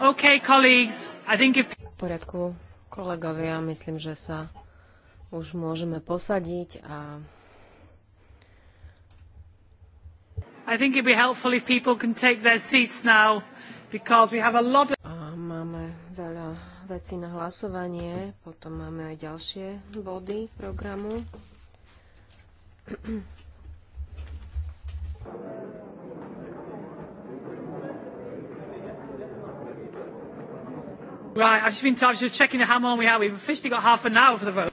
Okay, colleagues, I think if... V poriadku, kolegovia, myslím, že sa už môžeme posadiť a I think it'd be helpful if people can take their seats now because we have a lot of... A máme veľa vecí na hlasovanie, potom máme aj ďalšie body programu.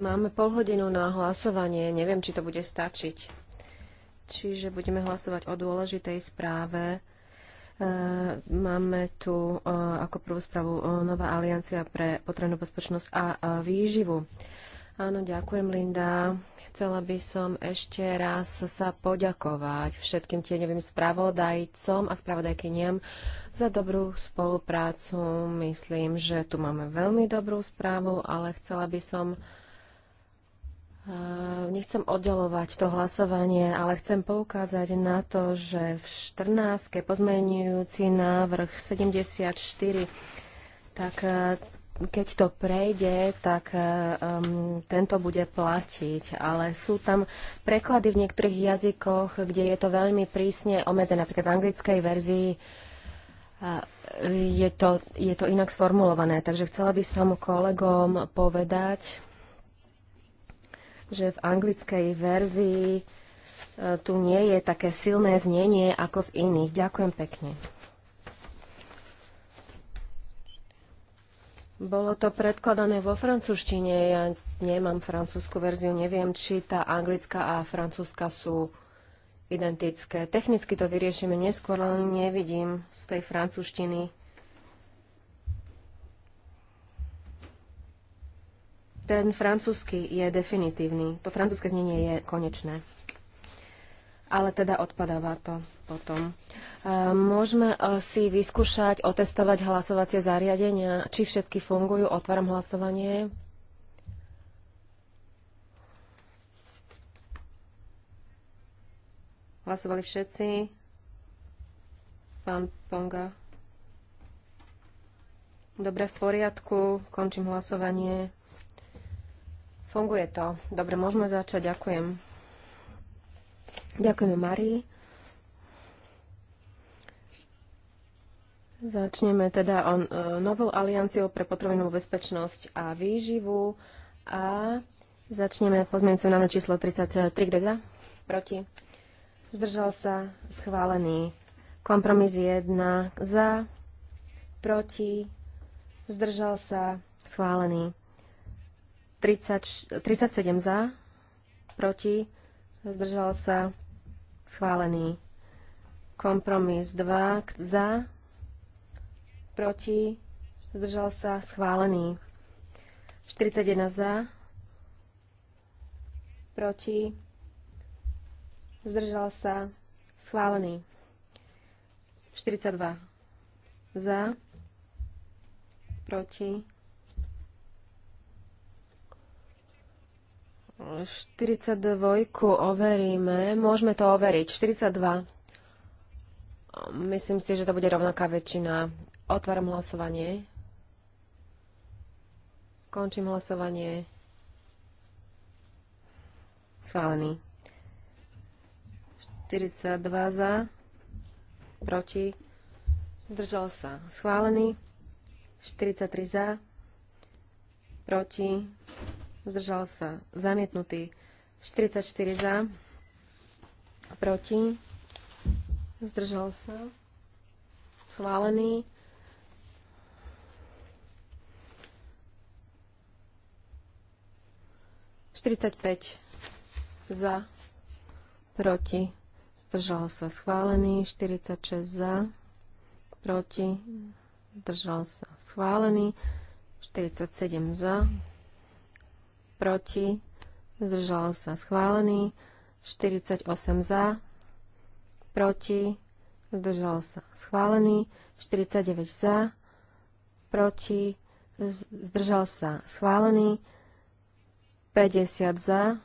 Máme pol hodinu na hlasovanie. Neviem, či to bude stačiť. Čiže budeme hlasovať o dôležitej správe. E, máme tu e, ako prvú správu e, Nová aliancia pre potrebnú bezpečnosť a výživu. Áno, ďakujem, Linda. Chcela by som ešte raz sa poďakovať všetkým tieňovým spravodajcom a spravodajkyniam za dobrú spoluprácu. Myslím, že tu máme veľmi dobrú správu, ale chcela by som eh, Nechcem oddelovať to hlasovanie, ale chcem poukázať na to, že v 14. pozmenujúci návrh 74, tak eh, keď to prejde, tak um, tento bude platiť, ale sú tam preklady v niektorých jazykoch, kde je to veľmi prísne obmedzené. Napríklad v anglickej verzii eh, je to, je to inak sformulované. Takže chcela by som kolegom povedať, že v anglickej verzii eh, tu nie je také silné znenie ako v iných. Ďakujem pekne. Bolo to predkladané vo francúzštine. Ja nemám francúzsku verziu, neviem, či tá anglická a francúzska sú identické. Technicky to vyriešime neskôr, ale nevidím z tej francúzštiny ten francúzsky je definitívny. To francúzske znenie je konečné ale teda odpadáva to potom. Môžeme e, si vyskúšať, otestovať hlasovacie zariadenia, či všetky fungujú. Otváram hlasovanie. Hlasovali všetci. Pán Ponga. Dobre, v poriadku. Končím hlasovanie. Funguje to. Dobre, môžeme začať. Ďakujem. Ďakujeme Marii. Začneme teda o e, novou alianciou pre potravinovú bezpečnosť a výživu a začneme pozmienicou návrh číslo 33, kde za? Proti. Zdržal sa schválený kompromis 1 za, proti, zdržal sa schválený 30, 37 za, proti, zdržal sa, schválený. Kompromis 2, za, proti, zdržal sa, schválený. 41 za, proti, zdržal sa, schválený. 42 za, proti, 42 overíme. Môžeme to overiť. 42. Myslím si, že to bude rovnaká väčšina. Otváram hlasovanie. Končím hlasovanie. Schválený. 42 za. Proti. Držal sa. Schválený. 43 za. Proti zdržal sa zamietnutý 44 za, proti, zdržal sa schválený. Štyridsaťpäť za, proti, zdržal sa schválený, 46 za, proti, zdržal sa schválený, 47 za, proti, zdržal sa schválený, 48 za, proti, zdržal sa schválený, 49 za, proti, zdržal sa schválený, 50 za,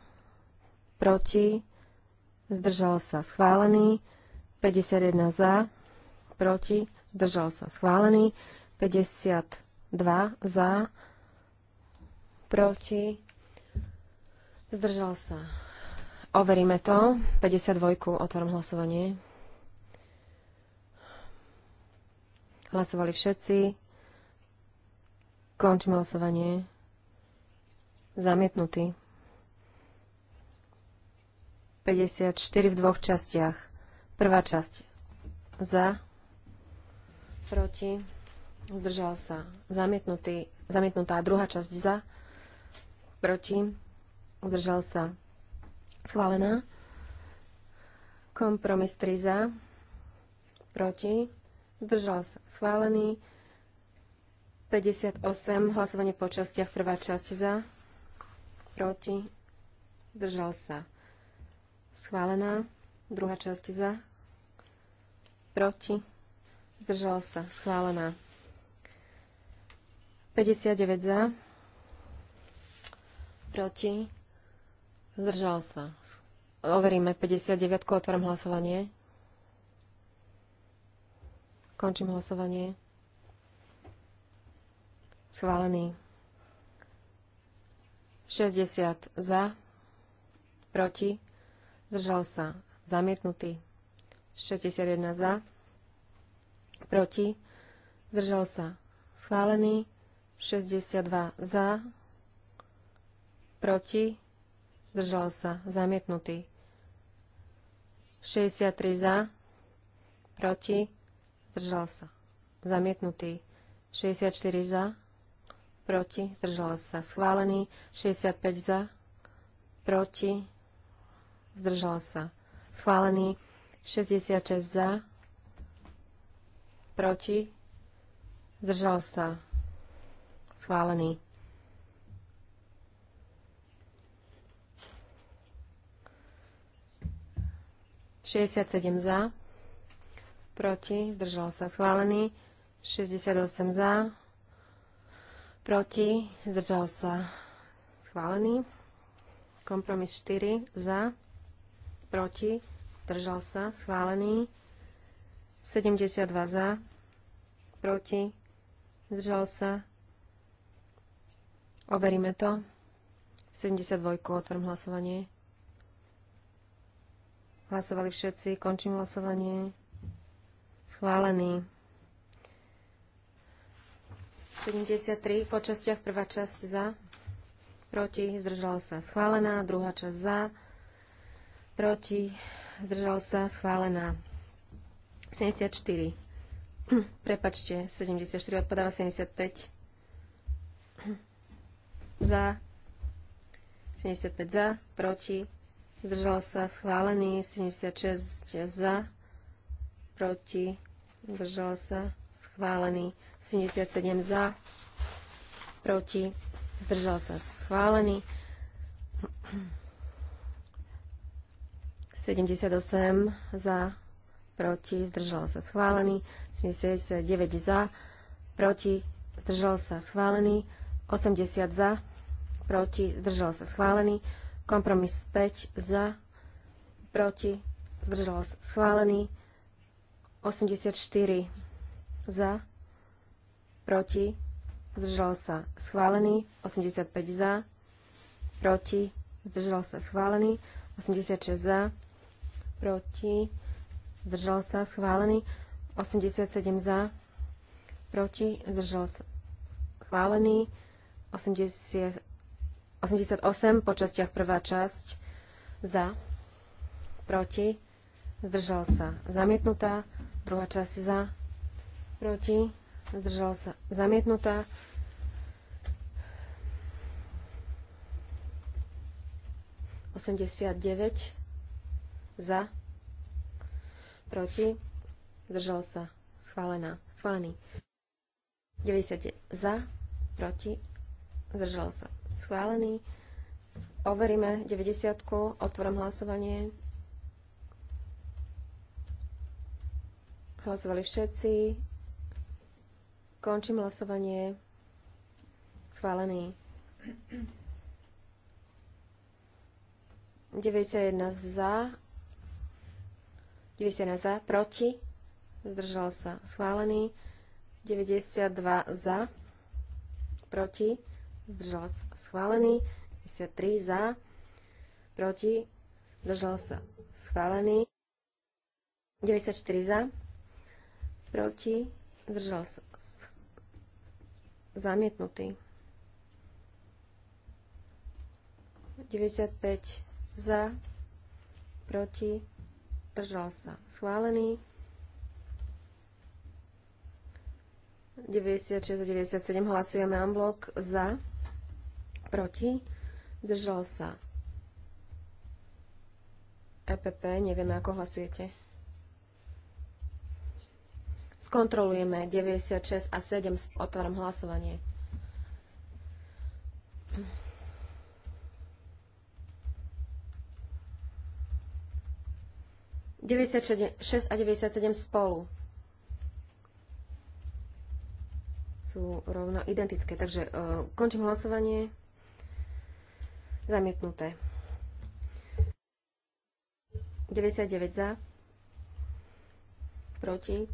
proti, zdržal sa schválený, 51 za, proti, zdržal sa schválený, 52 za, proti, Zdržal sa. Overíme to. 52. Otvorím hlasovanie. Hlasovali všetci. Končím hlasovanie. Zamietnutý. 54 v dvoch častiach. Prvá časť. Za. Proti. Zdržal sa. Zamietnutý. Zamietnutá. Druhá časť za. Proti Udržal sa, schválená. Kompromis 3 za, proti, zdržal sa, schválený. 58, hlasovanie po častiach, prvá časť za, proti, Udržal sa, schválená. Druhá časť za, proti, Udržal sa, schválená. 59 za, proti, Zdržal sa. Overíme 59. otvorím hlasovanie. Končím hlasovanie. Schválený. 60 za, proti, zdržal sa, zamietnutý. 61 za, proti, zdržal sa, schválený. 62 za, proti, zdržal sa, zamietnutý. 63 za, proti, zdržal sa, zamietnutý. 64 za, proti, zdržal sa, schválený. 65 za, proti, zdržal sa, schválený. 66 za, proti, zdržal sa, schválený. 67 za, proti, zdržal sa schválený, 68 za, proti, zdržal sa schválený, kompromis 4 za, proti, zdržal sa schválený, 72 za, proti, zdržal sa, overíme to, 72, otvorím hlasovanie. Hlasovali všetci. Končím hlasovanie. Schválený. 73 po častiach prvá časť za, proti, zdržala sa schválená, druhá časť za, proti, zdržal sa schválená. 74. Prepačte, 74 odpadáva 75. Za. 75 za, proti, zdržal sa schválený, 76 za, proti, zdržal sa schválený, 77 za, proti, zdržal sa schválený, 78 za, proti, zdržal sa schválený, 79 za, proti, zdržal sa schválený, 80 za, proti, zdržal sa schválený, Kompromis 5 za, proti, zdržalo sa schválený. 84 za, proti, zdržalo sa schválený. 85 za, proti, zdržalo sa schválený. 86 za, proti, zdržalo sa schválený. 87 za, proti, zdržalo sa schválený. 88 88 po častiach prvá časť za, proti, zdržal sa zamietnutá, druhá časť za, proti, zdržal sa zamietnutá. Osemdesiat deväť za, proti, zdržal sa schválená, schválený. 90 za, proti, zdržal sa Schválený. Overíme 90. Otvorím hlasovanie. Hlasovali všetci. Končím hlasovanie. Schválený. 91 za. 91 za. Proti. Zdržal sa. Schválený. 92 za. Proti zdržal sa schválený, 53 za, proti, zdržal sa schválený, 94 za, proti, zdržal sa zamietnutý. 95 za, proti, zdržal sa schválený, 96 a 97 hlasujeme unblock za, proti, držal sa EPP, nevieme, ako hlasujete. Skontrolujeme 96 a 7, otváram hlasovanie. ...96 a 97 spolu sú rovno identické. Takže uh, končím hlasovanie. Zamietnuté. 99 za. Proti.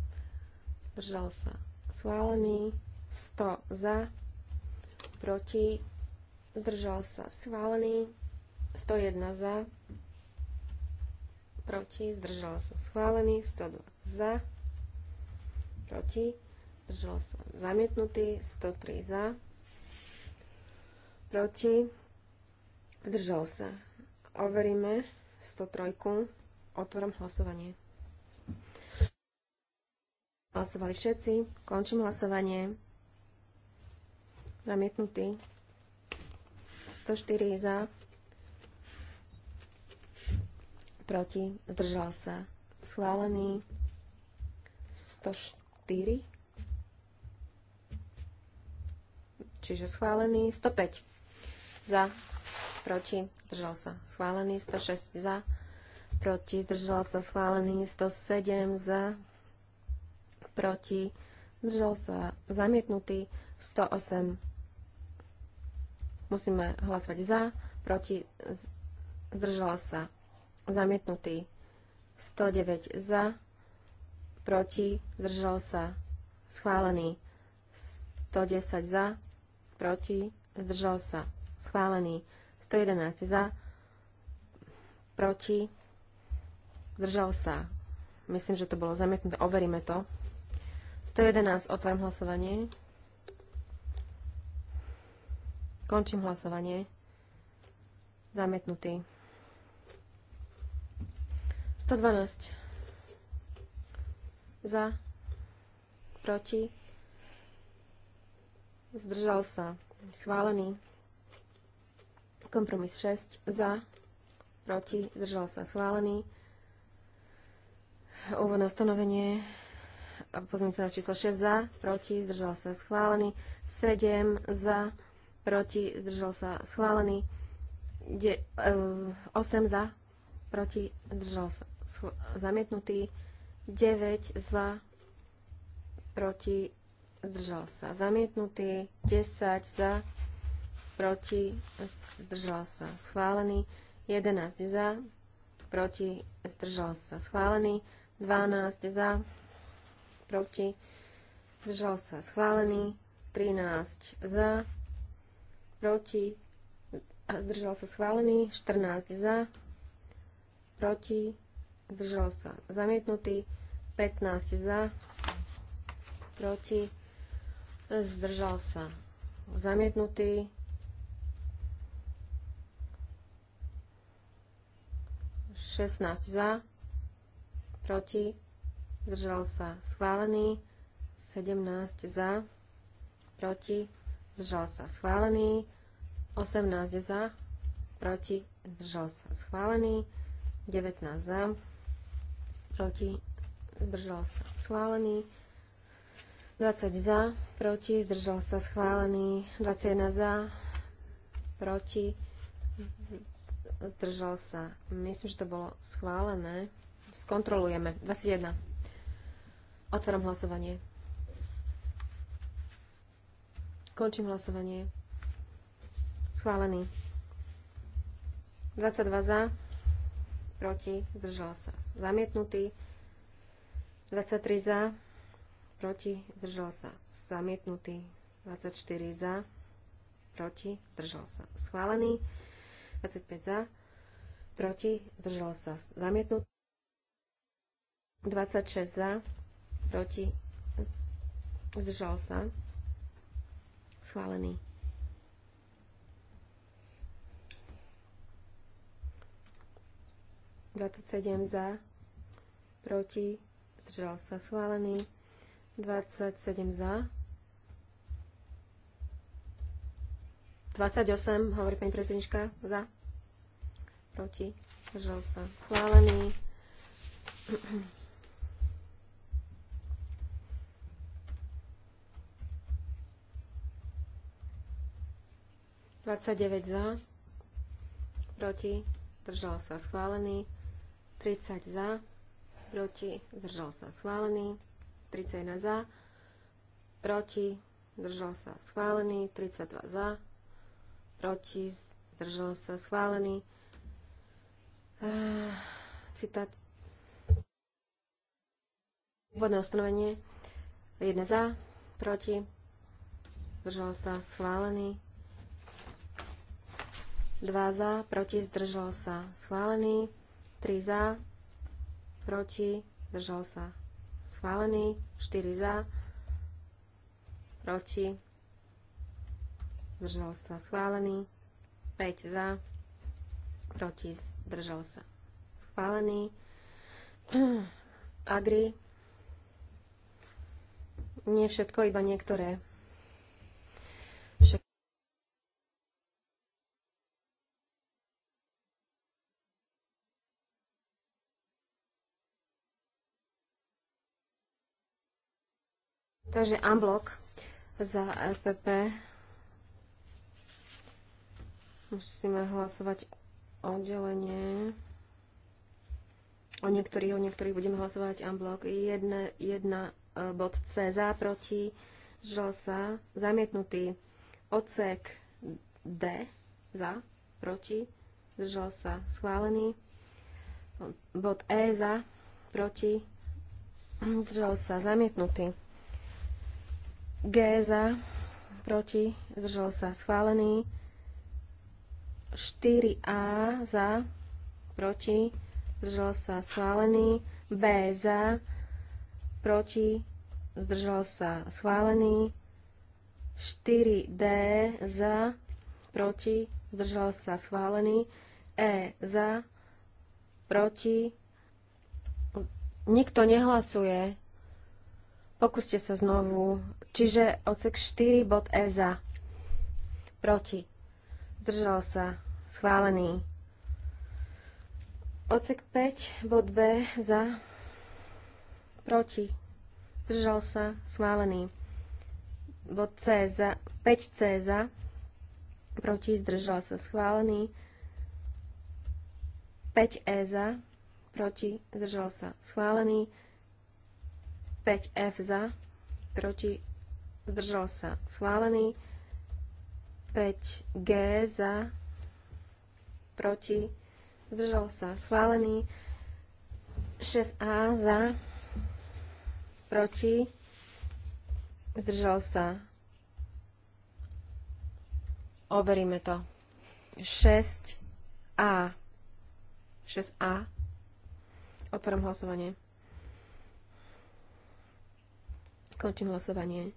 Držal sa. Schválený. 100 za. Proti. držal sa. Schválený. 101 za. Proti. Zdržal sa. Schválený. 102 za. Proti. Zdržal sa. Zamietnutý. 103 za. Proti Zdržal sa. Overíme 103. Otvorím hlasovanie. Hlasovali všetci. Končím hlasovanie. Zamietnutý. 104 za. Proti. Zdržal sa. Schválený. 104. Čiže schválený. 105. Za proti, zdržal sa schválený, 106 za, proti, zdržal sa schválený, 107 za, proti, zdržal sa zamietnutý, 108. Musíme hlasovať za, proti, zdržal sa zamietnutý, 109 za, proti, zdržal sa schválený, 110 za, proti, zdržal sa schválený, 111 za, proti, zdržal sa. Myslím, že to bolo zamietnuté. Overíme to. 111, otváram hlasovanie. Končím hlasovanie. Zamietnutý. 112. Za. Proti. Zdržal sa. Schválený. Kompromis 6 za, proti, zdržal sa schválený. Úvodné ustanovenie, sa na číslo 6 za, proti, zdržal sa schválený. 7 za, proti, zdržal sa schválený. 8 eh, za, proti, zdržal sa zamietnutý. 9 za, proti, zdržal sa zamietnutý. 10 za, proti, zdržal sa schválený, 11 za, proti, zdržal sa schválený, 12 za, proti, zdržal sa schválený, 13 za, proti, zdržal sa schválený, 14 za, proti, zdržal sa zamietnutý, 15 za, proti, zdržal sa zamietnutý, 16 za, proti, zdržal sa schválený, 17 za, proti, zdržal sa schválený, 18 za, proti, zdržal sa schválený, 19 za, proti, zdržal sa schválený, 20 za, proti, zdržal sa schválený, 21 za, proti, zdržal sa. Myslím, že to bolo schválené. Skontrolujeme. 21. Otváram hlasovanie. Končím hlasovanie. Schválený. 22 za, proti, zdržal sa. Zamietnutý. 23 za, proti, zdržal sa. Zamietnutý. 24 za, proti, zdržal sa. Schválený. 25 za, proti, držalo sa zamietnutý. 26 za, proti, zdržal sa, schválený. sedem za, proti, zdržal sa, schválený. 27 za, 28, hovorí pani prezidentka, za, proti, Žal sa, schválený. Dvadsaťdeväť za, proti, zdržal sa, schválený. 30 za, proti, zdržal sa, schválený. 31 za, proti, zdržal sa, schválený. 32 za, proti, zdržal sa schválený. Citát. Úvodné ustanovenie. 1 za, proti, zdržal sa schválený. 2 za, proti, zdržal sa schválený. 3 za, proti, zdržal sa schválený. 4 za, proti, zdržal sa schválený, 5 za, proti, zdržal sa schválený, agri, nie všetko, iba niektoré. Takže unblock za RPP e Musíme hlasovať oddelenie. O niektorých, o niektorých budeme hlasovať unblock. 1, 1 bod C za, proti, zdržal sa, zamietnutý. Odsek D za, proti, zdržal sa, schválený. Bod E za, proti, zdržal sa, zamietnutý. G za, proti, zdržal sa, schválený. 4A za, proti, zdržal sa schválený, B za, proti, zdržal sa schválený, 4D za, proti, zdržal sa schválený, E za, proti, nikto nehlasuje, pokúste sa znovu, čiže odsek 4 bod E za, proti zdržal sa, schválený. Ocek 5, bod B, za, proti, zdržal sa, schválený. Bod C, za, 5C, za, proti, zdržal sa, schválený. 5E za, proti, zdržal sa, schválený. 5F za, proti, zdržal sa, schválený. 5G za, proti, zdržal sa schválený. 6A za, proti, zdržal sa. Overíme to. 6A. 6A. Otvorím hlasovanie. Končím hlasovanie.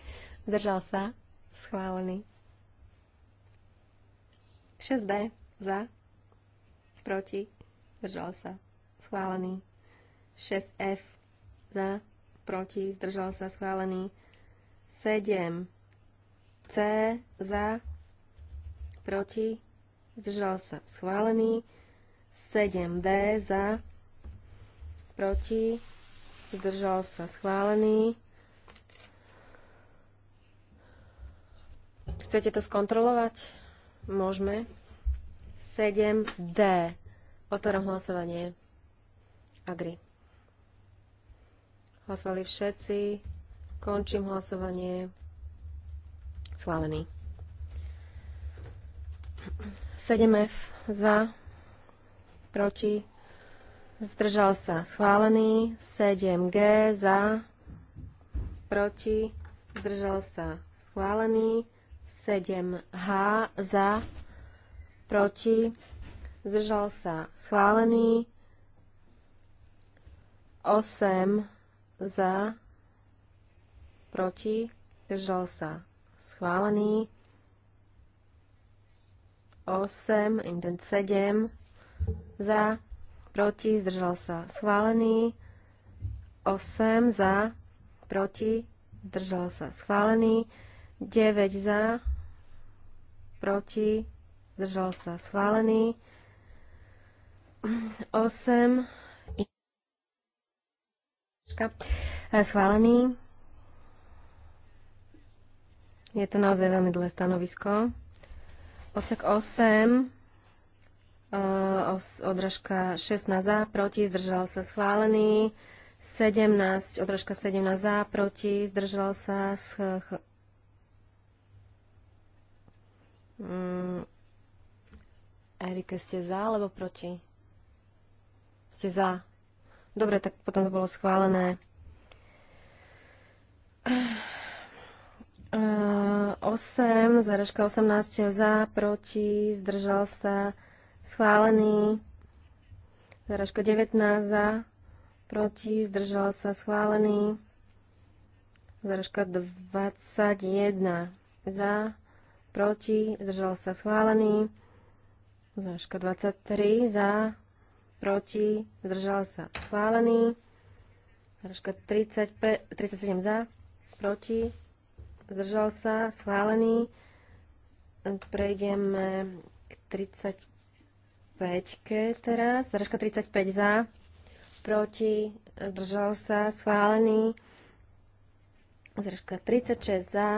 zdržal sa, schválený. 6D za, proti, zdržal sa, schválený. 6F za, proti, zdržal sa, schválený. 7 C za, proti, zdržal sa, schválený. 7D za, proti, zdržal sa, schválený. Chcete to skontrolovať? Môžeme. 7D. Otváram hlasovanie. Agri. Hlasovali všetci. Končím hlasovanie. Schválený. 7F za, proti, zdržal sa schválený, 7G za, proti, zdržal sa schválený, 7H za, proti, zdržal sa schválený, 8 za, proti, zdržal sa schválený, 8, intent 7 za, proti, zdržal sa schválený, 8 za, proti, zdržal sa schválený, 9 za, proti, zdržal sa schválený. 8, schválený. Je to naozaj veľmi dlhé stanovisko. Odsek 8, odrážka 16 za, proti, zdržal sa schválený. 17, odrážka 17 za, proti, zdržal sa schválený. Mm, Erika, ste za alebo proti? Ste za. Dobre, tak potom to bolo schválené. Uh, eh, 8, zaražka 18 za, proti, zdržal sa, schválený. Zaražka 19 za, proti, zdržal sa, schválený. Zaražka 21 za, proti, zdržal sa schválený. Znáška 23 za, proti, zdržal sa schválený. Znáška 37 za, proti, zdržal sa schválený. Prejdeme k 35 teraz. Znáška 35 za, proti, zdržal sa schválený. Znáška 36 za,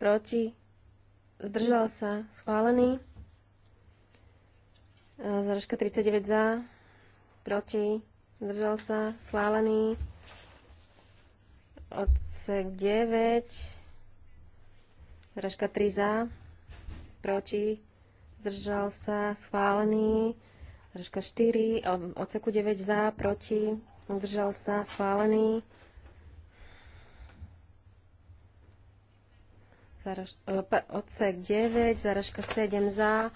proti, zdržal sa, schválený. E, zražka 39 za, proti, zdržal sa, schválený. Odsek 9, zražka 3 za, proti, zdržal sa, schválený. Zražka 4, odseku 9 za, proti, zdržal sa, schválený. E, odsek 9, zaražka 7 za,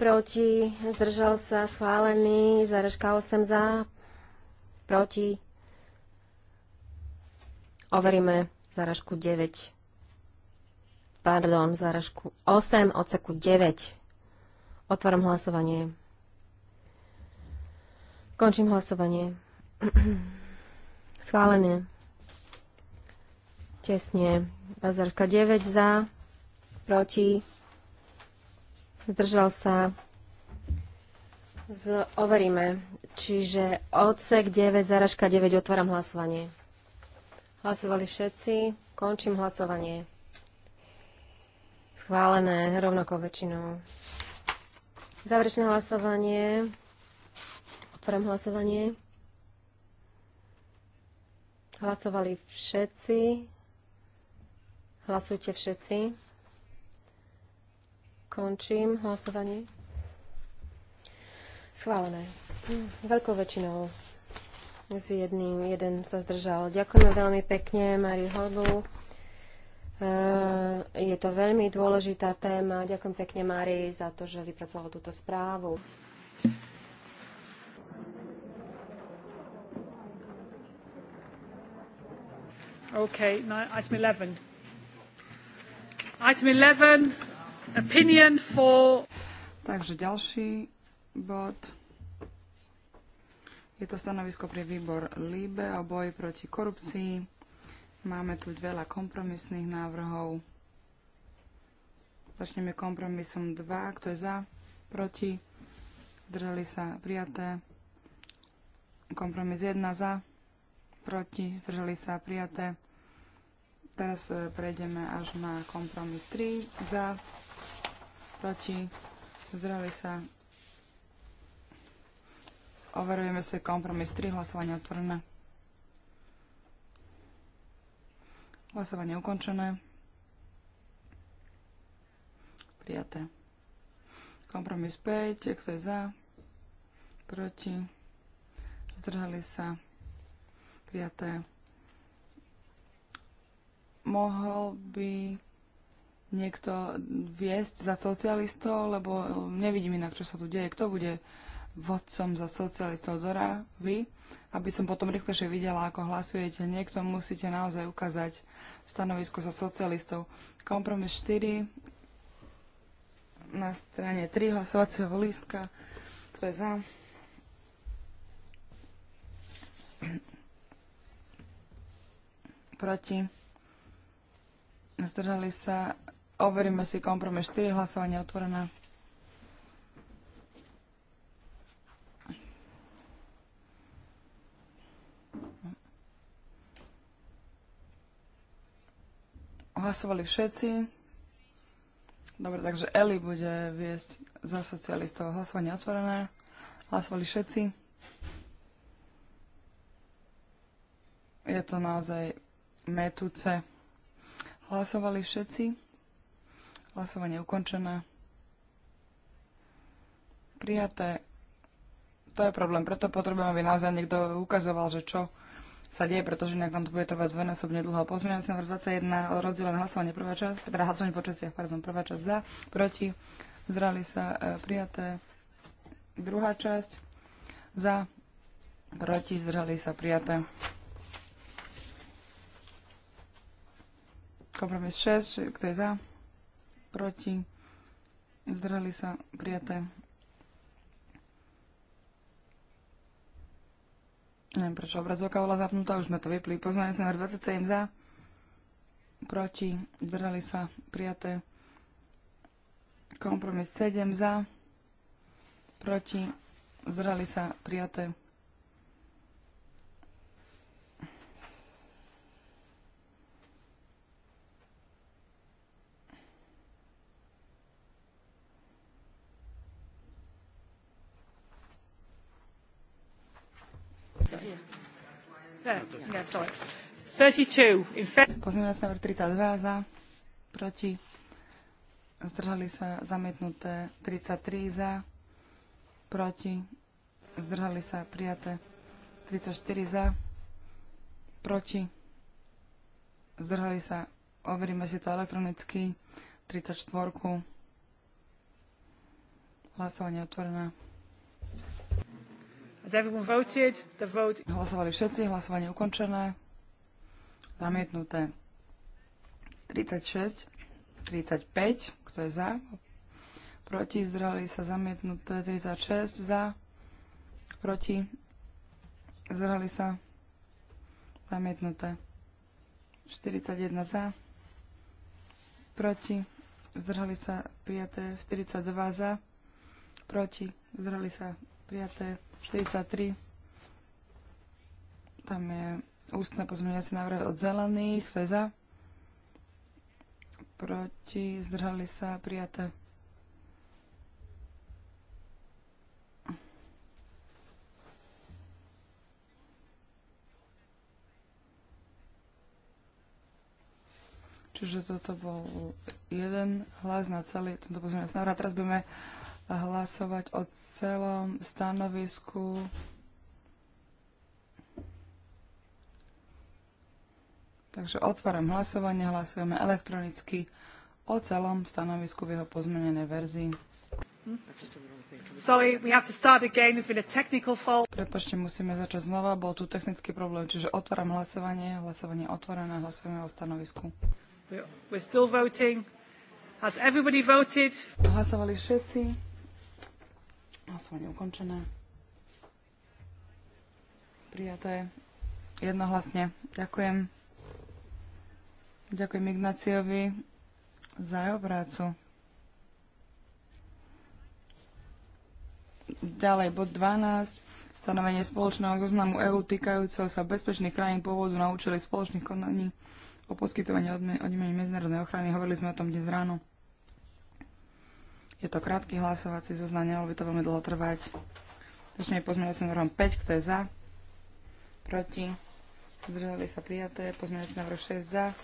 proti, zdržal sa, schválený, zaražka 8 za, proti. Overíme zaražku 9. Pardon, zaražku 8, odseku 9. Otváram hlasovanie. Končím hlasovanie. Schválené. Tesne. Bazarka 9 za, proti, zdržal sa. Z, overíme. Čiže odsek 9, zaražka 9, otváram hlasovanie. Hlasovali všetci, končím hlasovanie. Schválené rovnako väčšinou. Záverečné hlasovanie. Otváram hlasovanie. Hlasovali všetci. Hlasujte všetci. Končím hlasovanie. Schválené. Veľkou väčšinou s jedným, jeden sa zdržal. Ďakujeme veľmi pekne, Mari Hodlu. E, je to veľmi dôležitá téma. Ďakujem pekne, Mari, za to, že vypracovala túto správu. Okay, OK, no, item 11. Item 11, opinion for... Takže ďalší bod. Je to stanovisko pre výbor LIBE o boji proti korupcii. Máme tu veľa kompromisných návrhov. Začneme kompromisom 2. Kto je za? Proti? Zdržali sa? Prijaté. Kompromis 1 za? Proti? Zdržali sa? Prijaté. Teraz e, prejdeme až na kompromis 3. Za, proti, zdrali sa. Overujeme si kompromis 3, hlasovanie otvorené. Hlasovanie ukončené. Prijaté. Kompromis 5, kto je za, proti, zdržali sa, prijaté mohol by niekto viesť za socialistov, lebo nevidím inak, čo sa tu deje. Kto bude vodcom za socialistov Dora? Vy? Aby som potom rýchlejšie videla, ako hlasujete. Niekto musíte naozaj ukázať stanovisko za socialistov. Kompromis 4 na strane 3 hlasovacieho lístka. Kto je za? Proti? Zdržali sa. Overíme si kompromis 4. Hlasovanie otvorené. Hlasovali všetci. Dobre, takže Eli bude viesť za socialistov hlasovanie otvorené. Hlasovali všetci. Je to naozaj metúce. Hlasovali všetci. Hlasovanie ukončené. Prijaté. To je problém. Preto potrebujem, aby naozaj niekto ukazoval, že čo sa deje, pretože inak nám to bude trvať dvojnásobne dlho. Pozmeňujem sa na 21 rozdielené hlasovanie, prvá časť, teda hlasovanie počasia, pardon, prvá časť za, proti, zdrali sa e, prijaté, druhá časť za, proti, zdrali sa prijaté. Kompromis 6, kto je za? Proti? Zdrhli sa prijaté. Neviem, prečo obrazovka bola zapnutá, už sme to vypli. Poznanie sa na 27 za. Proti? Zdrhli sa prijaté. Kompromis 7 za. Proti? Zdrhli sa prijaté. Pozmeňovací návrh 32 za, proti, zdržali sa zamietnuté 33 za, proti, zdržali sa prijaté 34 za, proti, zdržali sa, overíme si to elektronicky, 34. Hlasovanie otvorené. Vote... Hlasovali všetci, hlasovanie ukončené. Zamietnuté. 36, 35, kto je za? Proti, zdrali sa zamietnuté. 36, za? Proti, zdrali sa zamietnuté. 41 za, proti, zdrali sa prijaté. 42 za, proti, zdrali sa prijaté. 43. Tam je ústne pozmeňovací návrh od zelených. Kto je za? Proti? Zdržali sa? Prijaté. Čiže toto bol jeden hlas na celý tento pozmeňovací návrh. A teraz budeme hlasovať o celom stanovisku. Takže otváram hlasovanie, hlasujeme elektronicky o celom stanovisku v jeho pozmenenej verzii. Prepočte musíme začať znova, bol tu technický problém, čiže otváram hlasovanie, hlasovanie otvorené, hlasujeme o stanovisku. We're still voting. Has everybody voted? Hlasovali všetci. Hlasovanie ukončené. Prijaté. Jednohlasne. Ďakujem. Ďakujem Ignáciovi za jeho prácu. Ďalej bod 12. Stanovenie spoločného zoznamu EÚ týkajúceho sa bezpečných krajín pôvodu na účely spoločných konaní o poskytovaní odmeny medzinárodnej ochrany. Hovorili sme o tom dnes ráno. Je to krátky hlasovací zoznam, nemalo by to veľmi dlho trvať. Začneme pozmeňovacím návrhom 5, kto je za, proti, zdržali sa prijaté, pozmeňovací návrh 6 za,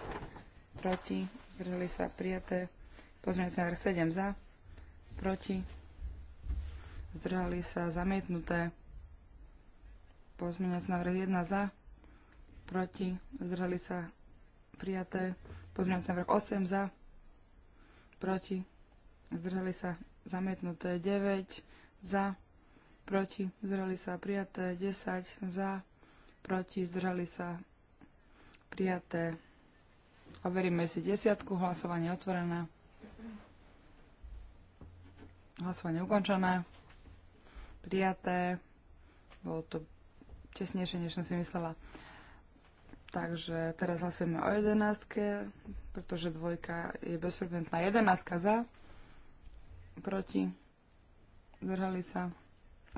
proti, zdržali sa prijaté, pozmeňovací návrh 7 za, proti, zdržali sa zamietnuté, pozmeňovací návrh 1 za, proti, zdržali sa prijaté, pozmeňovací návrh 8 za, proti, zdržali sa zamietnuté 9 za, proti zdržali sa prijaté 10 za, proti zdržali sa prijaté. Overíme si desiatku, hlasovanie otvorené. Hlasovanie ukončené. Prijaté. Bolo to tesnejšie, než som si myslela. Takže teraz hlasujeme o jedenáctke, pretože dvojka je bezpredmetná. Jedenáctka za, proti, zdržali sa.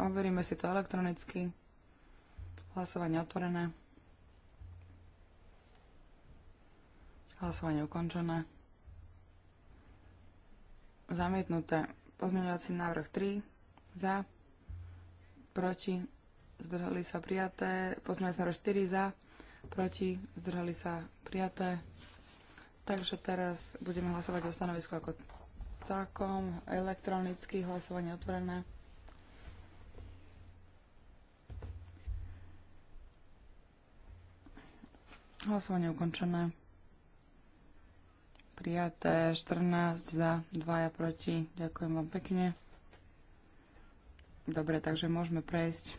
Overíme si to elektronicky. Hlasovanie otvorené. Hlasovanie ukončené. Zamietnuté. Pozmeňovací návrh 3. Za. Proti. Zdrhali sa prijaté. Pozmeňovací návrh 4. Za. Proti. Zdrhali sa prijaté. Takže teraz budeme hlasovať o stanovisku ako takom elektronicky hlasovanie otvorené. Hlasovanie ukončené. Prijaté 14 za, 2 proti. Ďakujem vám pekne. Dobre, takže môžeme prejsť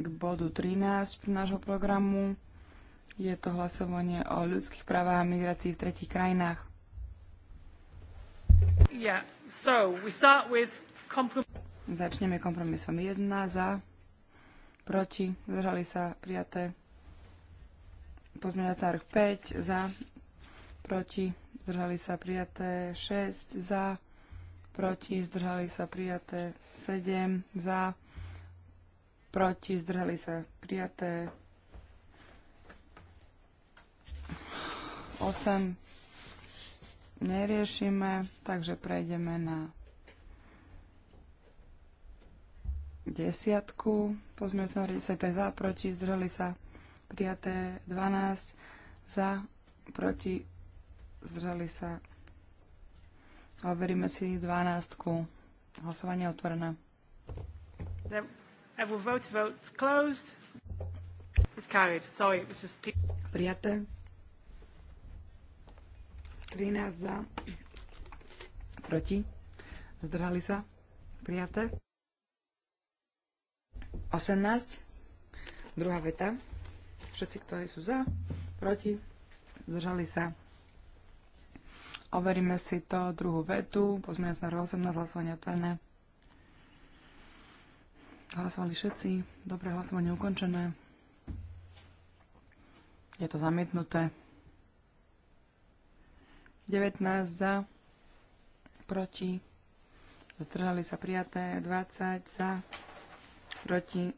k bodu 13 nášho programu. Je to hlasovanie o ľudských právach a migrácii v tretich krajinách. Začneme kompromisom 1 za, proti, zdržali sa prijaté. Pozmeňovací návrh 5 za, proti, zdržali sa prijaté 6 za, proti, zdržali sa prijaté 7 za, proti, zdržali sa prijaté 8 neriešime, takže prejdeme na desiatku. Pozme sa, to je za, proti, zdržali sa prijaté 12, za, proti, zdržali sa. Overíme si 12. Hlasovanie je otvorené. Prijaté. 13 za, proti, zdrhali sa, prijaté. 18, druhá veta, všetci, ktorí sú za, proti, zdržali sa. Overíme si to druhú vetu, pozmeňujem sa na 18, hlasovanie otvorené. Hlasovali všetci, dobre hlasovanie ukončené. Je to zamietnuté. 19 za, proti, zdržali sa prijaté, 20 za, proti,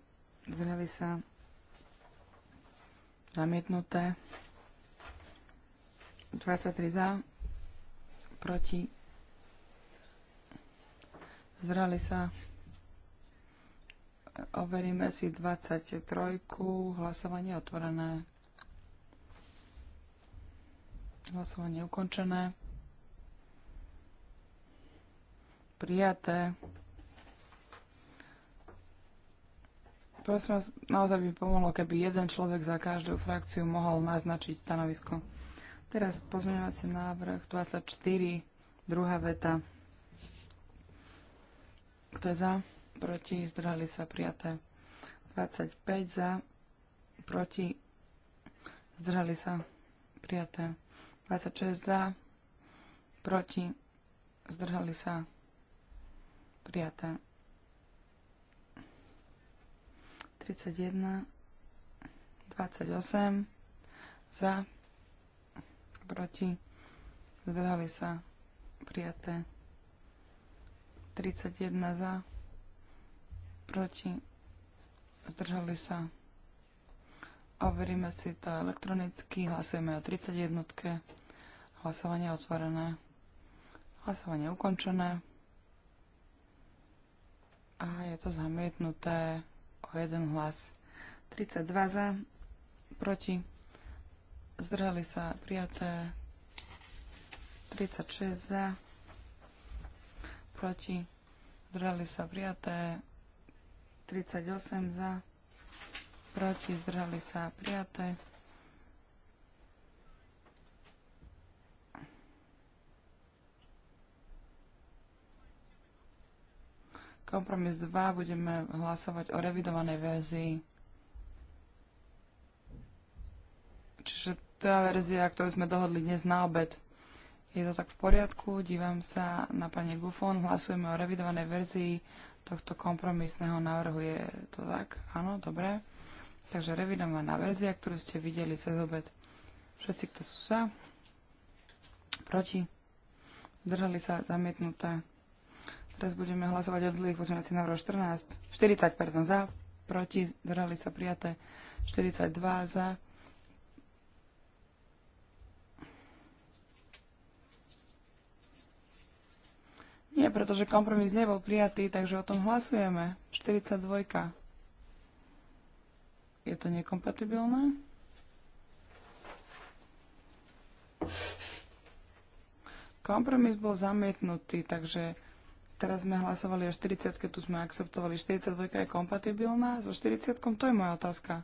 zdržali sa zamietnuté, 23 za, proti, zdržali sa, overíme si 23, hlasovanie otvorené. Hlasovanie ukončené. Prijaté. Prosím vás, naozaj by pomohlo, keby jeden človek za každú frakciu mohol naznačiť stanovisko. Teraz pozmeňovací návrh 24, druhá veta. Kto je za? Proti? Zdrhali sa prijaté. 25 za? Proti? Zdrhali sa prijaté. 26 za, proti, zdržali sa, prijaté. 31, 28 za, proti, zdržali sa, prijaté. 31 za, proti, zdržali sa. Overíme si to elektronicky, hlasujeme o 31. -tke. Hlasovanie otvorené. Hlasovanie ukončené. A je to zamietnuté o jeden hlas. 32 za, proti. Zdrhali sa prijaté. 36 za, proti. Zdrhali sa prijaté. 38 za, proti. Zdrhali sa prijaté. Kompromis 2 budeme hlasovať o revidovanej verzii. Čiže tá verzia, ktorú sme dohodli dnes na obed. Je to tak v poriadku, dívam sa na pani Gufon, hlasujeme o revidovanej verzii tohto kompromisného návrhu. Je to tak? Áno, dobre. Takže revidovaná verzia, ktorú ste videli cez obed. Všetci, kto sú za, proti, držali sa zamietnuté. Teraz budeme hlasovať o dlhých pozmeňovacích návrhoch 14, 40, pardon, za, proti, zdržali sa prijaté, 42 za, Nie, pretože kompromis nebol prijatý, takže o tom hlasujeme. 42. Je to nekompatibilné? Kompromis bol zamietnutý, takže Teraz sme hlasovali o 40 tu sme akceptovali. 42 je kompatibilná so 40 To je moja otázka.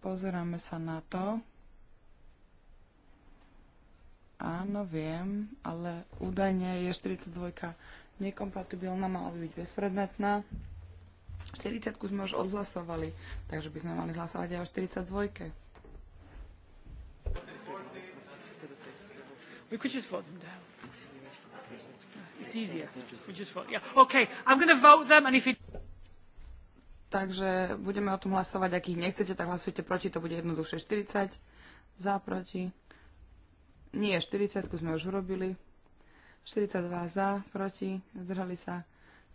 Pozeráme sa na to. Áno, viem, ale údajne je 42 nekompatibilná, mala by byť bezpredmetná. 40 sme už odhlasovali, takže by sme mali hlasovať aj o 42. We could just vote them down. It's easier. We just vote. Yeah. Okay. I'm going to vote them and if it... Takže budeme o tom hlasovať, ak ich nechcete, tak hlasujte proti, to bude jednoduchšie 40, za, proti. Nie, 40 sme už urobili. 42 za, proti, zdrhali sa,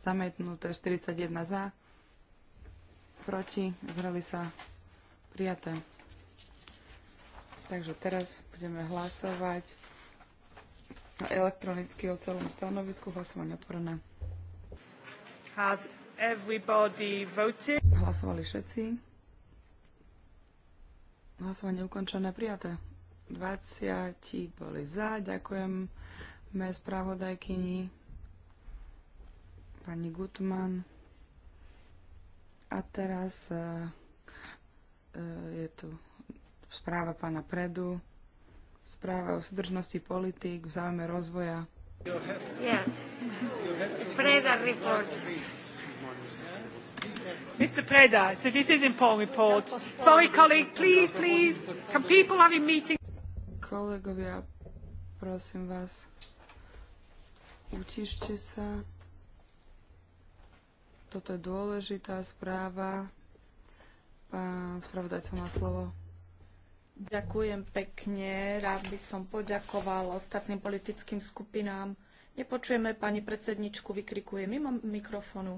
zamietnuté, 41 za, proti, zdrhali sa, prijaté. Takže teraz budeme hlasovať elektronicky o celom stanovisku. Hlasovanie otvorené. Has everybody voted? Hlasovali všetci. Hlasovanie ukončené, prijaté. 20 boli za. Ďakujem mé spravodajkyni pani Gutman. A teraz eh, eh, je tu správa pána Predu správa o súdržnosti politík v záujme rozvoja. Mr. Preda, so this is important report. Sorry, colleagues, please, please, can people have a meeting? Kolegovia, prosím vás, utište sa. Toto je dôležitá správa. Pán spravodajca má slovo. Ďakujem pekne. Rád by som poďakoval ostatným politickým skupinám. Nepočujeme pani predsedničku, vykrikuje mimo mikrofonu.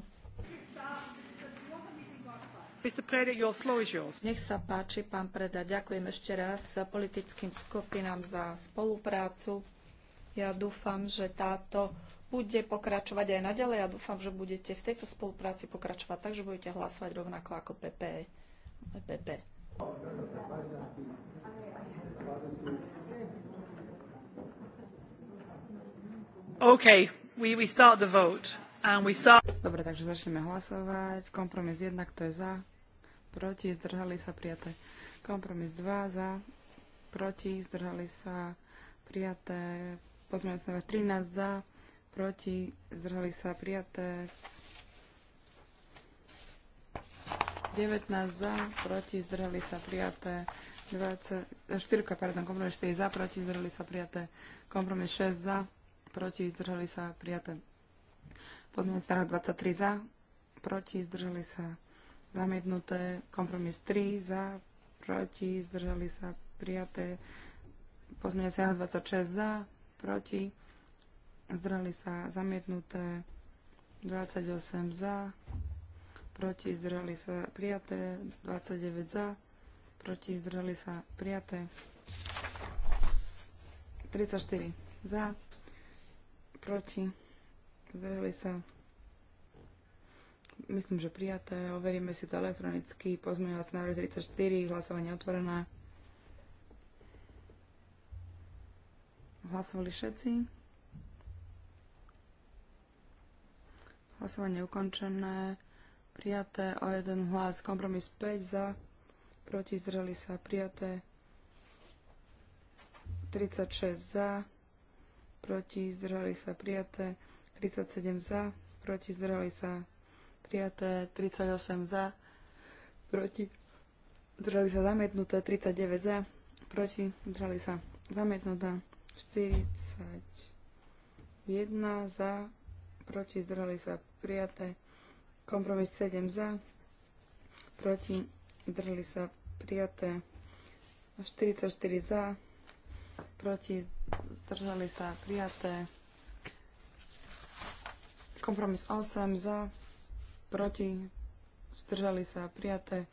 Nech sa páči, pán Preda. Ďakujem ešte raz politickým skupinám za spoluprácu. Ja dúfam, že táto bude pokračovať aj naďalej. Ja dúfam, že budete v tejto spolupráci pokračovať tak, že budete hlasovať rovnako ako PP. PP. E. Okay, we, we start the vote. And we start... Dobre, takže začneme hlasovať. Kompromis 1, kto je za? Proti, zdržali sa prijaté. Kompromis 2, za? Proti, zdrhali sa prijaté. sa 13 za, proti, zdržali sa prijaté. 19 za, proti, zdrhali sa prijaté. 20, 4, e, pardon, kompromis 4 za, proti, zdrhali sa prijaté. Kompromis 6 za, proti, zdrhali sa prijaté. Pozmeňujúci návrh 23 za, proti, zdrhali sa zamietnuté. Kompromis 3 za, proti, zdržali sa prijaté. Pozmeňujúci návrh 26 za, proti, zdržali sa zamietnuté. 28 za, proti zdržali sa prijaté, 29 za, proti zdržali sa prijaté, 34 za, proti zdržali sa myslím, že prijaté. Overíme si to elektronicky. Pozmeňovací návrh 34, hlasovanie otvorené. Hlasovali všetci. Hlasovanie ukončené prijaté o jeden hlas. Kompromis 5 za, proti zdržali sa prijaté 36 za, proti zdržali sa prijaté 37 za, proti zdržali sa prijaté 38 za, proti zdržali sa zamietnuté 39 za, proti zdržali sa zamietnuté 41 za, proti zdržali sa prijaté Kompromis 7 za, proti, zdržali sa prijaté. 44 za, proti, zdržali sa prijaté. Kompromis 8 za, proti, zdržali sa prijaté.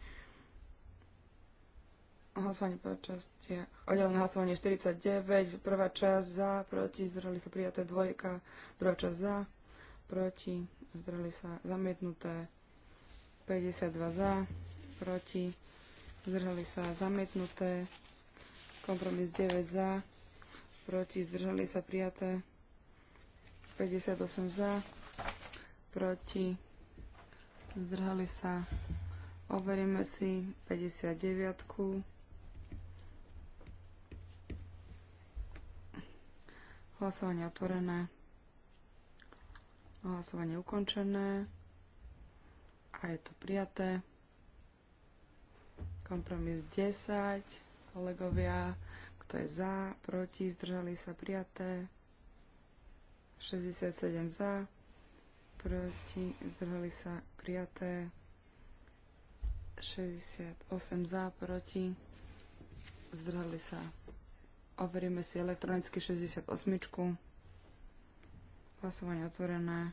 Hlasovanie po častiach. Oddelené hlasovanie 49, prvá časť za, proti, zdržali sa prijaté dvojka, druhá časť za, proti, zdrali sa zamietnuté 52 za, proti, zdrali sa zamietnuté, kompromis 9 za, proti, zdržali sa prijaté 58 za, proti, zdržali sa, overíme si 59 -ku. hlasovanie otvorené. Hlasovanie ukončené. A je to prijaté. Kompromis 10. Kolegovia, kto je za, proti, zdržali sa prijaté. 67 za, proti, zdržali sa prijaté. 68 za, proti, zdržali sa. Overíme si elektronicky 68. Hlasovanie otvorené.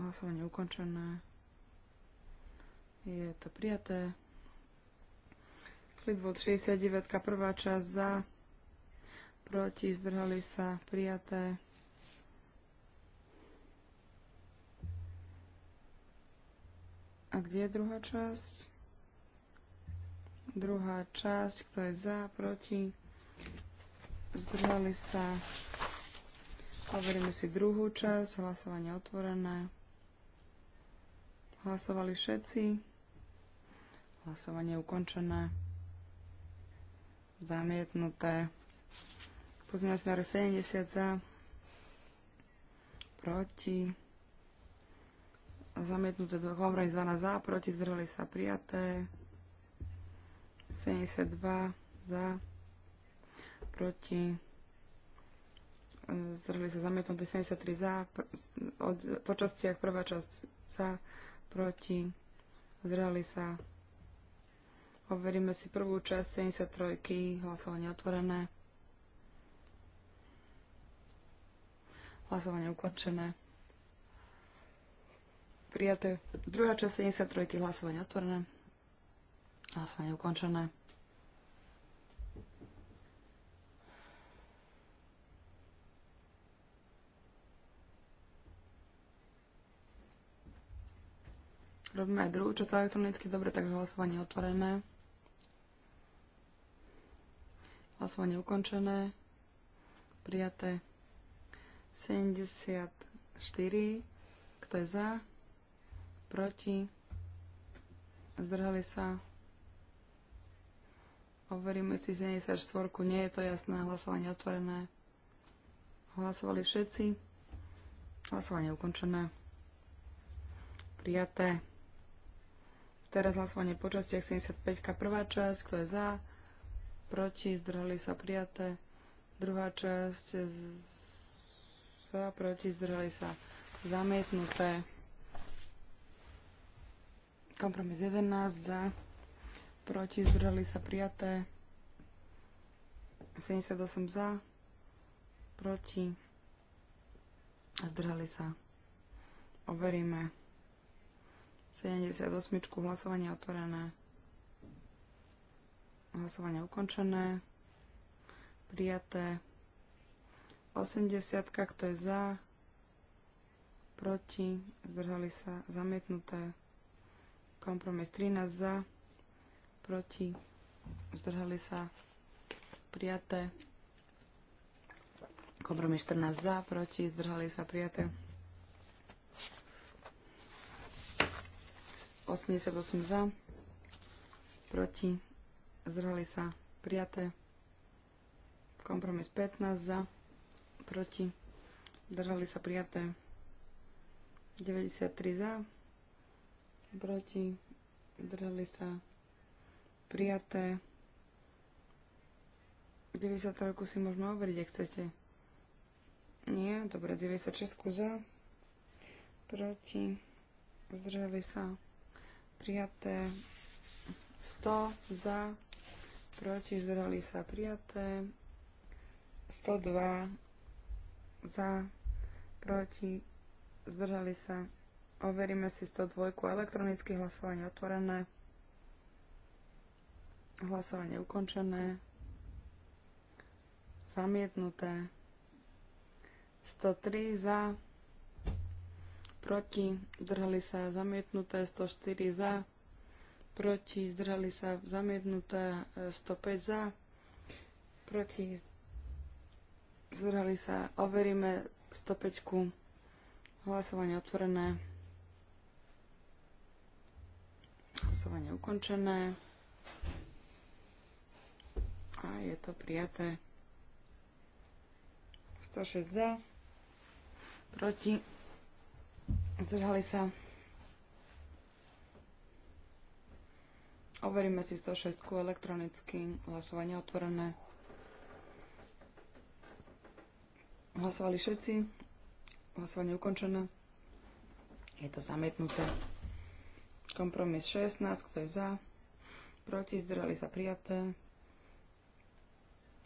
Hlasovanie ukončené. Je to prijaté. Fleetwood 69, prvá časť za, proti, zdrhali sa, prijaté. A kde je druhá časť? Druhá časť, kto je za, proti, zdržali sa, Overíme si druhú časť, hlasovanie otvorené. Hlasovali všetci. Hlasovanie ukončené. Zamietnuté. Pozmeňa návrh 70 za. Proti. Zamietnuté kompromis 12 za. Proti. zdrhali sa prijaté. 72 za. Proti zdrhli sa zamietnuté 73 za, pr- od, po častiach prvá časť za, proti, zdrhli sa. Overíme si prvú časť 73, hlasovanie otvorené. Hlasovanie ukončené. Prijaté. Druhá časť 73, hlasovanie otvorené. Hlasovanie ukončené. Robíme aj druhú časť elektronicky. Dobre, takže hlasovanie otvorené. Hlasovanie ukončené. Prijaté. 74. Kto je za? Proti? Zdržali sa? Overíme si 74. Nie je to jasné. Hlasovanie otvorené. Hlasovali všetci. Hlasovanie ukončené. Prijaté. Teraz na svojne počastiach 75. Prvá časť, kto je za, proti, zdrhali sa prijaté. Druhá časť, za, proti, zdrhali sa zamietnuté. Kompromis 11 za, proti, zdrhali sa prijaté. 78 za, proti a zdrhali sa. Overíme. 78. Hlasovanie otvorené. Hlasovanie ukončené. Prijaté. 80. Kto je za? Proti? Zdržali sa? Zamietnuté. Kompromis 13 za. Proti? Zdržali sa? Prijaté. Kompromis 14 za. Proti? Zdržali sa? Prijaté. 88 za, proti, zdrhali sa prijaté. Kompromis 15 za, proti, zdržali sa prijaté. 93 za, proti, zdrhali sa prijaté. 93 si môžeme overiť, ak chcete. Nie, dobre, 96 za, proti, zdrhali sa prijaté prijaté 100 za, proti zdržali sa prijaté 102 za, proti zdržali sa. Overíme si 102 elektronicky hlasovanie otvorené. Hlasovanie ukončené. Zamietnuté. 103 za, proti, zdrhali sa zamietnuté, 104 za, proti, zdržali sa zamietnuté, 105 za, proti, zdrhali sa, overíme 105, -ku. hlasovanie otvorené, hlasovanie ukončené a je to prijaté. 106 za, proti, Zdržali sa. Overíme si 106 elektronicky. Hlasovanie otvorené. Hlasovali všetci. Hlasovanie ukončené. Je to zamietnuté. Kompromis 16, kto je za? Proti, zdržali sa prijaté.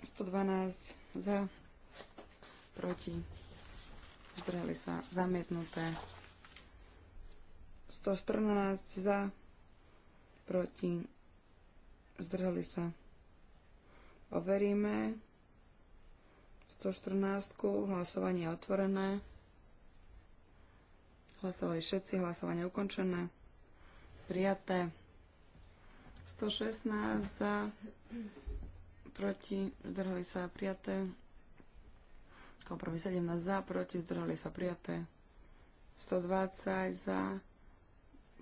112 za, proti, zdržali sa zamietnuté. 114 za, proti, zdrhali sa. Overíme. 114, hlasovanie je otvorené. Hlasovali všetci, hlasovanie ukončené. Prijaté. 116 za, proti, zdrhali sa prijaté. Kompromis 17 za, proti, zdrhali sa prijaté. 120 za,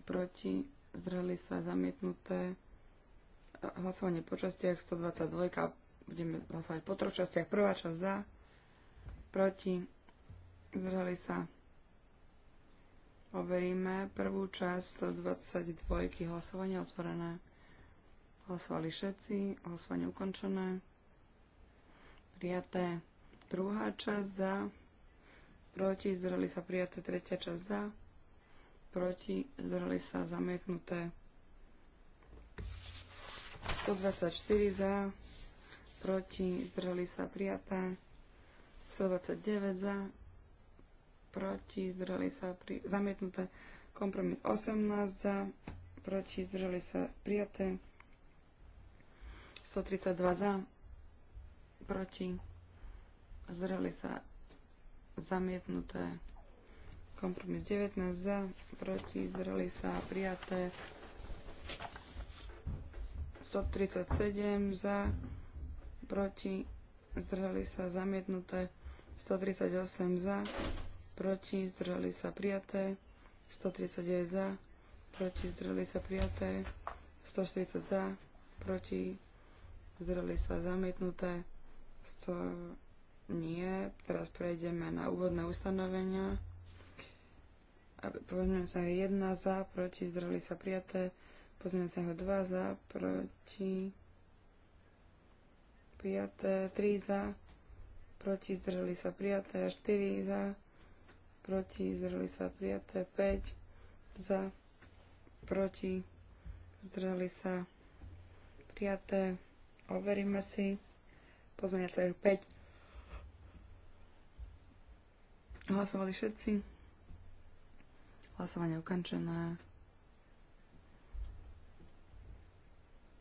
proti, zdrhli sa zamietnuté. Hlasovanie po častiach 122. Budeme hlasovať po troch častiach. Prvá časť za, proti, zdrhli sa. Overíme prvú časť 122. Hlasovanie otvorené. Hlasovali všetci. Hlasovanie ukončené. Prijaté. Druhá časť za. Proti. Zdrhli sa prijaté. Tretia časť za proti, zdrhli sa zamietnuté. 124 za, proti, zdrhli sa prijaté. 129 za, proti, zdrhli sa pri, zamietnuté. Kompromis 18 za, proti, zdrhli sa prijaté. 132 za, proti, zdrhli sa zamietnuté. Kompromis 19 za, proti, zdrali sa prijaté. 137 za, proti, zdržali sa zamietnuté. 138 za, proti, zdržali sa prijaté. 139 za, proti, zdržali sa prijaté. 140 za, proti, zdrali sa zamietnuté. 100 nie. Teraz prejdeme na úvodné ustanovenia. Pozmeňujem sa 1 za, proti, zdrali sa prijaté. Pozmeňujem sa 2 za, proti, prijaté. 3 za, proti, zdrali sa prijaté. 4 za, proti, zdrali sa prijaté. 5 za, proti, zdrali sa prijaté. Overíme si. Pozmeňujem sa 5. Hlasovali všetci. Hlasovanie ukončené.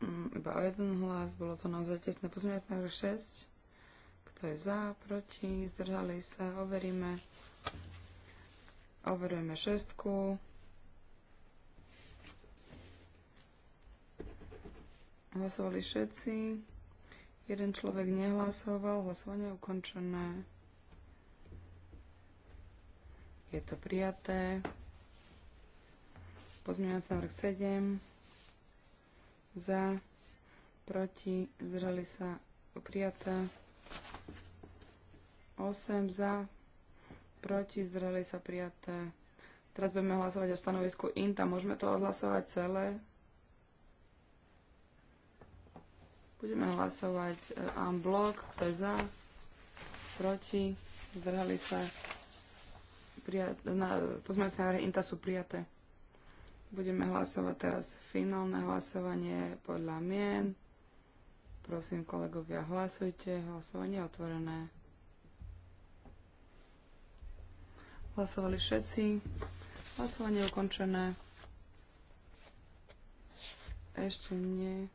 Mm, iba o jeden hlas, bolo to naozaj tesné. Pozmeňovací na 6. Kto je za, proti, zdržali sa, overíme. Overujeme šestku. Hlasovali všetci. Jeden človek nehlasoval, hlasovanie je ukončené. Je to prijaté. Pozmeňovací návrh 7. Za. Proti. Zdržali sa. Prijaté. 8. Za. Proti. Zdržali sa. Prijaté. Teraz budeme hlasovať o stanovisku INTA. Môžeme to odhlasovať celé? Budeme hlasovať e, en bloc Kto je za? Proti? Zdržali sa? Prijat, na, pozmeňovací návrhy INTA sú prijaté. Budeme hlasovať teraz finálne hlasovanie podľa mien. Prosím, kolegovia, hlasujte. Hlasovanie je otvorené. Hlasovali všetci. Hlasovanie je ukončené. Ešte nie.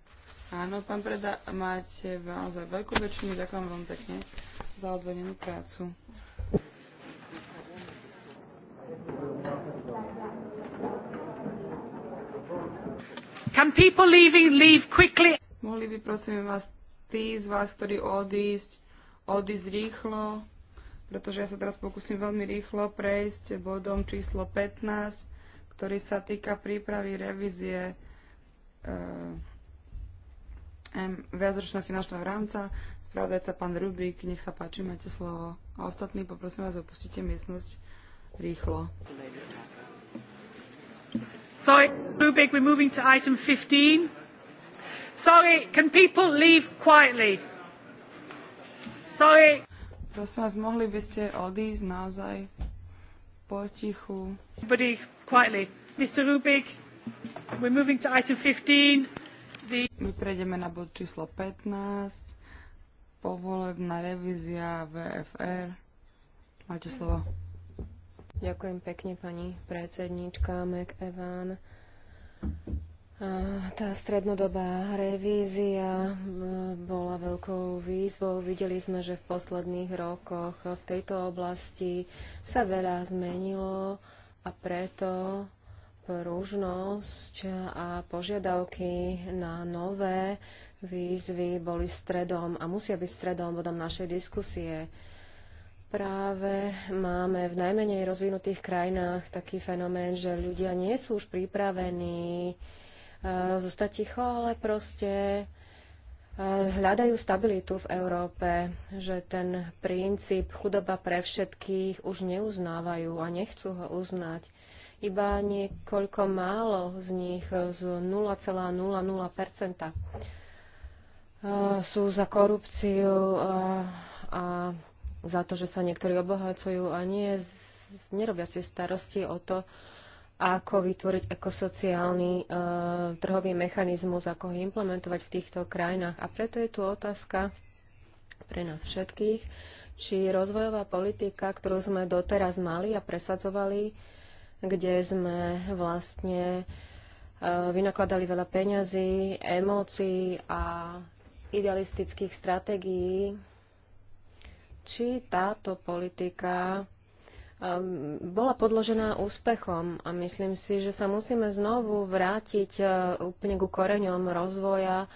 Áno, pán Preda, máte naozaj veľkú väčšinu. Ďakujem vám pekne za odvedenú prácu. Can people leaving leave quickly? Mohli by prosím vás tí z vás, ktorí odísť, odísť rýchlo, pretože ja sa teraz pokúsim veľmi rýchlo prejsť bodom číslo 15, ktorý sa týka prípravy revízie e, viacročného finančného rámca. Spravodajca pán Rubík, nech sa páči, máte slovo. A ostatní poprosím vás, opustite miestnosť rýchlo. Sorry, Rubik, we're moving to item 15. Sorry, can people leave quietly? Sorry. Prosím vás, mohli by ste odísť naozaj potichu. Everybody quietly. Mr. Rubik, we're moving to item 15. The... My prejdeme na bod číslo 15. Povolebná revízia VFR. Máte slovo. Ďakujem pekne, pani predsedníčka McEvan. Tá strednodobá revízia e, bola veľkou výzvou. Videli sme, že v posledných rokoch v tejto oblasti sa veľa zmenilo a preto pružnosť a požiadavky na nové výzvy boli stredom a musia byť stredom bodom našej diskusie práve máme v najmenej rozvinutých krajinách taký fenomén, že ľudia nie sú už pripravení uh, zostať ticho, ale proste uh, hľadajú stabilitu v Európe, že ten princíp chudoba pre všetkých už neuznávajú a nechcú ho uznať. Iba niekoľko málo z nich, eh, z 0,00%, sú za korupciu a za to, že sa niektorí obohacujú a nie, nerobia si starosti o to, ako vytvoriť ekosociálny e, trhový mechanizmus, ako ho implementovať v týchto krajinách. A preto je tu otázka pre nás všetkých, či rozvojová politika, ktorú sme doteraz mali a presadzovali, kde sme vlastne e, vynakladali veľa peňazí, emócií a idealistických stratégií, či táto politika um, bola podložená úspechom a myslím si, že sa musíme znovu vrátiť uh, úplne ku koreňom rozvoja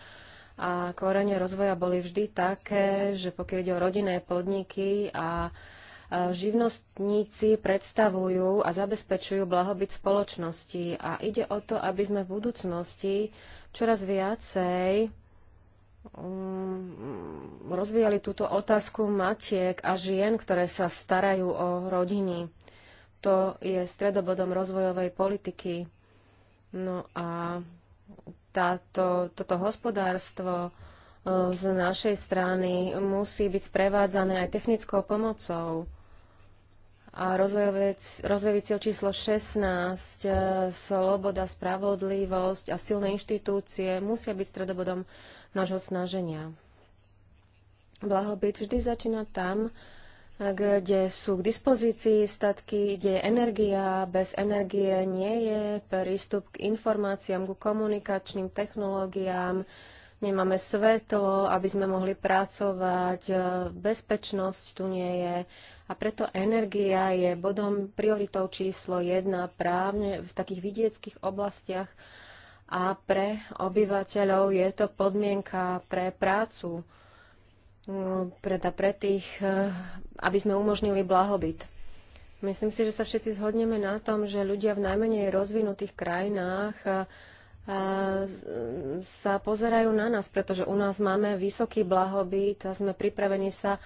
a korene rozvoja boli vždy také, že pokiaľ ide o rodinné podniky a živnostníci predstavujú a zabezpečujú blahobyt spoločnosti a ide o to, aby sme v budúcnosti čoraz viacej Mm, rozvíjali túto otázku matiek a žien, ktoré sa starajú o rodiny. To je stredobodom rozvojovej politiky. No a táto, toto hospodárstvo e, z našej strany musí byť sprevádzané aj technickou pomocou. A rozvojový cieľ číslo 16, e, sloboda, spravodlivosť a silné inštitúcie musia byť stredobodom nášho snaženia. Blahobyt vždy začína tam, kde sú k dispozícii statky, kde je energia. Bez energie nie je prístup k informáciám, ku komunikačným technológiám, nemáme svetlo, aby sme mohli pracovať, e, bezpečnosť tu nie je. A preto energia je bodom prioritou číslo jedna právne v takých vidieckých oblastiach, a pre obyvateľov je to podmienka pre prácu, mm, teda pre tých, eh, aby sme umožnili blahobyt. Myslím si, že sa všetci zhodneme na tom, že ľudia v najmenej rozvinutých krajinách eh, eh, sa pozerajú na nás, pretože u nás máme vysoký blahobyt a sme pripravení sa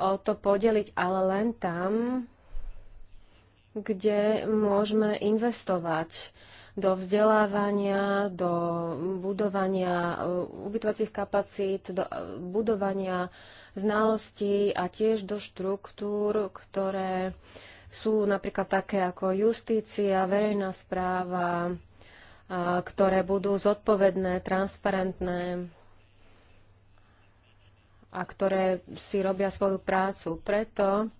o to podeliť, ale len tam, kde môžeme investovať do vzdelávania, do budovania uh, ubytovacích kapacít, do uh, budovania znalostí a tiež do štruktúr, ktoré sú napríklad také ako justícia, verejná správa, ktoré budú zodpovedné, transparentné a ktoré si robia svoju prácu. Preto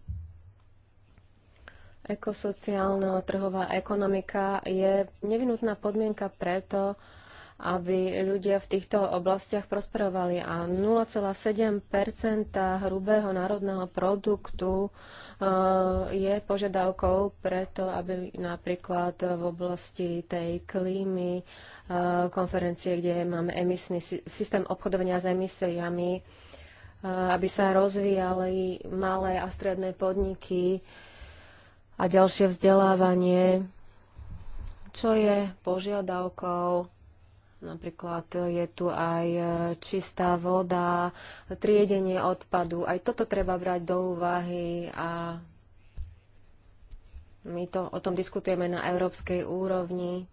Ekosociálna trhová ekonomika je nevinutná podmienka preto, aby ľudia v týchto oblastiach prosperovali. A 0,7 hrubého národného produktu eh, je požiadavkou preto, aby napríklad v oblasti tej klímy eh, konferencie, kde máme emisný systém obchodovania s emisiami, eh, aby sa rozvíjali malé a stredné podniky, a ďalšie vzdelávanie, čo je požiadavkou. Napríklad je tu aj e, čistá voda, triedenie odpadu. Aj toto treba brať do úvahy a my to, o tom diskutujeme na európskej úrovni.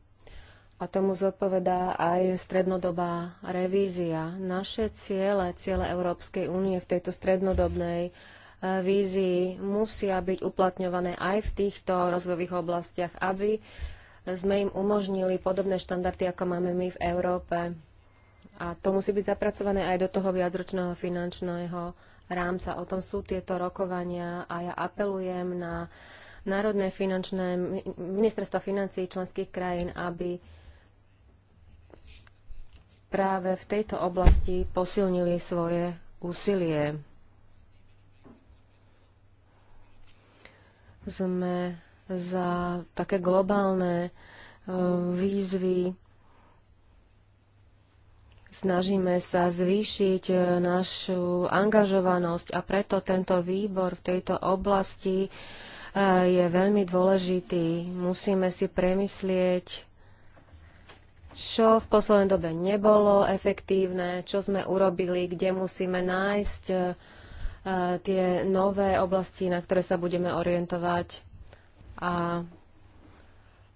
A tomu zodpovedá aj strednodobá revízia. Naše ciele, ciele Európskej únie v tejto strednodobnej vízií musia byť uplatňované aj v týchto rozvojových oblastiach, aby sme im umožnili podobné štandardy, ako máme my v Európe. A to musí byť zapracované aj do toho viacročného finančného rámca. O tom sú tieto rokovania a ja apelujem na národné finančné ministerstva financí členských krajín, aby práve v tejto oblasti posilnili svoje úsilie. sme za také globálne e, výzvy. Snažíme sa zvýšiť e, našu angažovanosť a preto tento výbor v tejto oblasti e, je veľmi dôležitý. Musíme si premyslieť, čo v poslednej dobe nebolo efektívne, čo sme urobili, kde musíme nájsť Eh, tie nové oblasti, na ktoré sa budeme orientovať. A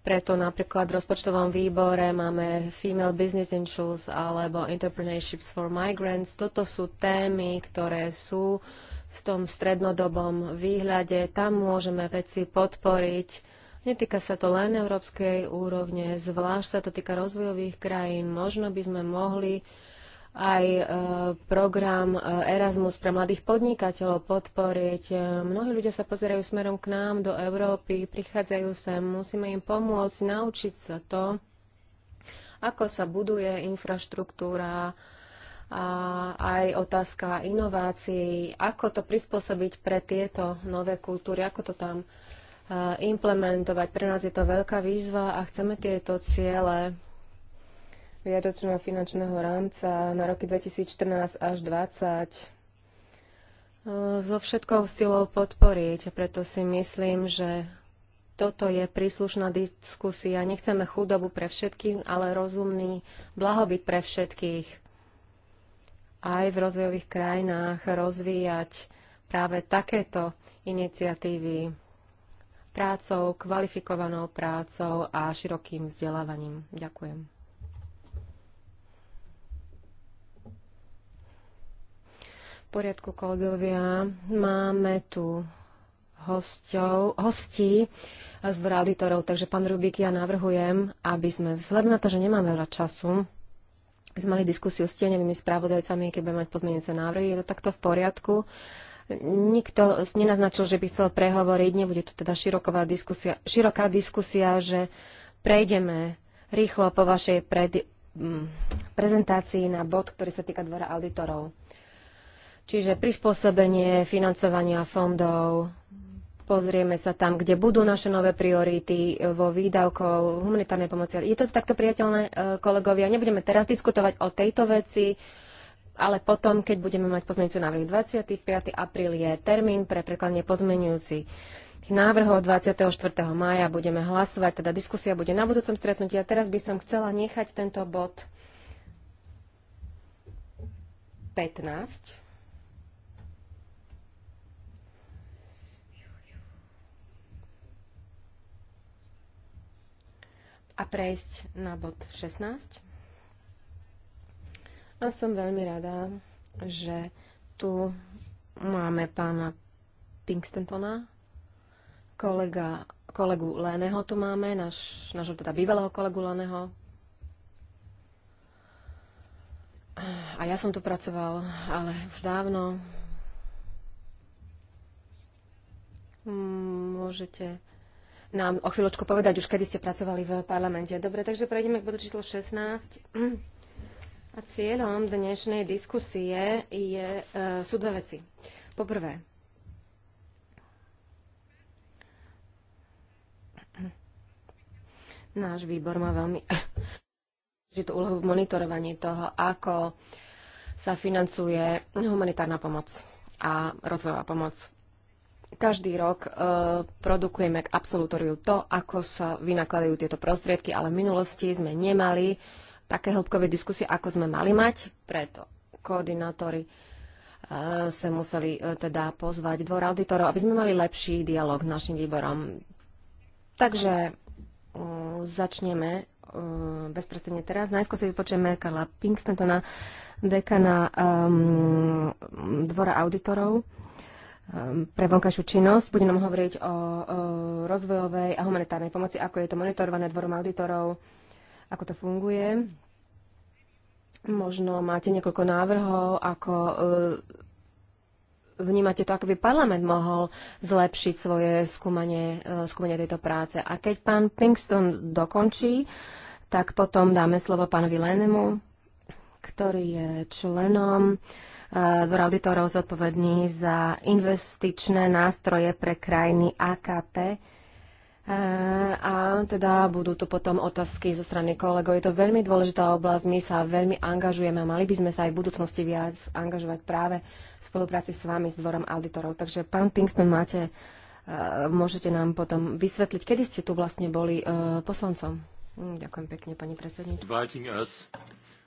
preto napríklad v rozpočtovom výbore máme Female Business Angels alebo Entrepreneurships for Migrants. Toto sú témy, ktoré sú v tom strednodobom výhľade. Tam môžeme veci podporiť. Netýka sa to len európskej úrovne, zvlášť sa to týka rozvojových krajín. Možno by sme mohli uh, aj e, program e, Erasmus pre mladých podnikateľov podporiť. E, mnohí ľudia sa pozerajú smerom k nám do Európy, prichádzajú sem, musíme im pomôcť naučiť sa to, ako sa buduje infraštruktúra a aj otázka inovácií, ako to prispôsobiť pre tieto nové kultúry, ako to tam implementovať. Pre nás je to veľká výzva a chceme tieto ciele viadočného finančného rámca na roky 2014 až 2020 e, so všetkou silou podporiť. Preto si myslím, že toto je príslušná diskusia. Nechceme chudobu pre všetkých, ale rozumný blahobyt pre všetkých. Aj v rozvojových krajinách rozvíjať práve takéto iniciatívy prácou, kvalifikovanou prácou a širokým vzdelávaním. Ďakujem. poriadku, kolegovia. Máme tu hostov, hostí z auditorov, takže pán Rubik, ja navrhujem, aby sme vzhľadom na to, že nemáme veľa času, sme mali diskusiu s tieňovými správodajcami, keď budeme mať pozmienujúce návrhy, je to takto v poriadku. Nikto nenaznačil, že by chcel prehovoriť, nebude tu teda široká diskusia, široká diskusia že prejdeme rýchlo po vašej prezentácii na bod, ktorý sa týka dvora auditorov. Čiže prispôsobenie financovania fondov, pozrieme sa tam, kde budú naše nové priority vo výdavkov humanitárnej pomoci. Je to takto priateľné, e, kolegovia? Nebudeme teraz diskutovať o tejto veci, ale potom, keď budeme mať pozmeňujúci návrh 25. apríl je termín pre prekladanie pozmeňujúci návrhov 24. maja budeme hlasovať, teda diskusia bude na budúcom stretnutí a teraz by som chcela nechať tento bod 15 a prejsť na bod 16. A som veľmi rada, že tu máme pána Pinkstentona, kolega, kolegu leného tu máme, náš, nášho teda bývalého kolegu Leného. A ja som tu pracoval, ale už dávno. Môžete nám o chvíľočku povedať, už kedy ste pracovali v parlamente. Dobre, takže prejdeme k bodu číslo 16. A cieľom dnešnej diskusie je, e, sú dve veci. Poprvé, náš výbor má veľmi dôležitú úlohu v monitorovaní toho, ako sa financuje humanitárna pomoc a rozvojová pomoc každý rok e, produkujeme k absolutóriu to, ako sa vynakladajú tieto prostriedky, ale v minulosti sme nemali také hĺbkové diskusie, ako sme mali mať, preto koordinátori e, sa museli e, teda pozvať dvor auditorov, aby sme mali lepší dialog s našim výborom. Takže e, začneme bezprostredne teraz. Najskôr si vypočujeme Karla Pinkstentona, dekana um, dvora auditorov. Ehm, pre vonkajšiu činnosť. Bude nám hovoriť o, o rozvojovej a humanitárnej pomoci, ako je to monitorované dvorom auditorov, ako to funguje. Možno máte niekoľko návrhov, ako e, vnímate to, ako by parlament mohol zlepšiť svoje skúmanie, e, skúmanie tejto práce. A keď pán Pinkston dokončí, tak potom dáme slovo pánovi Lenemu, ktorý je členom zbor auditorov zodpovedný za investičné nástroje pre krajiny AKT. E, a teda budú tu potom otázky zo strany kolegov. Je to veľmi dôležitá oblasť, my sa veľmi angažujeme a mali by sme sa aj v budúcnosti viac angažovať práve v spolupráci s vami, s dvorom auditorov. Takže pán Pinkston, máte, e, môžete nám potom vysvetliť, kedy ste tu vlastne boli e, poslancom. Hm, ďakujem pekne, pani predsednička.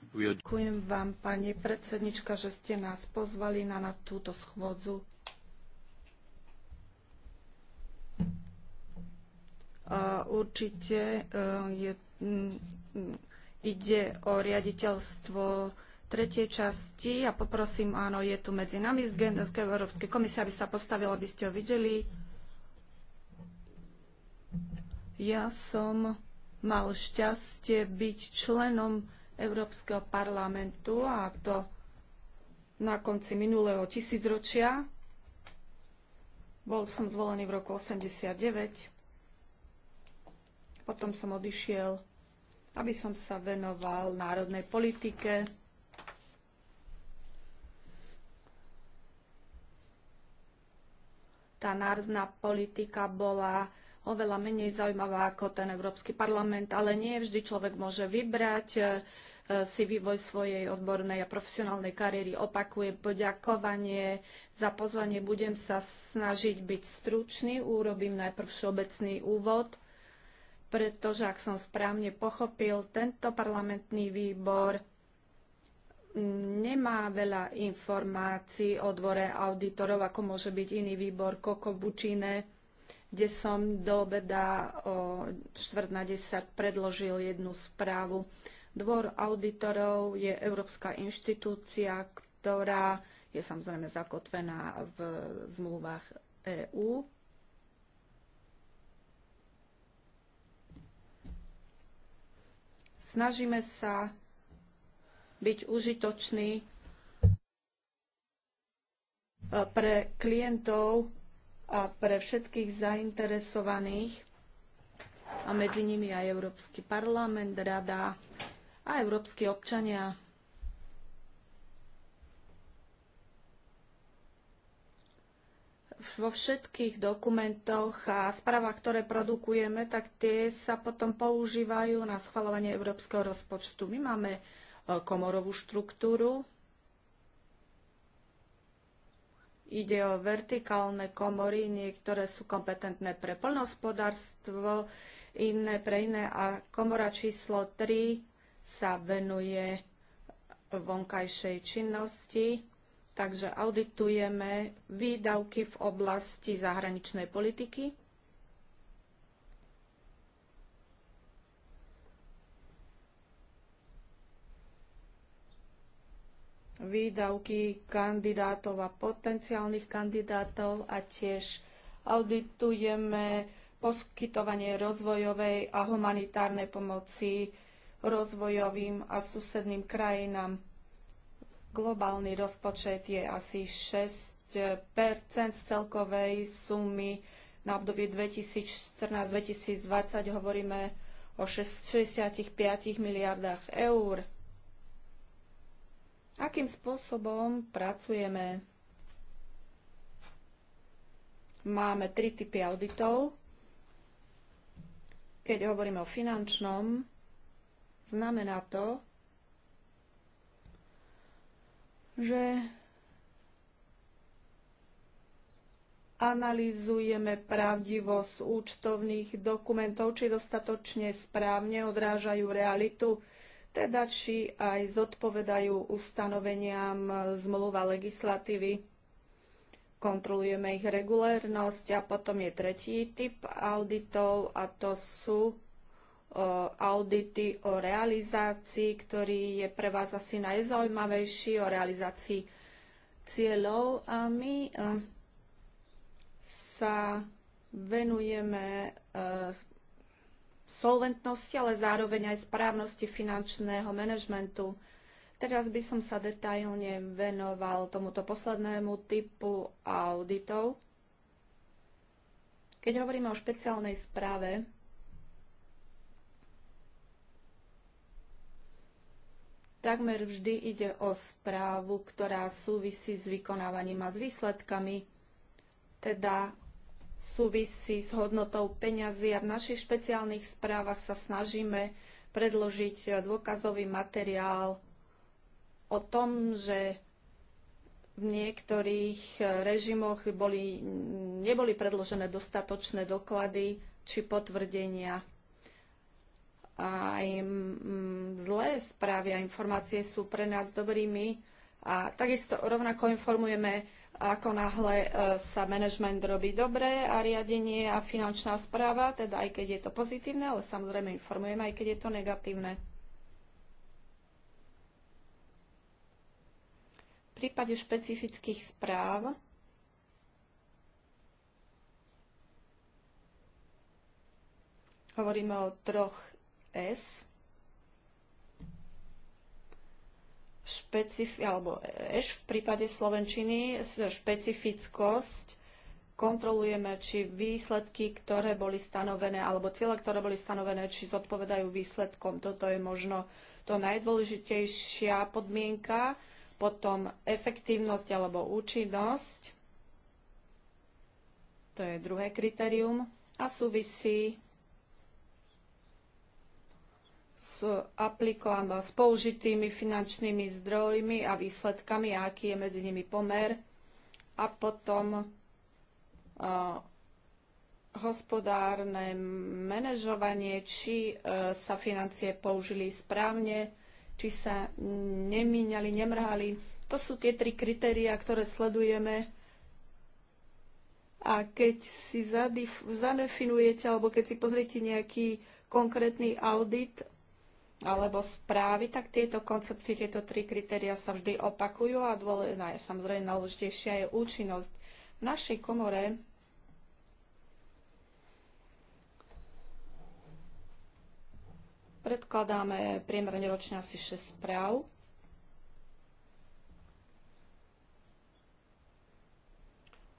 Ďakujem vám, pani predsednička, že ste nás pozvali na, na túto schôdzu. Určite e, je, mm, ide o riaditeľstvo tretej časti a poprosím, áno, je tu medzi nami z Európskej komisie, aby sa postavila, aby ste ho videli. Ja som mal šťastie byť členom Európskeho parlamentu a to na konci minulého tisícročia. Bol som zvolený v roku 89. Potom som odišiel, aby som sa venoval národnej politike. Tá národná politika bola oveľa menej zaujímavá ako ten Európsky parlament, ale nie vždy človek môže vybrať e, si vývoj svojej odbornej a profesionálnej kariéry. Opakujem poďakovanie za pozvanie. Budem sa snažiť byť stručný. Urobím najprv všeobecný úvod, pretože ak som správne pochopil, tento parlamentný výbor nemá veľa informácií o dvore auditorov, ako môže byť iný výbor Koko Bučine kde som do obeda o čtvrt na 10 predložil jednu správu. Dvor auditorov je európska inštitúcia, ktorá je samozrejme zakotvená v zmluvách EÚ. Snažíme sa byť užitoční e, pre klientov a pre všetkých zainteresovaných a medzi nimi aj Európsky parlament, rada a európsky občania. vo všetkých dokumentoch a správach, ktoré produkujeme, tak tie sa potom používajú na schvalovanie európskeho rozpočtu. My máme eh, komorovú štruktúru, Ide o vertikálne komory, niektoré sú kompetentné pre plnohospodárstvo, iné pre iné a komora číslo 3 sa venuje vonkajšej činnosti, takže auditujeme výdavky v oblasti zahraničnej politiky výdavky kandidátov a potenciálnych kandidátov a tiež auditujeme poskytovanie rozvojovej a humanitárnej pomoci rozvojovým a susedným krajinám. Globálny rozpočet je asi 6 z celkovej sumy na obdobie 2014-2020 hovoríme o 65 miliardách eur. Akým spôsobom pracujeme? Máme tri typy auditov. Keď hovoríme o finančnom, znamená to, že analýzujeme pravdivosť účtovných dokumentov, či dostatočne správne odrážajú realitu teda či aj zodpovedajú ustanoveniam zmluva legislatívy. Kontrolujeme ich regulérnosť a potom je tretí typ auditov a to sú audity o realizácii, ktorý je pre vás asi najzaujímavejší, o realizácii cieľov. A my e, sa venujeme e, solventnosti, ale zároveň aj správnosti finančného manažmentu. Teraz by som sa detailne venoval tomuto poslednému typu auditov. Keď hovoríme o špeciálnej správe, takmer vždy ide o správu, ktorá súvisí s vykonávaním a s výsledkami, teda súvisí s hodnotou peňazí a v našich špeciálnych správach sa snažíme predložiť dôkazový materiál o tom, že v niektorých režimoch boli, neboli predložené dostatočné doklady či potvrdenia. Aj mm, zlé správy a informácie sú pre nás dobrými a takisto rovnako informujeme ako náhle e, sa manažment robí dobre a riadenie a finančná správa, teda aj keď je to pozitívne, ale samozrejme informujeme, aj keď je to negatívne. V prípade špecifických správ hovoríme o troch S. špecifi- alebo eš v prípade Slovenčiny špecifickosť kontrolujeme, či výsledky, ktoré boli stanovené, alebo cieľe, ktoré boli stanovené, či zodpovedajú výsledkom. Toto je možno to najdôležitejšia podmienka. Potom efektívnosť alebo účinnosť. To je druhé kritérium. A súvisí s s použitými finančnými zdrojmi a výsledkami, aký je medzi nimi pomer. A potom hospodárne manažovanie, či e, sa financie použili správne, či sa nemíňali, nemrhali. To sú tie tri kritéria, ktoré sledujeme. A keď si zadefinujete, alebo keď si pozriete nejaký konkrétny audit alebo správy, tak tieto koncepty, tieto tri kritéria sa vždy opakujú a dôle, na, no, samozrejme najdôležitejšia je účinnosť. V našej komore predkladáme priemerne ročne asi 6 správ.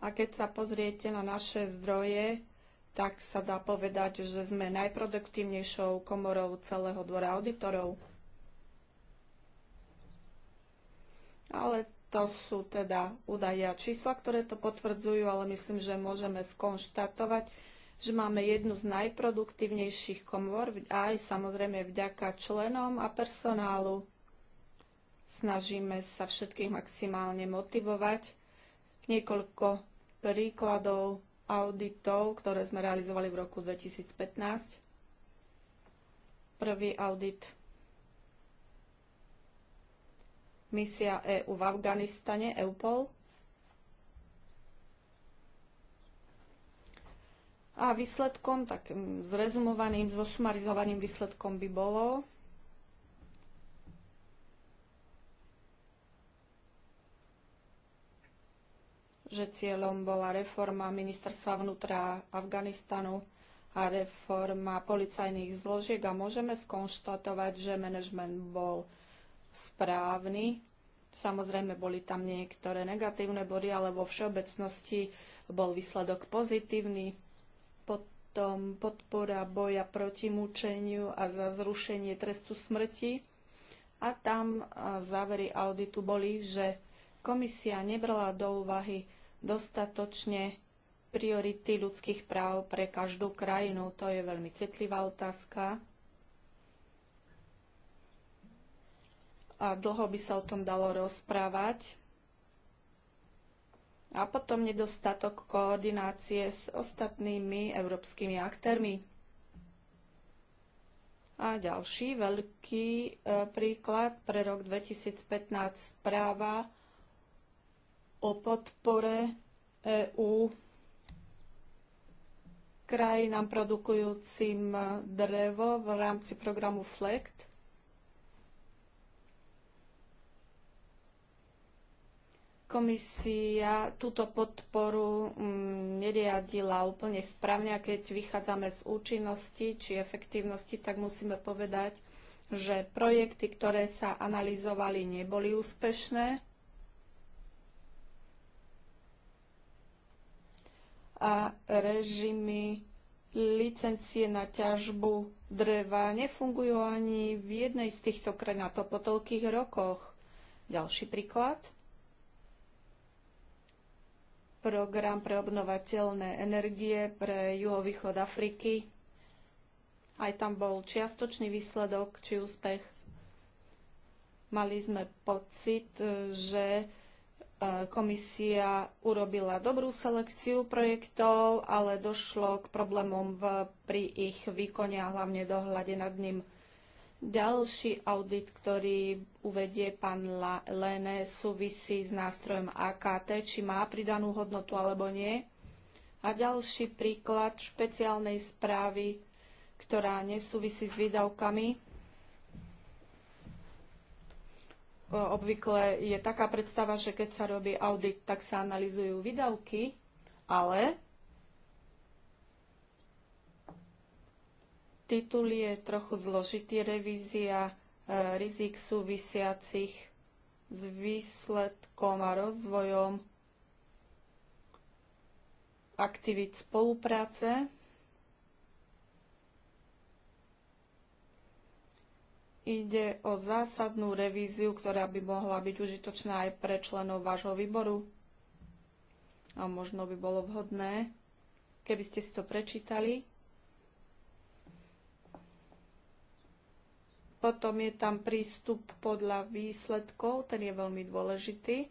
A keď sa pozriete na naše zdroje, tak sa dá povedať, že sme najproduktívnejšou komorou celého dvora auditorov. Ale to sú teda údaje a čísla, ktoré to potvrdzujú, ale myslím, že môžeme skonštatovať, že máme jednu z najproduktívnejších komor, aj samozrejme vďaka členom a personálu. Snažíme sa všetkých maximálne motivovať. Niekoľko príkladov auditov, ktoré sme realizovali v roku 2015. Prvý audit misia EU v Afganistane, EUPOL. A výsledkom, tak zrezumovaným, zosumarizovaným výsledkom by bolo, že cieľom bola reforma ministerstva vnútra Afganistanu a reforma policajných zložiek a môžeme skonštatovať, že manažment bol správny. Samozrejme, boli tam niektoré negatívne body, ale vo všeobecnosti bol výsledok pozitívny. Potom podpora boja proti mučeniu a za zrušenie trestu smrti. A tam závery auditu boli, že komisia nebrala do úvahy dostatočne priority ľudských práv pre každú krajinu? To je veľmi citlivá otázka. A dlho by sa o tom dalo rozprávať. A potom nedostatok koordinácie s ostatnými európskymi aktérmi. A ďalší veľký e, príklad pre rok 2015 správa o podpore EÚ krajinám produkujúcim drevo v rámci programu FLECT. Komisia túto podporu mm, neriadila úplne správne a keď vychádzame z účinnosti či efektívnosti, tak musíme povedať, že projekty, ktoré sa analyzovali, neboli úspešné a režimy licencie na ťažbu dreva nefungujú ani v jednej z týchto krajín, a to po toľkých rokoch. Ďalší príklad. Program pre obnovateľné energie pre juhovýchod Afriky. Aj tam bol čiastočný výsledok či úspech. Mali sme pocit, že E, komisia urobila dobrú selekciu projektov, ale došlo k problémom v, pri ich výkone a hlavne dohľade nad ním. Ďalší audit, ktorý uvedie pán Lene, súvisí s nástrojom AKT, či má pridanú hodnotu alebo nie. A ďalší príklad špeciálnej správy, ktorá nesúvisí s výdavkami E, obvykle je taká predstava, že keď sa robí audit, tak sa analizujú výdavky, ale titul je trochu zložitý. Revízia e, rizik súvisiacich s výsledkom a rozvojom aktivít spolupráce. Ide o zásadnú revíziu, ktorá by mohla byť užitočná aj pre členov vášho výboru. A možno by bolo vhodné, keby ste si to prečítali. Potom je tam prístup podľa výsledkov, ten je veľmi dôležitý.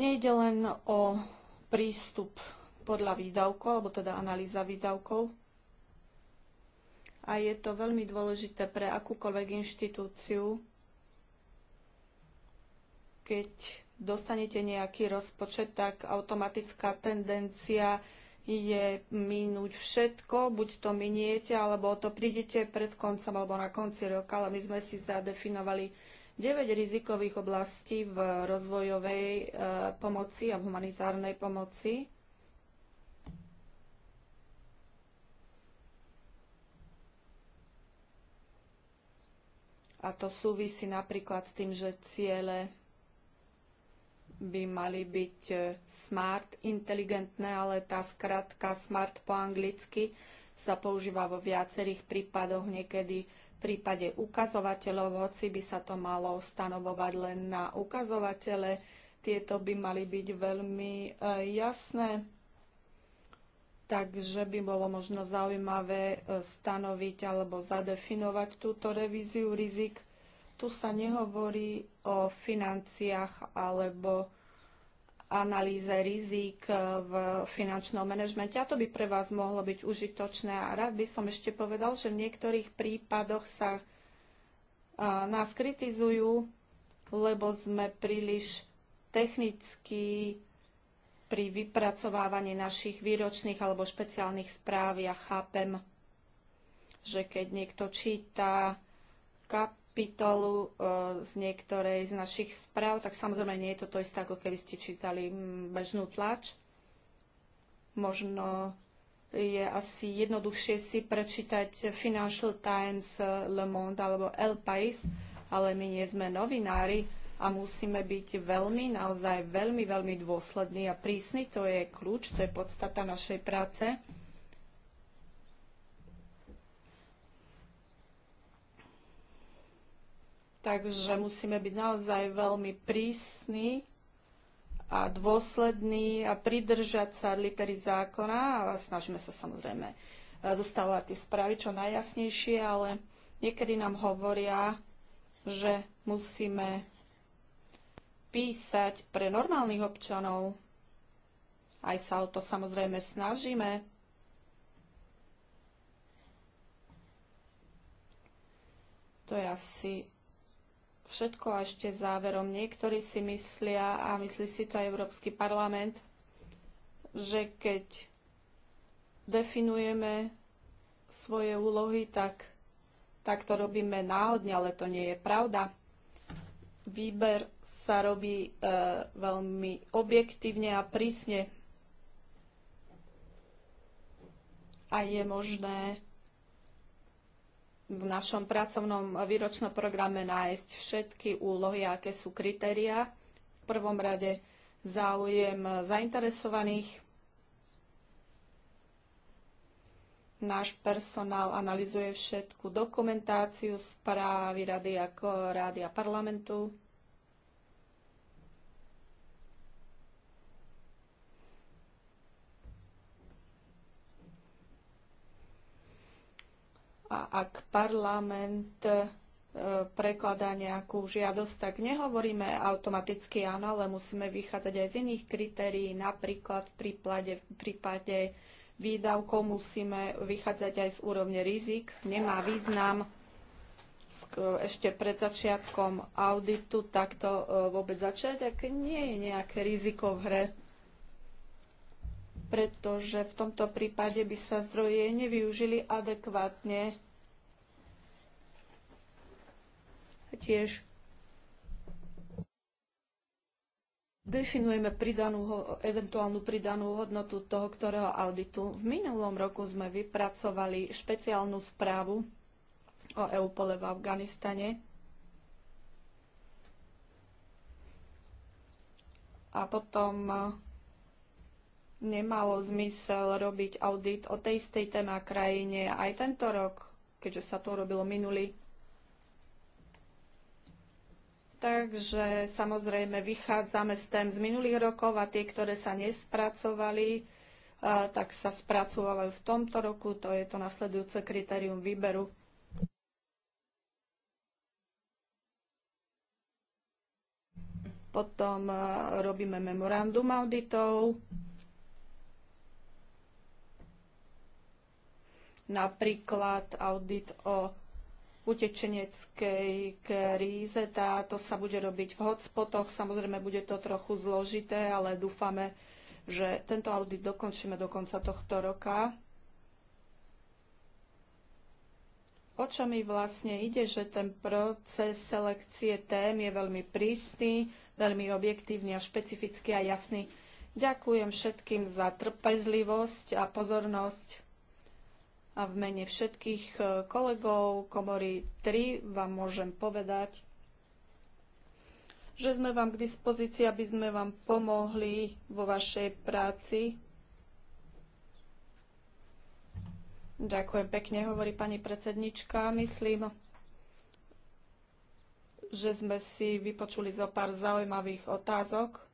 Nejde len o prístup podľa výdavkov, alebo teda analýza výdavkov. A je to veľmi dôležité pre akúkoľvek inštitúciu, keď dostanete nejaký rozpočet, tak automatická tendencia je minúť všetko, buď to miniete, alebo to prídete pred koncom alebo na konci roka, ale my sme si zadefinovali 9 rizikových oblastí v rozvojovej e, pomoci a v humanitárnej pomoci. A to súvisí napríklad s tým, že ciele by mali byť e, smart, inteligentné, ale tá skratka smart po anglicky sa používa vo viacerých prípadoch, niekedy v prípade ukazovateľov, hoci by sa to malo stanovovať len na ukazovatele, tieto by mali byť veľmi e, jasné Takže by bolo možno zaujímavé e, stanoviť alebo zadefinovať túto revíziu rizik. Tu sa nehovorí o financiách alebo analýze rizik e, v finančnom manažmente. A to by pre vás mohlo byť užitočné. A rád by som ešte povedal, že v niektorých prípadoch sa e, nás kritizujú, lebo sme príliš technicky pri vypracovávaní našich výročných alebo špeciálnych správ. Ja chápem, že keď niekto číta kapitolu e, z niektorej z našich správ, tak samozrejme nie je to to isté, ako keby ste čítali bežnú tlač. Možno je asi jednoduchšie si prečítať Financial Times, Le Monde alebo El Pais, ale my nie sme novinári a musíme byť veľmi, naozaj veľmi, veľmi dôslední a prísni. To je kľúč, to je podstata našej práce. Takže musíme byť naozaj veľmi prísni a dôslední a pridržať sa litery zákona a snažíme sa samozrejme e, zostávať tie správy čo najjasnejšie, ale niekedy nám hovoria, že musíme písať pre normálnych občanov. Aj sa o to samozrejme snažíme. To je asi všetko a ešte záverom. Niektorí si myslia, a myslí si to aj Európsky parlament, že keď definujeme svoje úlohy, tak, tak to robíme náhodne, ale to nie je pravda. Výber sa robí e, veľmi objektívne a prísne. A je možné v našom pracovnom výročnom programe nájsť všetky úlohy, aké sú kritériá. V prvom rade záujem zainteresovaných. Náš personál analizuje všetku dokumentáciu správy rady ako rádia parlamentu. A ak parlament e, prekladá nejakú žiadosť, tak nehovoríme automaticky áno, ale musíme vychádzať aj z iných kritérií. Napríklad v prípade, v prípade výdavkov musíme vychádzať aj z úrovne rizik. Nemá význam ešte pred začiatkom auditu takto e, vôbec začať, ak nie je nejaké riziko v hre pretože v tomto prípade by sa zdroje nevyužili adekvátne. Tiež definujeme pridanú, eventuálnu pridanú hodnotu toho, ktorého auditu. V minulom roku sme vypracovali špeciálnu správu o EUPOLE v Afganistane. A potom nemalo zmysel robiť audit o tej istej téme krajine aj tento rok, keďže sa to robilo minulý. Takže samozrejme vychádzame z tém z minulých rokov a tie, ktoré sa nespracovali, tak sa spracovávajú v tomto roku. To je to nasledujúce kritérium výberu. Potom robíme memorandum auditov. Napríklad audit o utečeneckej kríze. Táto sa bude robiť v hotspotoch. Samozrejme, bude to trochu zložité, ale dúfame, že tento audit dokončíme do konca tohto roka. O čo mi vlastne ide, že ten proces selekcie tém je veľmi prísny, veľmi objektívny a špecifický a jasný. Ďakujem všetkým za trpezlivosť a pozornosť. A v mene všetkých e, kolegov komory 3 vám môžem povedať, že sme vám k dispozícii, aby sme vám pomohli vo vašej práci. Ďakujem pekne, hovorí pani predsednička. Myslím, že sme si vypočuli zo pár zaujímavých otázok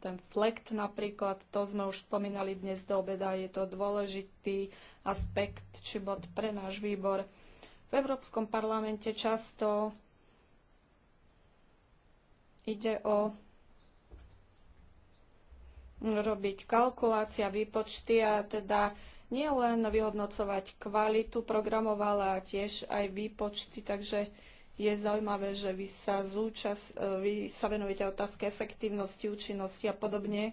ten flekt napríklad, to sme už spomínali dnes do obeda, je to dôležitý aspekt či bod pre náš výbor. V Európskom parlamente často ide o robiť kalkulácia, výpočty a teda nielen vyhodnocovať kvalitu programov, ale tiež aj výpočty, takže je zaujímavé, že vy sa, zúčas, e, vy sa venujete otázke efektívnosti, účinnosti a podobne.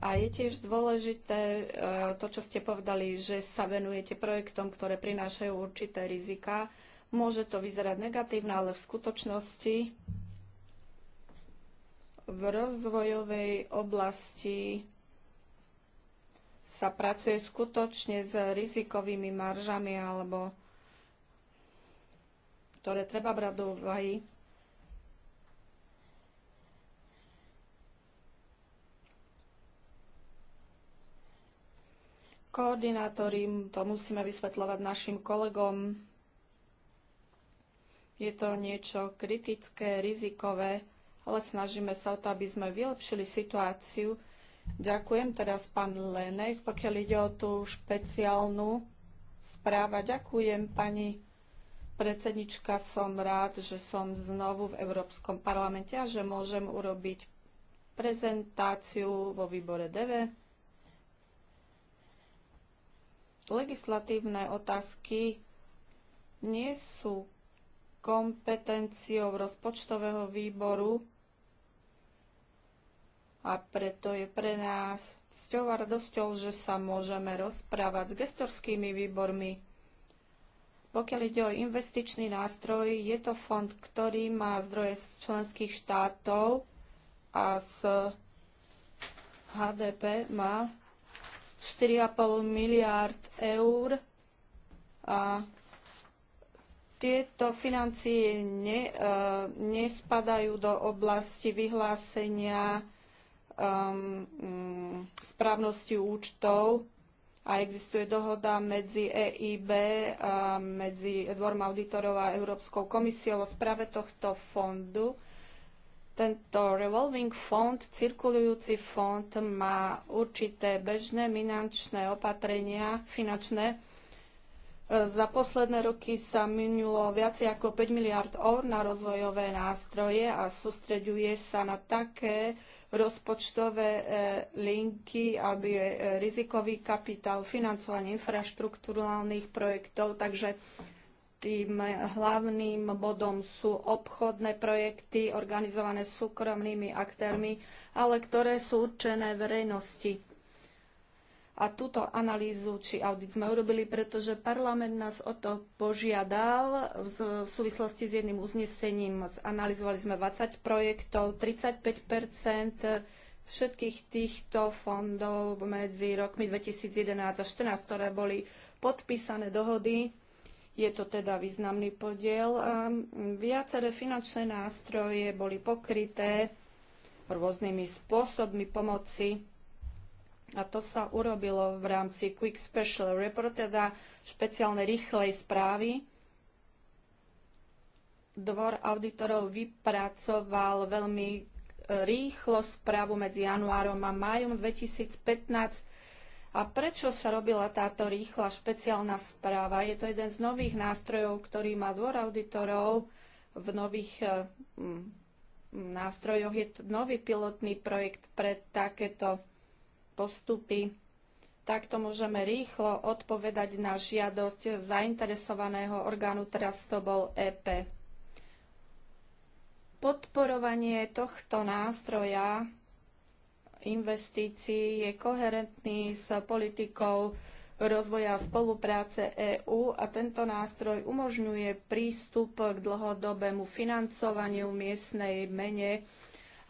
A je tiež dôležité e, to, čo ste povedali, že sa venujete projektom, ktoré prinášajú určité rizika. Môže to vyzerať negatívne, ale v skutočnosti v rozvojovej oblasti sa pracuje skutočne s rizikovými maržami alebo ktoré treba brať do úvahy. Koordinátori, to musíme vysvetľovať našim kolegom, je to niečo kritické, rizikové, ale snažíme sa o to, aby sme vylepšili situáciu, Ďakujem teraz pán Lenech, pokiaľ ide o tú špeciálnu správa. Ďakujem pani predsednička, som rád, že som znovu v Európskom parlamente a že môžem urobiť prezentáciu vo výbore DV. Legislatívne otázky nie sú kompetenciou rozpočtového výboru, a preto je pre nás cťou a radosťou, že sa môžeme rozprávať s gestorskými výbormi. Pokiaľ ide o investičný nástroj, je to fond, ktorý má zdroje z členských štátov a z HDP má 4,5 miliard eur a tieto financie ne, e, nespadajú do oblasti vyhlásenia um, mm, správnosti účtov a existuje dohoda medzi EIB, a medzi Dvorom auditorov a Európskou komisiou o správe tohto fondu. Tento revolving fond, cirkulujúci fond, má určité bežné finančné opatrenia, finančné, za posledné roky sa minulo viacej ako 5 miliard eur na rozvojové nástroje a sústreďuje sa na také rozpočtové e, linky, aby e, rizikový kapitál, financovanie infraštruktúrálnych projektov. Takže tým hlavným bodom sú obchodné projekty organizované súkromnými aktérmi, ale ktoré sú určené verejnosti. A túto analýzu či audit sme urobili, pretože parlament nás o to požiadal v súvislosti s jedným uznesením. Analyzovali sme 20 projektov, 35 všetkých týchto fondov medzi rokmi 2011 a 2014, ktoré boli podpísané dohody. Je to teda významný podiel. Viaceré finančné nástroje boli pokryté rôznymi spôsobmi pomoci a to sa urobilo v rámci Quick Special Report, teda špeciálne rýchlej správy. Dvor auditorov vypracoval veľmi e, rýchlo správu medzi januárom a májom 2015. A prečo sa robila táto rýchla špeciálna správa? Je to jeden z nových nástrojov, ktorý má dvor auditorov v nových e, nástrojoch. Je to nový pilotný projekt pre takéto postupy. Takto môžeme rýchlo odpovedať na žiadosť zainteresovaného orgánu, teraz to bol EP. Podporovanie tohto nástroja investícií je koherentný s politikou rozvoja a spolupráce EÚ a tento nástroj umožňuje prístup k dlhodobému financovaniu miestnej mene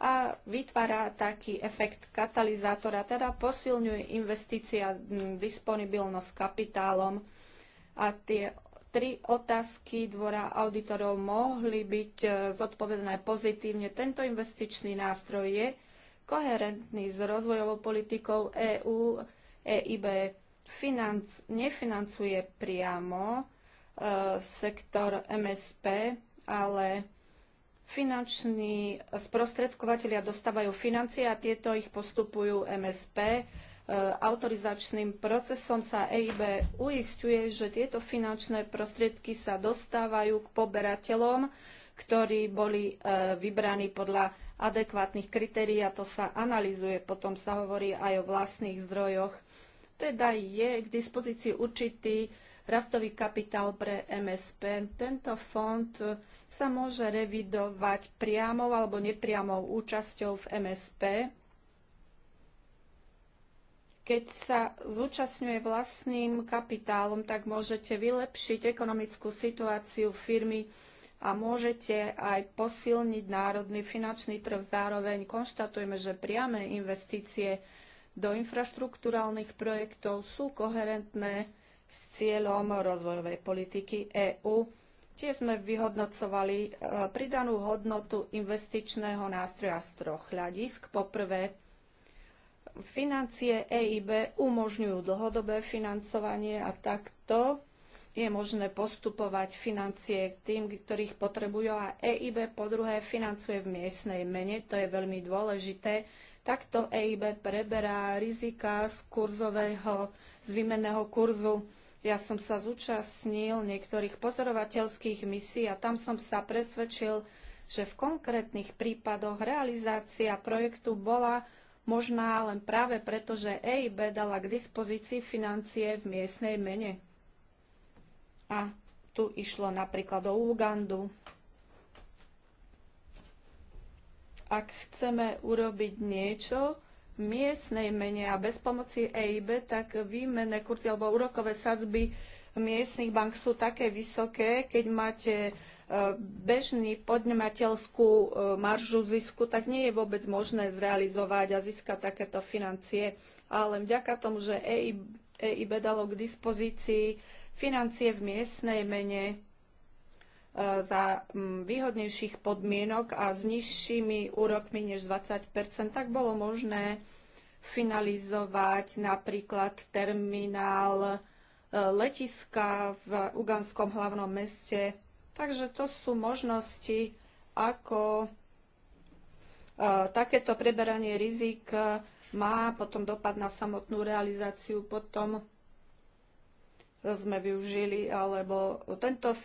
a vytvára taký efekt katalizátora, teda posilňuje investícia, disponibilnosť kapitálom a tie tri otázky dvora auditorov mohli byť e, zodpovedané pozitívne. Tento investičný nástroj je koherentný s rozvojovou politikou EÚ. EIB financ, nefinancuje priamo e, sektor MSP, ale Finanční sprostredkovateľia dostávajú financie a tieto ich postupujú MSP. E, autorizačným procesom sa EIB uistuje, že tieto finančné prostriedky sa dostávajú k poberateľom, ktorí boli e, vybraní podľa adekvátnych kritérií a to sa analizuje. Potom sa hovorí aj o vlastných zdrojoch. Teda je k dispozícii určitý rastový kapitál pre MSP. Tento fond sa môže revidovať priamou alebo nepriamou účasťou v MSP, keď sa zúčastňuje vlastným kapitálom, tak môžete vylepšiť ekonomickú situáciu firmy a môžete aj posilniť národný finančný trh. Zároveň konštatujeme, že priame investície do infraštruktúrálnych projektov sú koherentné s cieľom rozvojovej politiky EÚ Tiež sme vyhodnocovali e, pridanú hodnotu investičného nástroja z troch hľadisk. Poprvé, financie EIB umožňujú dlhodobé financovanie a takto je možné postupovať financie k tým, ktorých potrebujú a EIB po druhé financuje v miestnej mene, to je veľmi dôležité. Takto EIB preberá rizika z kurzového, z výmenného kurzu ja som sa zúčastnil niektorých pozorovateľských misií a tam som sa presvedčil, že v konkrétnych prípadoch realizácia projektu bola možná len práve preto, že EIB dala k dispozícii financie v miestnej mene. A tu išlo napríklad o Ugandu. Ak chceme urobiť niečo, miestnej mene a bez pomoci EIB, tak výmenné kurzy alebo úrokové sadzby miestnych bank sú také vysoké, keď máte e, bežný podnemateľskú e, maržu zisku, tak nie je vôbec možné zrealizovať a získať takéto financie. Ale vďaka tomu, že EIB, e EIB dalo k dispozícii financie v miestnej mene, Eh, za mm, výhodnejších podmienok a s nižšími úrokmi než 20 tak bolo možné finalizovať napríklad terminál eh, letiska v Uganskom hlavnom meste. Takže to sú možnosti, ako eh, takéto preberanie rizik má potom dopad na samotnú realizáciu, potom sme využili, alebo tento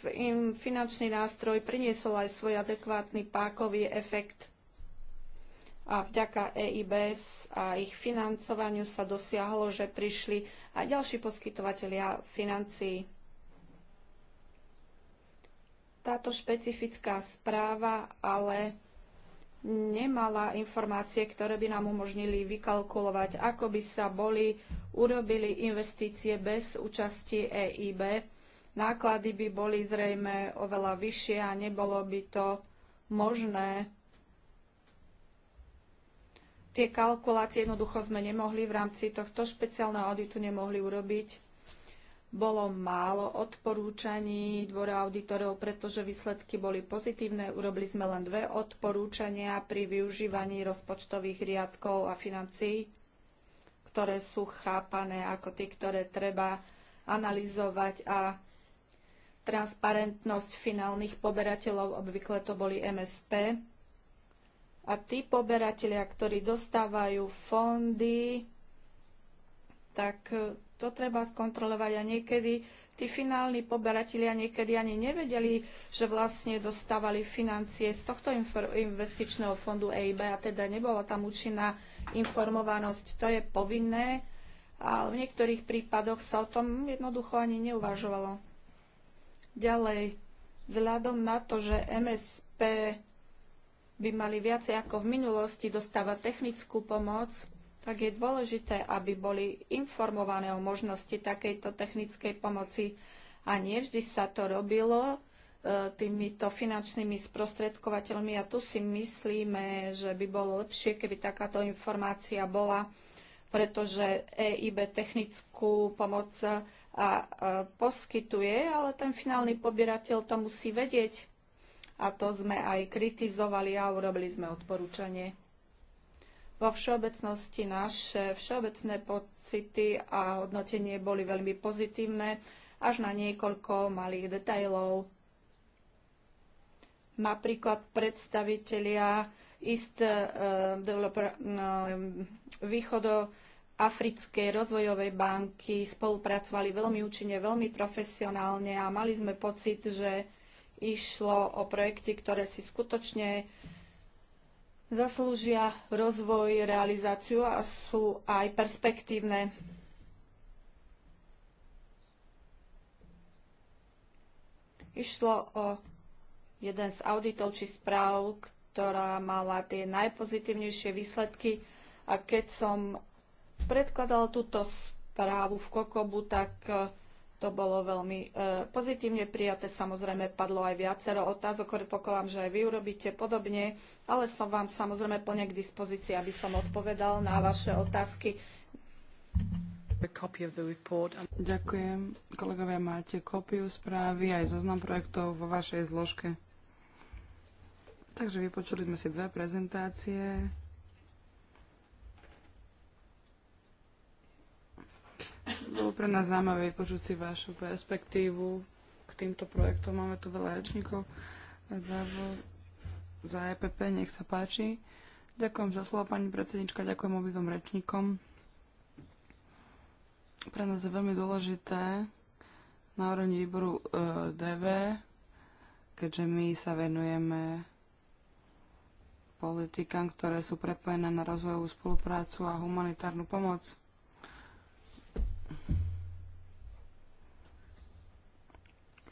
finančný nástroj priniesol aj svoj adekvátny pákový efekt. A vďaka EIBS a ich financovaniu sa dosiahlo, že prišli aj ďalší poskytovateľia financií. Táto špecifická správa ale nemala informácie, ktoré by nám umožnili vykalkulovať, ako by sa boli urobili investície bez účasti EIB. Náklady by boli zrejme oveľa vyššie a nebolo by to možné. Tie kalkulácie jednoducho sme nemohli v rámci tohto špeciálneho auditu nemohli urobiť bolo málo odporúčaní dvora auditorov, pretože výsledky boli pozitívne. Urobili sme len dve odporúčania pri využívaní rozpočtových riadkov a financií, ktoré sú chápané ako tie, ktoré treba analyzovať a transparentnosť finálnych poberateľov, obvykle to boli MSP. A tí poberatelia, ktorí dostávajú fondy, tak to treba skontrolovať a niekedy tí finálni poberatelia niekedy ani nevedeli, že vlastne dostávali financie z tohto investičného fondu EIB a teda nebola tam účinná informovanosť. To je povinné a v niektorých prípadoch sa o tom jednoducho ani neuvažovalo. Ďalej, vzhľadom na to, že MSP by mali viacej ako v minulosti dostávať technickú pomoc, tak je dôležité, aby boli informované o možnosti takejto technickej pomoci. A nie vždy sa to robilo e, týmito finančnými sprostredkovateľmi a tu si myslíme, že by bolo lepšie, keby takáto informácia bola, pretože EIB technickú pomoc a poskytuje, ale ten finálny pobierateľ to musí vedieť. A to sme aj kritizovali a urobili sme odporúčanie. Vo všeobecnosti naše všeobecné pocity a hodnotenie boli veľmi pozitívne, až na niekoľko malých detajlov. Napríklad predstavitelia East eh, Developer eh, východo Africkej rozvojovej banky spolupracovali veľmi účinne, veľmi profesionálne a mali sme pocit, že išlo o projekty, ktoré si skutočne zaslúžia rozvoj, realizáciu a sú aj perspektívne. Išlo o jeden z auditov či správ, ktorá mala tie najpozitívnejšie výsledky a keď som predkladal túto správu v Kokobu, tak to bolo veľmi e, pozitívne prijaté. Samozrejme, padlo aj viacero otázok, ktoré že aj vy urobíte podobne, ale som vám samozrejme plne k dispozícii, aby som odpovedal na vaše otázky. Ďakujem. Kolegovia, máte kopiu správy aj zoznam projektov vo vašej zložke. Takže vypočuli sme si dve prezentácie. Bolo pre nás zaujímavé vypočuť si vašu perspektívu k týmto projektom. Máme tu veľa rečníkov. Za EPP, nech sa páči. Ďakujem za slovo, pani predsednička, ďakujem obidvom rečníkom. Pre nás je veľmi dôležité na úrovni výboru e, DV, keďže my sa venujeme politikám, ktoré sú prepojené na rozvojovú spoluprácu a humanitárnu pomoc.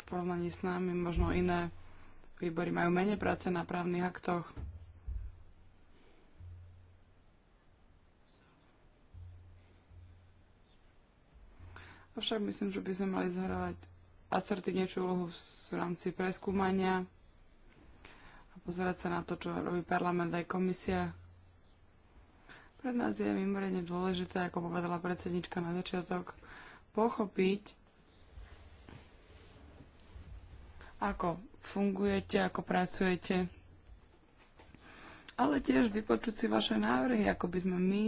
porovnaní s nami možno iné výbory majú menej práce na právnych aktoch. Avšak myslím, že by sme mali zahrávať asertívnejšiu úlohu v rámci preskúmania a pozerať sa na to, čo robí parlament aj komisia. Pre nás je mimoriadne dôležité, ako povedala predsednička na začiatok, pochopiť, ako fungujete, ako pracujete, ale tiež vypočuť si vaše návrhy, ako by sme my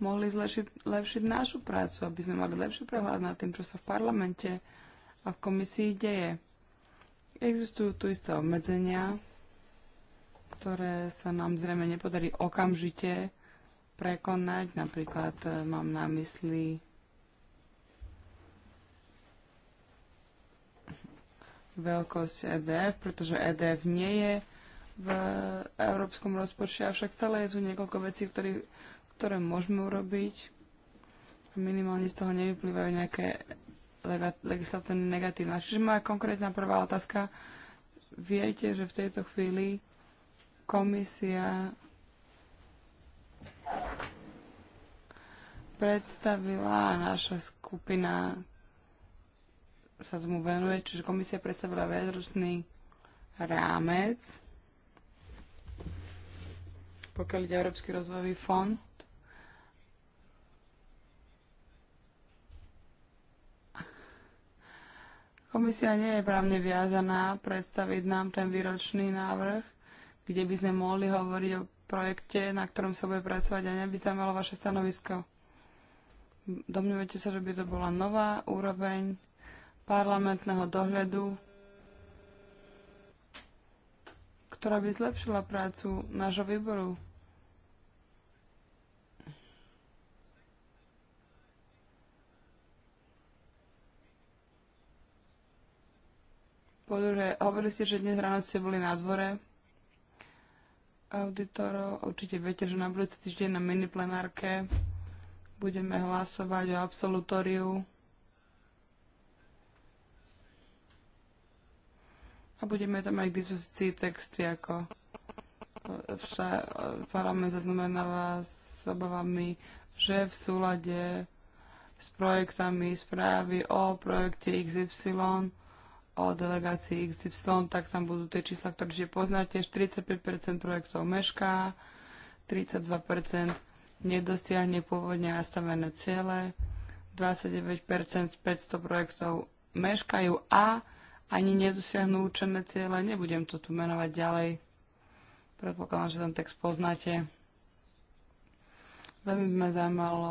mohli zlepšiť, lepšiť našu prácu, aby sme mali lepší prehľad nad tým, čo sa v parlamente a v komisii deje. Existujú tu isté obmedzenia, ktoré sa nám zrejme nepodarí okamžite prekonať. Napríklad e, mám na mysli veľkosť EDF, pretože EDF nie je v európskom rozpočte, avšak stále je tu niekoľko vecí, ktorý, ktoré môžeme urobiť. Minimálne z toho nevyplývajú nejaké legislatívne negatívne. Čiže moja konkrétna prvá otázka. Viete, že v tejto chvíli komisia predstavila naša skupina sa tomu venuje, čiže komisia predstavila viacročný rámec, pokiaľ ide Európsky rozvojový fond. Komisia nie je právne viazaná predstaviť nám ten výročný návrh, kde by sme mohli hovoriť o projekte, na ktorom sa bude pracovať a neby sa malo vaše stanovisko. Domnívate sa, že by to bola nová úroveň parlamentného dohľadu, ktorá by zlepšila prácu nášho výboru. Po druhé, hovorili ste, že dnes ráno ste boli na dvore auditorov. Určite viete, že na budúci týždeň na mini plenárke budeme hlasovať o absolutóriu a budeme tam aj k dispozícii texty ako e, vša, e, parlament zaznamenáva s obavami, že v súlade s projektami správy o projekte XY, o delegácii XY, tak tam budú tie čísla, ktoré že poznáte. 45% projektov mešká, 32% nedosiahne pôvodne nastavené ciele, 29% z 500 projektov meškajú a ani nedosiahnu účené cieľe. Nebudem to tu menovať ďalej. Predpokladám, že ten text poznáte. Veľmi by ma zaujímalo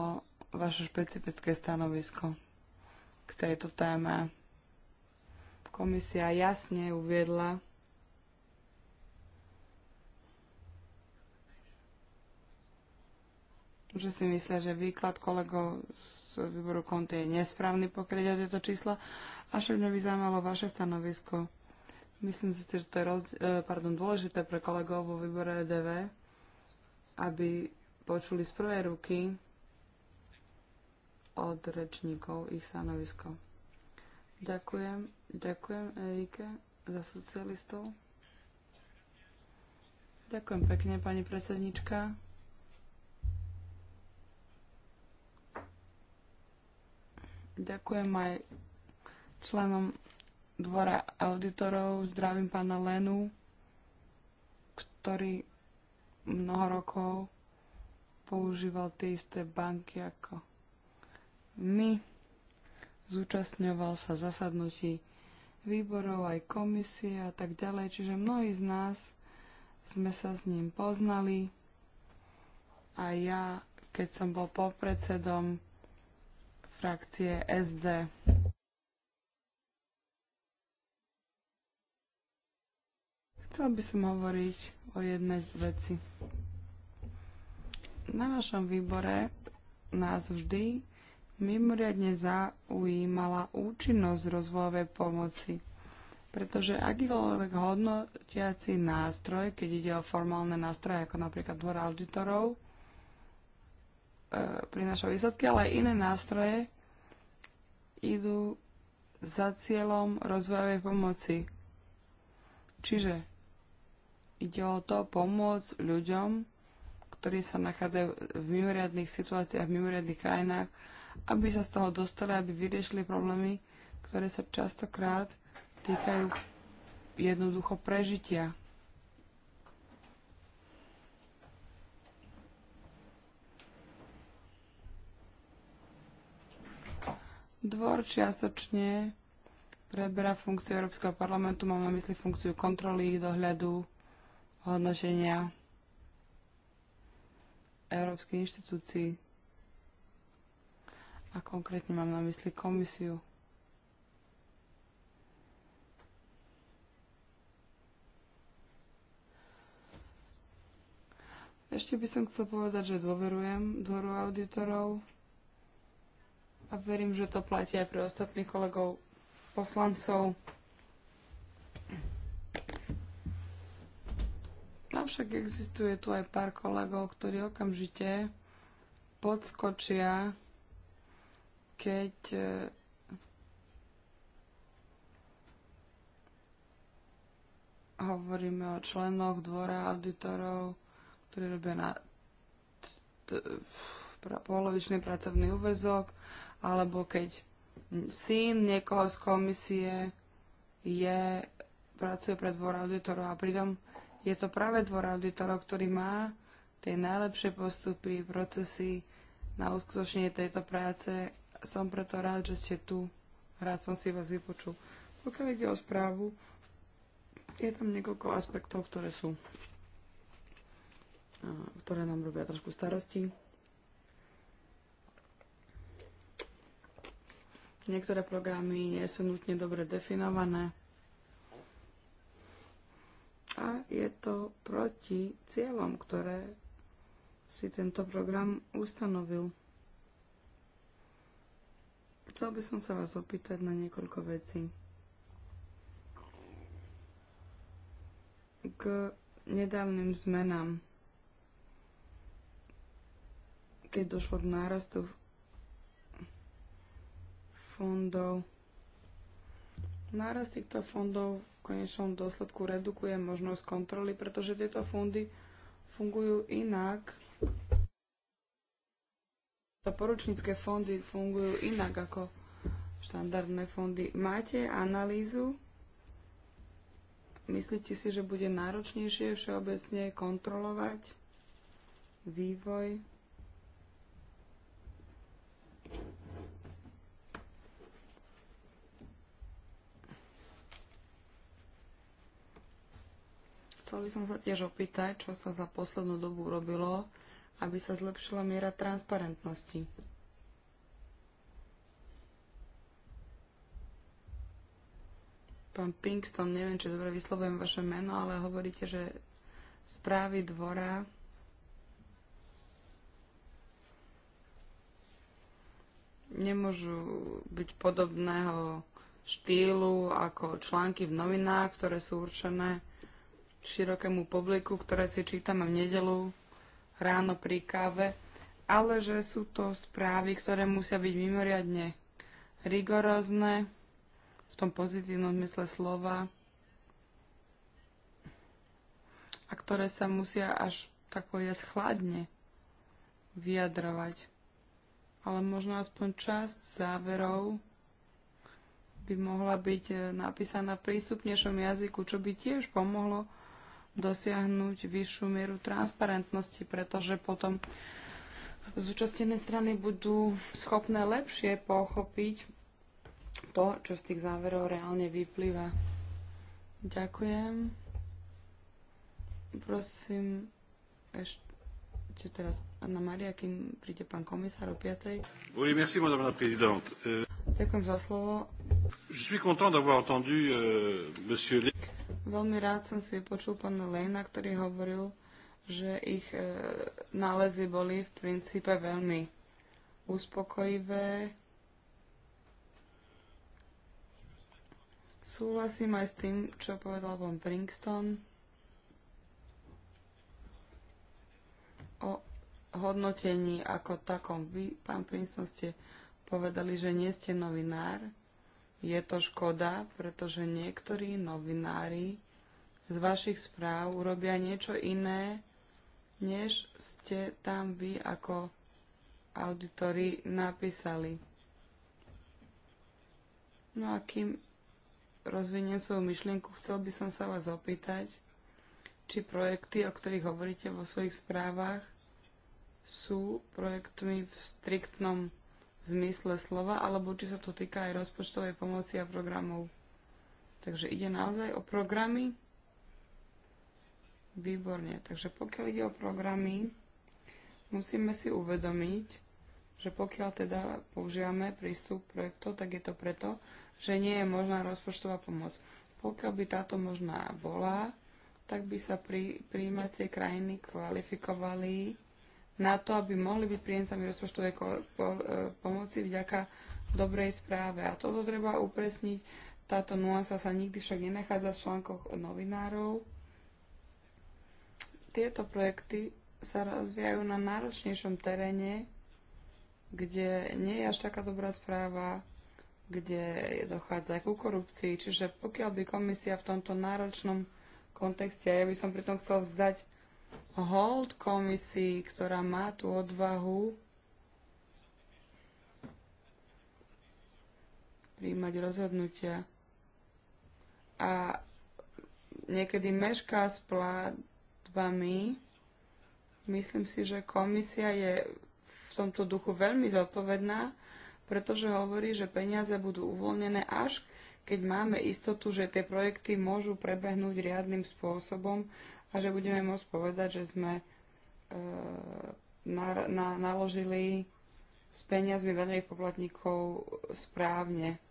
vaše špecifické stanovisko k tejto téme. Komisia jasne uviedla, že si myslia, že výklad kolegov z z výboru konty je nesprávny, pokiaľ ide o tieto čísla. však mňa by zaujímalo vaše stanovisko. Myslím si, že to je roz, e, pardon, dôležité pre kolegov vo výbore EDV, aby počuli z prvej ruky od rečníkov ich stanovisko. Ďakujem, ďakujem Erike za socialistov. Ďakujem pekne, pani predsednička. Ďakujem aj členom dvora auditorov. Zdravím pána Lenu, ktorý mnoho rokov používal tie isté banky ako my. Zúčastňoval sa zasadnutí výborov, aj komisie a tak ďalej. Čiže mnohí z nás sme sa s ním poznali. A ja, keď som bol popredsedom frakcie SD. Chcel by som hovoriť o jednej z veci. Na našom výbore nás vždy mimoriadne zaujímala účinnosť rozvojovej pomoci. Pretože akýkoľvek hodnotiaci nástroj, keď ide o formálne nástroje, ako napríklad dvor auditorov, E, prináša výsledky, ale aj iné nástroje idú za cieľom rozvojovej pomoci. Čiže ide o to pomôcť ľuďom, ktorí sa nachádzajú v mimoriadných situáciách, v mimoriadných krajinách, aby sa z toho dostali, aby vyriešili problémy, ktoré sa častokrát týkajú jednoducho prežitia. Dvor čiastočne preberá funkciu Európskeho parlamentu, mám na mysli funkciu kontroly, dohľadu, hodnoženia Európskej inštitúcii a konkrétne mám na mysli komisiu. Ešte by som chcel povedať, že dôverujem dvoru auditorov a verím, že to platí aj pre ostatných kolegov poslancov. Avšak existuje tu aj pár kolegov, ktorí okamžite podskočia, keď e, hovoríme o členoch dvora auditorov, ktorí robia na polovičný pracovný úvezok alebo keď syn niekoho z komisie je, pracuje pre dvor auditorov a pritom je to práve dvor auditorov, ktorý má tie najlepšie postupy, procesy na uskutočnenie tejto práce. Som preto rád, že ste tu. Rád som si vás vypočul. Pokiaľ ide o správu, je tam niekoľko aspektov, ktoré sú ktoré nám robia trošku starosti. Niektoré programy nie sú nutne dobre definované a je to proti cieľom, ktoré si tento program ustanovil. Chcel by som sa vás opýtať na niekoľko vecí. K nedávnym zmenám, keď došlo k nárastu v fondov. Nárast týchto fondov v konečnom dôsledku redukuje možnosť kontroly, pretože tieto fondy fungujú inak. Poručnícke fondy fungujú inak ako štandardné fondy. Máte analýzu? Myslíte si, že bude náročnejšie všeobecne kontrolovať vývoj Chcel by som sa tiež opýtať, čo sa za poslednú dobu urobilo, aby sa zlepšila miera transparentnosti. Pán Pinkston, neviem, či dobre vyslovujem vaše meno, ale hovoríte, že správy dvora nemôžu byť podobného štýlu ako články v novinách, ktoré sú určené širokému publiku, ktoré si čítame v nedelu ráno pri káve, ale že sú to správy, ktoré musia byť mimoriadne rigorózne, v tom pozitívnom zmysle slova, a ktoré sa musia až tak povedať chladne vyjadrovať. Ale možno aspoň časť záverov by mohla byť eh, napísaná v prístupnejšom jazyku, čo by tiež pomohlo dosiahnuť vyššiu mieru transparentnosti, pretože potom zúčastnené strany budú schopné lepšie pochopiť to, čo z tých záverov reálne vyplýva. Ďakujem. Prosím, ešte teraz Anna Maria, kým príde pán komisár o 5. Oui, merci, madame la présidente. Euh, Ďakujem za slovo. Je suis content d'avoir entendu euh, monsieur Veľmi rád som si počul pána Lejna, ktorý hovoril, že ich e, nálezy boli v princípe veľmi uspokojivé. Súhlasím aj s tým, čo povedal von Princeton o hodnotení ako takom. Vy, pán Princeton, ste povedali, že nie ste novinár je to škoda, pretože niektorí novinári z vašich správ urobia niečo iné, než ste tam vy ako auditori napísali. No a kým rozviniem svoju myšlienku, chcel by som sa vás opýtať, či projekty, o ktorých hovoríte vo svojich správach, sú projektmi v striktnom zmysle slova, alebo či sa to týka aj rozpočtovej pomoci a programov. Takže ide naozaj o programy? Výborne. Takže pokiaľ ide o programy, musíme si uvedomiť, že pokiaľ teda používame prístup projektov, tak je to preto, že nie je možná rozpočtová pomoc. Pokiaľ by táto možná bola, tak by sa pri, príjímacie krajiny kvalifikovali na to, aby mohli byť príjemcami rozpočtovej e, pomoci vďaka dobrej správe. A toto treba upresniť. Táto nuansa sa nikdy však nenachádza v článkoch novinárov. Tieto projekty sa rozvíjajú na náročnejšom teréne, kde nie je až taká dobrá správa, kde dochádza ku korupcii. Čiže pokiaľ by komisia v tomto náročnom kontexte, a ja by som pritom chcel vzdať hold komisii, ktorá má tú odvahu príjmať rozhodnutia a niekedy mešká s platbami. Myslím si, že komisia je v tomto duchu veľmi zodpovedná, pretože hovorí, že peniaze budú uvoľnené až keď máme istotu, že tie projekty môžu prebehnúť riadnym spôsobom a že budeme môcť povedať, že sme e, na, na, naložili s peniazmi daňových poplatníkov správne.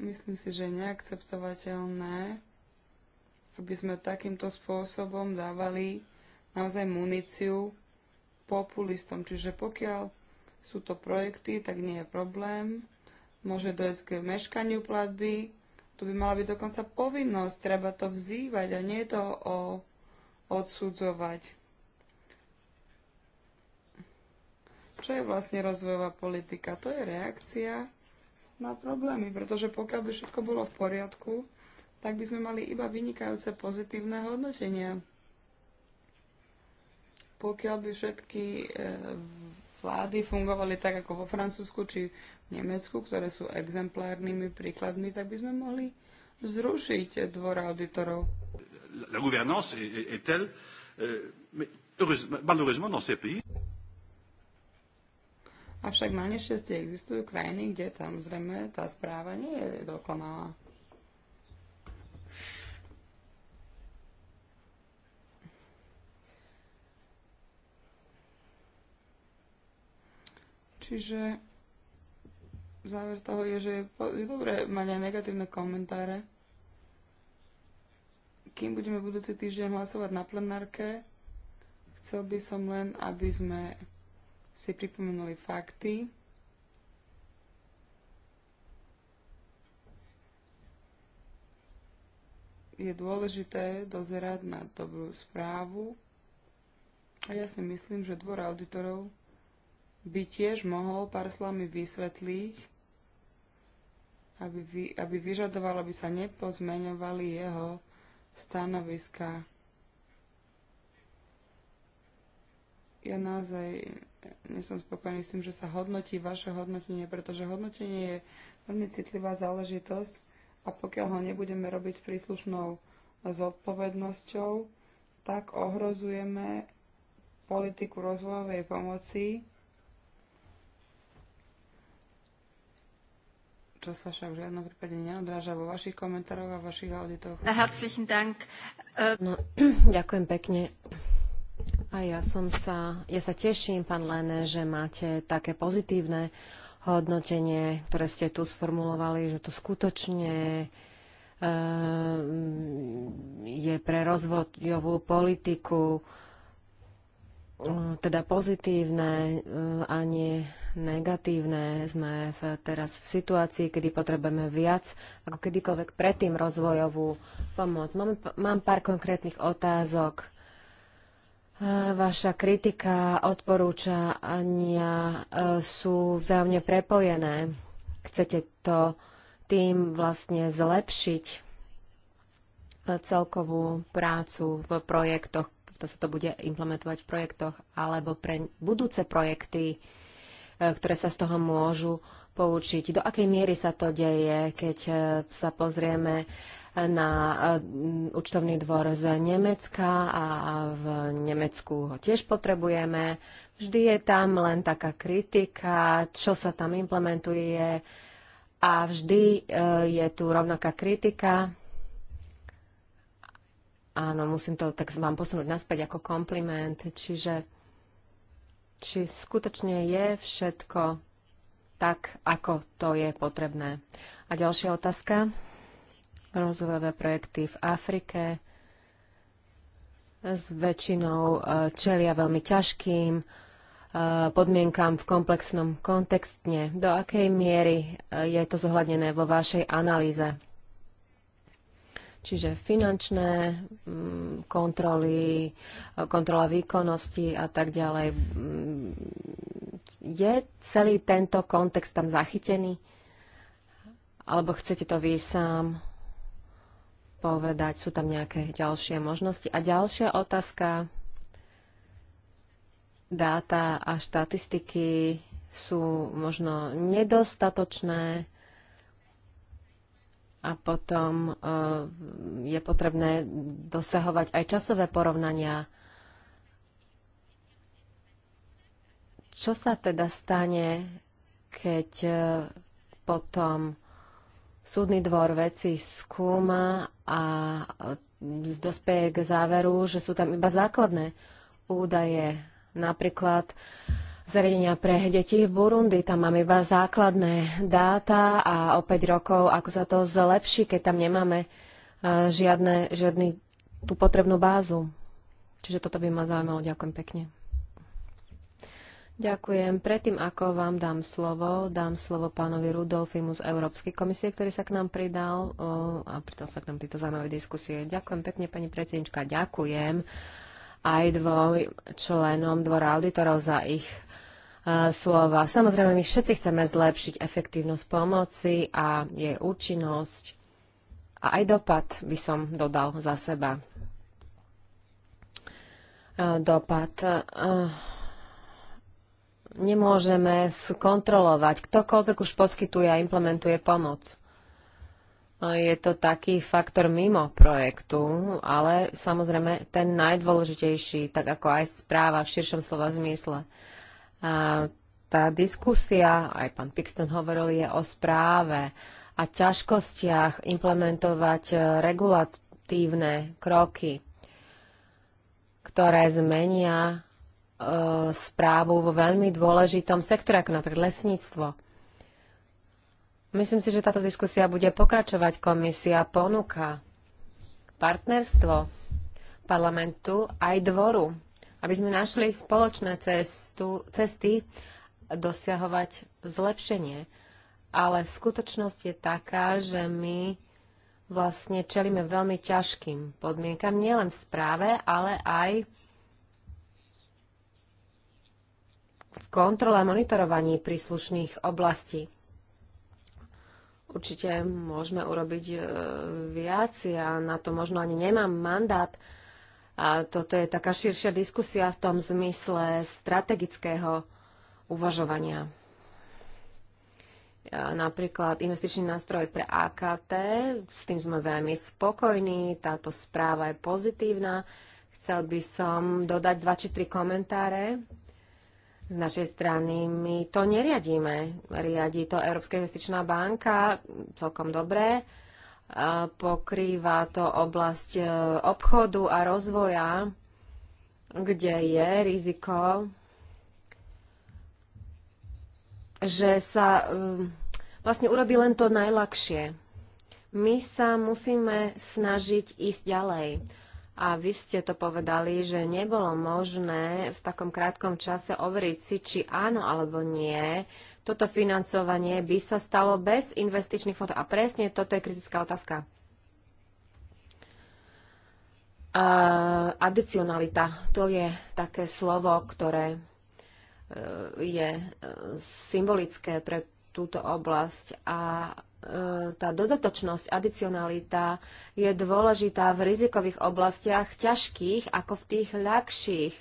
Myslím si, že je neakceptovateľné, aby sme takýmto spôsobom dávali naozaj muníciu populistom. Čiže pokiaľ sú to projekty, tak nie je problém môže dojsť k meškaniu platby. Tu by mala byť dokonca povinnosť, treba to vzývať a nie to o odsudzovať. Čo je vlastne rozvojová politika? To je reakcia na problémy, pretože pokiaľ by všetko bolo v poriadku, tak by sme mali iba vynikajúce pozitívne hodnotenia. Pokiaľ by všetky e, vlády fungovali tak ako vo Francúzsku či v Nemecku, ktoré sú exemplárnymi príkladmi, tak by sme mohli zrušiť dvor auditorov. La gouvernance est, est telle, euh, mais malheureusement dans ces pays. Avšak na nešťastie existujú krajiny, kde tam zrejme tá správa nie je dokonalá. Čiže záver toho je, že je, je dobré mať aj negatívne komentáre. Kým budeme budúci týždeň hlasovať na plenárke, chcel by som len, aby sme si pripomenuli fakty. Je dôležité dozerať na dobrú správu a ja si myslím, že dvor auditorov by tiež mohol pár slovami vysvetliť, aby, vy, aby vyžadovalo, aby sa nepozmeňovali jeho stanoviska. Ja naozaj nie som spokojný s tým, že sa hodnotí vaše hodnotenie, pretože hodnotenie je veľmi citlivá záležitosť a pokiaľ ho nebudeme robiť s príslušnou zodpovednosťou, tak ohrozujeme politiku rozvojovej pomoci čo sa však v žiadnom prípade neodráža vo vašich komentároch a vašich auditoch. Herzlichen Dank. No, ďakujem pekne. A ja som sa, ja sa teším, pán Lene, že máte také pozitívne hodnotenie, ktoré ste tu sformulovali, že to skutočne eh, je pre rozvojovú politiku No. Eh, teda pozitívne eh, a nie negatívne. Sme v, teraz v situácii, kedy potrebujeme viac ako kedykoľvek predtým rozvojovú pomoc. Mám, mám pár konkrétnych otázok. Eh, vaša kritika, odporúčania sú vzájomne prepojené. Chcete to tým vlastne zlepšiť celkovú prácu v projektoch, to sa to bude implementovať v projektoch, alebo pre budúce projekty, e, ktoré sa z toho môžu poučiť. Do akej miery sa to deje, keď e, sa pozrieme na e, účtovný dvor z Nemecka a v Nemecku ho tiež potrebujeme. Vždy je tam len taká kritika, čo sa tam implementuje a vždy je tu rovnaká kritika Áno, musím to tak vám posunúť naspäť ako kompliment. Čiže či skutočne je všetko tak, ako to je potrebné. A ďalšia otázka. Rozvojové projekty v Afrike s väčšinou e, čelia veľmi ťažkým e, podmienkam v komplexnom kontextne. Do akej miery e, je to zohľadnené vo vašej analýze? čiže finančné mm, kontroly, kontrola výkonnosti a tak ďalej. Mm, je celý tento kontext tam zachytený? Alebo chcete to vy sám povedať? Sú tam nejaké ďalšie možnosti? A ďalšia otázka. Dáta a štatistiky sú možno nedostatočné a potom e, je potrebné dosahovať aj časové porovnania. Čo sa teda stane, keď e, potom súdny dvor veci skúma a e, dospeje k záveru, že sú tam iba základné údaje, napríklad zariadenia pre deti v Burundi. Tam máme iba základné dáta a o 5 rokov, ako sa to zlepší, keď tam nemáme e, žiadne, žiadny tú potrebnú bázu. Čiže toto by ma zaujímalo. Ďakujem pekne. Ďakujem. Predtým, ako vám dám slovo, dám slovo pánovi Rudolfimu z Európskej komisie, ktorý sa k nám pridal a pridal sa k nám tejto zaujímavé diskusie. Ďakujem pekne, pani predsednička. Ďakujem aj dvom členom dvora auditorov za ich E, slova. Samozrejme, my všetci chceme zlepšiť efektívnosť pomoci a jej účinnosť a aj dopad by som dodal za seba. E, dopad. E, nemôžeme skontrolovať. Ktokoľvek už poskytuje a implementuje pomoc. Je to taký faktor mimo projektu, ale samozrejme ten najdôležitejší, tak ako aj správa v širšom slova zmysle. A tá diskusia, aj pán Pixton hovoril, je o správe a ťažkostiach implementovať e, regulatívne kroky, ktoré zmenia e, správu vo veľmi dôležitom sektore, ako napríklad lesníctvo. Myslím si, že táto diskusia bude pokračovať. Komisia ponúka partnerstvo parlamentu aj dvoru aby sme našli spoločné cestu, cesty dosiahovať zlepšenie. Ale skutočnosť je taká, že my vlastne čelíme veľmi ťažkým podmienkam, nielen v správe, ale aj v kontrole a monitorovaní príslušných oblastí. Určite môžeme urobiť e, viac, ja na to možno ani nemám mandát, a toto je taká širšia diskusia v tom zmysle strategického uvažovania. Napríklad investičný nástroj pre AKT, s tým sme veľmi spokojní, táto správa je pozitívna. Chcel by som dodať dva či tri komentáre. Z našej strany my to neriadíme. Riadi to Európska investičná banka celkom dobre pokrýva to oblasť e, obchodu a rozvoja, kde je riziko, že sa e, vlastne urobí len to najľakšie. My sa musíme snažiť ísť ďalej. A vy ste to povedali, že nebolo možné v takom krátkom čase overiť si, či áno alebo nie, toto financovanie by sa stalo bez investičných fondov. A presne toto je kritická otázka. Uh, adicionalita, to je také slovo, ktoré uh, je uh, symbolické pre túto oblasť a e, tá dodatočnosť, adicionalita je dôležitá v rizikových oblastiach ťažkých ako v tých ľahších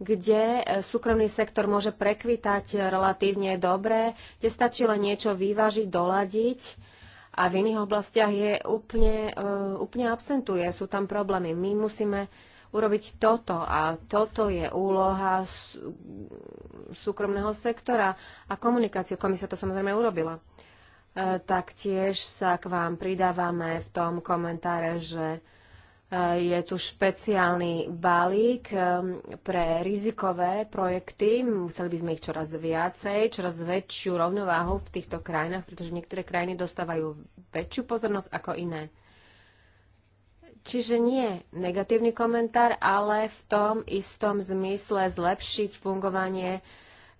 kde e, súkromný sektor môže prekvitať relatívne dobre, kde stačí len niečo vyvážiť, doladiť a v iných oblastiach je úplne, e, úplne absentuje, sú tam problémy. My musíme urobiť toto a toto je úloha súkromného sektora a komunikáciu. Komisia to samozrejme urobila. E, taktiež sa k vám pridávame v tom komentáre, že je tu špeciálny balík um, pre rizikové projekty. Museli by sme ich čoraz viacej, čoraz väčšiu rovnováhu v týchto krajinách, pretože niektoré krajiny dostávajú väčšiu pozornosť ako iné. Čiže nie negatívny komentár, ale v tom istom zmysle zlepšiť fungovanie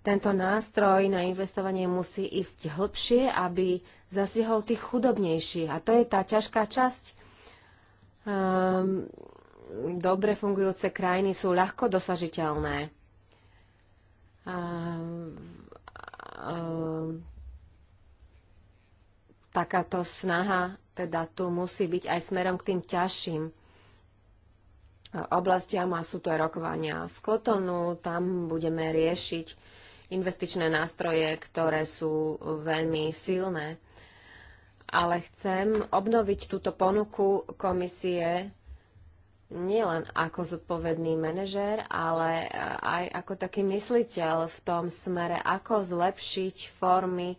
tento nástroj na investovanie musí ísť hĺbšie, aby zasiehol tých chudobnejších. A to je tá ťažká časť um, dobre fungujúce krajiny sú ľahko dosažiteľné. Um, um, takáto snaha teda tu musí byť aj smerom k tým ťažším oblastiam a sú to aj rokovania z Kotonu. Tam budeme riešiť investičné nástroje, ktoré sú veľmi silné ale chcem obnoviť túto ponuku komisie nielen ako zodpovedný manažér, ale aj ako taký mysliteľ v tom smere, ako zlepšiť formy e,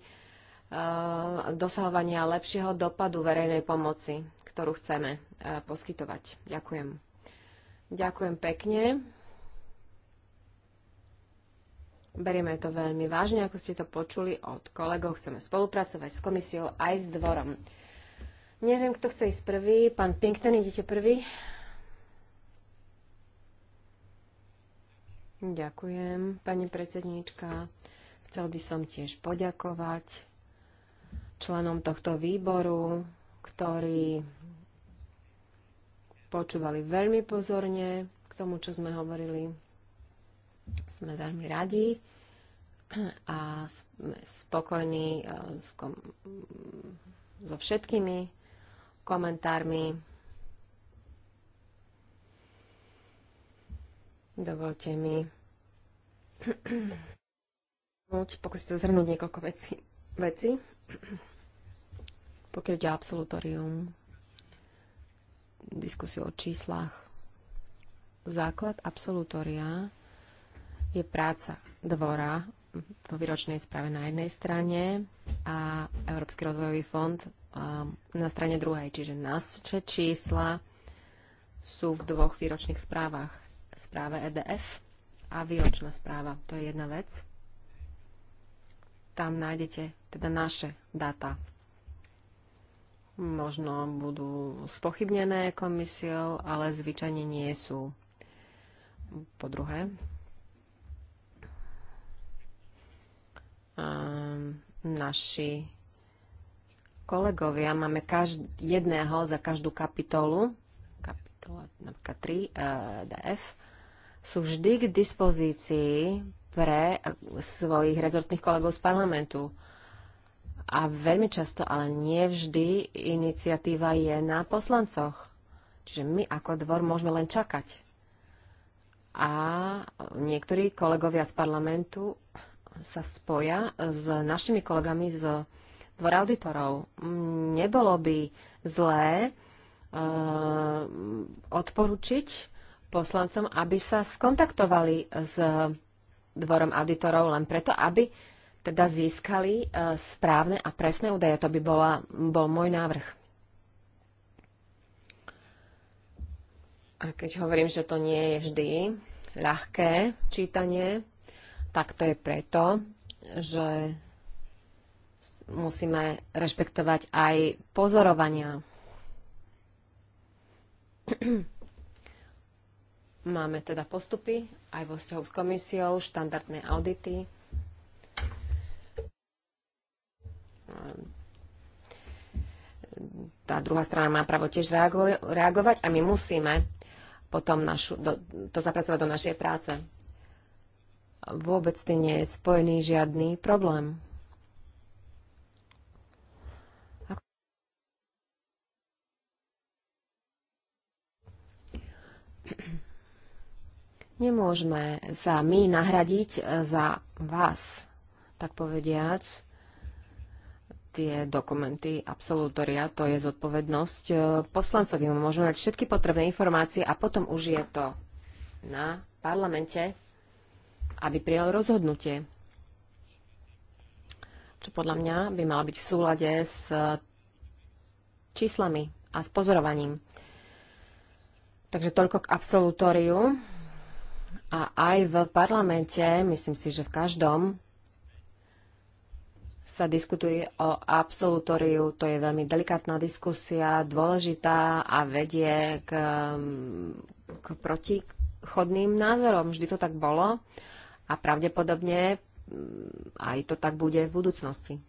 dosahovania lepšieho dopadu verejnej pomoci, ktorú chceme e, poskytovať. Ďakujem. Ďakujem pekne. Berieme to veľmi vážne, ako ste to počuli od kolegov. Chceme spolupracovať s komisiou aj s dvorom. Neviem, kto chce ísť prvý. Pán Pinkton, idete prvý. Ďakujem, pani predsedníčka. Chcel by som tiež poďakovať členom tohto výboru, ktorí počúvali veľmi pozorne k tomu, čo sme hovorili sme veľmi radi a sme spokojní eh, so všetkými komentármi. Dovolte mi pokúsiť sa zhrnúť niekoľko vecí. veci. Pokiaľ ide absolutorium, diskusiu o číslach. Základ absolutória je práca dvora vo výročnej správe na jednej strane a Európsky rozvojový fond um, na strane druhej. Čiže naše čísla sú v dvoch výročných správach. Správe EDF a výročná správa. To je jedna vec. Tam nájdete teda naše data. Možno budú spochybnené komisiou, ale zvyčajne nie sú. Po druhé, um, naši kolegovia. Máme každ- jedného za každú kapitolu, kapitola napríklad 3 uh, DF, sú vždy k dispozícii pre eh, svojich rezortných kolegov z parlamentu. A veľmi často, ale nie vždy, iniciatíva je na poslancoch. Čiže my ako dvor môžeme len čakať. A niektorí kolegovia z parlamentu sa spoja s našimi kolegami z dvora auditorov. Nebolo by zlé uh, odporučiť poslancom, aby sa skontaktovali s dvorom auditorov len preto, aby teda získali uh, správne a presné údaje. To by bola, bol môj návrh. A keď hovorím, že to nie je vždy ľahké čítanie, tak to je preto, že musíme rešpektovať aj pozorovania. Máme teda postupy aj vo vzťahu s komisiou, štandardné audity. Tá druhá strana má právo tiež reagovať a my musíme potom našu, do, to zapracovať do našej práce vôbec tým nie je spojený žiadny problém. Nemôžeme sa my nahradiť za vás, tak povediac. Tie dokumenty absolutoria, to je zodpovednosť eh, poslancovi. Môžeme mať všetky potrebné informácie a potom už je to na parlamente, aby prijal rozhodnutie, čo podľa mňa by mala byť v súlade s číslami a s pozorovaním. Takže toľko k absolutóriu. A aj v parlamente, myslím si, že v každom, sa diskutuje o absolutóriu. To je veľmi delikátna diskusia, dôležitá a vedie k, k protichodným názorom. Vždy to tak bolo a pravdepodobne mm, aj to tak bude v budúcnosti.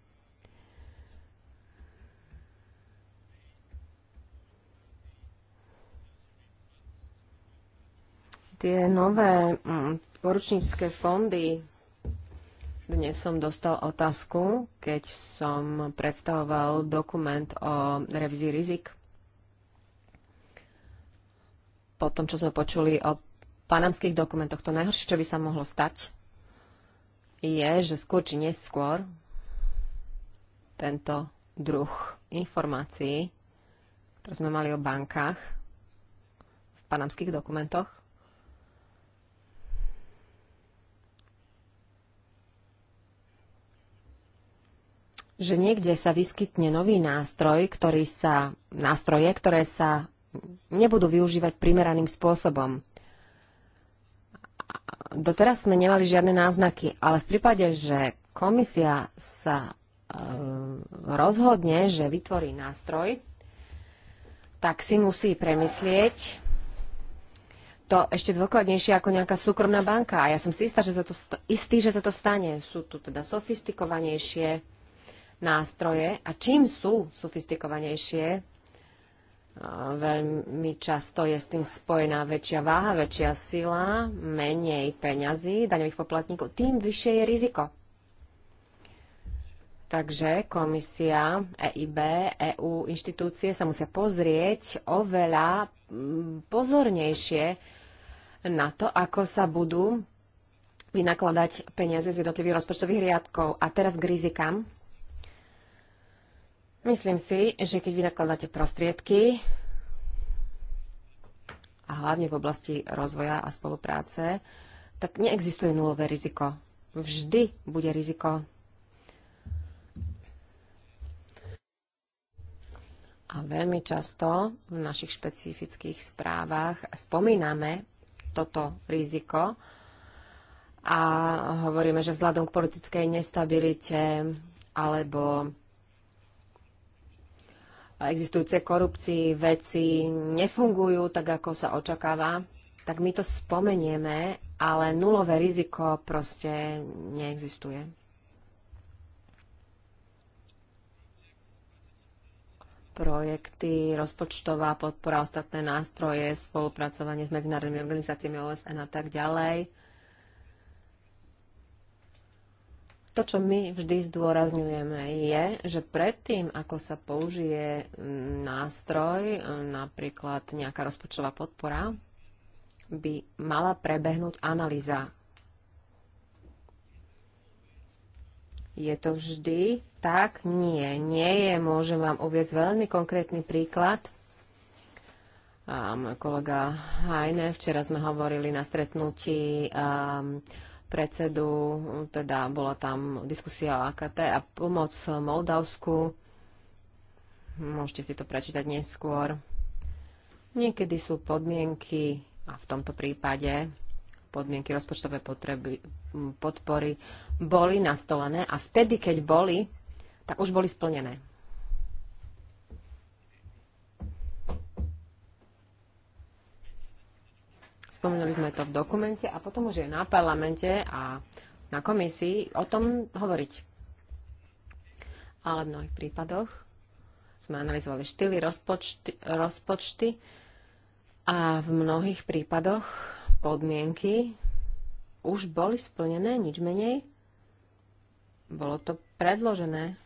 Tie nové mm, poručnícke fondy, dnes som dostal otázku, keď som predstavoval dokument o revízii rizik. Po tom, čo sme počuli o panamských dokumentoch. To najhoršie, čo by sa mohlo stať, je, že skôr či neskôr tento druh informácií, ktoré sme mali o bankách v panamských dokumentoch, že niekde sa vyskytne nový nástroj, ktorý sa, nástroje, ktoré sa nebudú využívať primeraným spôsobom doteraz sme nemali žiadne náznaky, ale v prípade, že komisia sa e, rozhodne, že vytvorí nástroj, tak si musí premyslieť to ešte dôkladnejšie ako nejaká súkromná banka. A ja som si istá, že sa to, istý, že sa to stane. Sú tu teda sofistikovanejšie nástroje a čím sú sofistikovanejšie, Veľmi často je s tým spojená väčšia váha, väčšia sila, menej peňazí daňových poplatníkov, tým vyššie je riziko. Takže komisia, EIB, EU inštitúcie sa musia pozrieť oveľa mm, pozornejšie na to, ako sa budú vynakladať peniaze z jednotlivých rozpočtových riadkov. A teraz k rizikám. Myslím si, že keď vynakladáte prostriedky, a hlavne v oblasti rozvoja a spolupráce, tak neexistuje nulové riziko. Vždy bude riziko. A veľmi často v našich špecifických správach spomíname toto riziko a hovoríme, že vzhľadom k politickej nestabilite alebo existujúce korupcii veci nefungujú tak, ako sa očakáva, tak my to spomenieme, ale nulové riziko proste neexistuje. projekty, rozpočtová podpora, ostatné nástroje, spolupracovanie s medzinárodnými organizáciami OSN a tak ďalej. To, čo my vždy zdôrazňujeme, je, že predtým, ako sa použije mm, nástroj, e, napríklad nejaká rozpočtová podpora, by mala prebehnúť analýza. Je to vždy tak? Nie, nie je. Môžem vám uviezť veľmi konkrétny príklad. A môj kolega Hajne, včera sme hovorili na stretnutí um, predsedu, teda bola tam diskusia o AKT a pomoc Moldavsku. Môžete si to prečítať neskôr. Niekedy sú podmienky, a v tomto prípade podmienky rozpočtové potreby, podpory, boli nastolené a vtedy, keď boli, tak už boli splnené. spomenuli sme to v dokumente a potom už je na parlamente a na komisii o tom hovoriť. Ale v mnohých prípadoch sme analyzovali štýly, rozpočty, rozpočty a v mnohých prípadoch podmienky už boli splnené, nič menej. Bolo to predložené.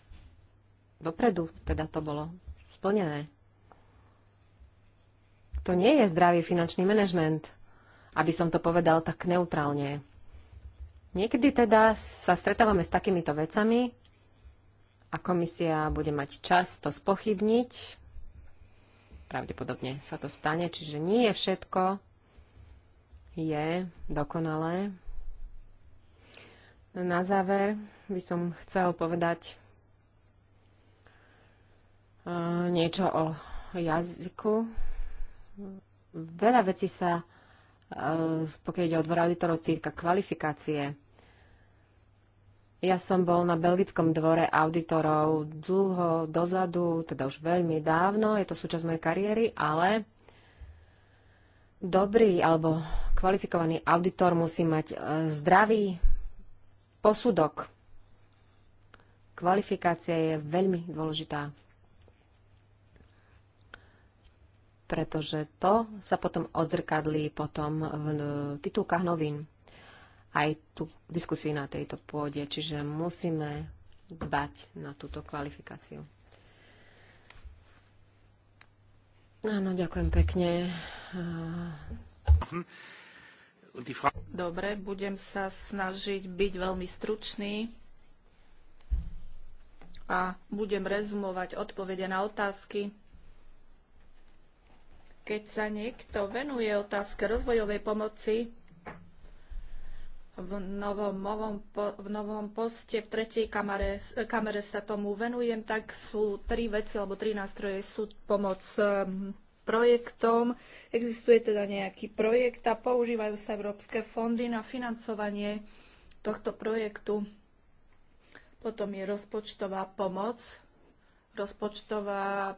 Dopredu teda to bolo splnené. To nie je zdravý finančný manažment aby som to povedal tak neutrálne. Niekedy teda sa stretávame s takýmito vecami a komisia bude mať čas to spochybniť. Pravdepodobne sa to stane, čiže nie je všetko je dokonalé. Na záver by som chcel povedať e, niečo o jazyku. Veľa vecí sa Eh, pokiaľ ide o dvor auditorov, týka kvalifikácie. Ja som bol na belgickom dvore auditorov dlho dozadu, teda už veľmi dávno, je to súčasť mojej kariéry, ale dobrý alebo kvalifikovaný auditor musí mať eh, zdravý posudok. Kvalifikácia je veľmi dôležitá. pretože to sa potom odzrkadlí potom e, v titulkách novín aj tu diskusii na tejto pôde, čiže musíme dbať na túto kvalifikáciu. Áno, ďakujem pekne. Dobre, budem sa snažiť byť veľmi stručný a budem rezumovať odpovede na otázky keď sa niekto venuje otázke rozvojovej pomoci v novom, novom, v novom poste, v tretej kamere, kamere sa tomu venujem, tak sú tri veci alebo tri nástroje. Sú pomoc projektom, existuje teda nejaký projekt a používajú sa európske fondy na financovanie tohto projektu. Potom je rozpočtová pomoc. Rozpočtová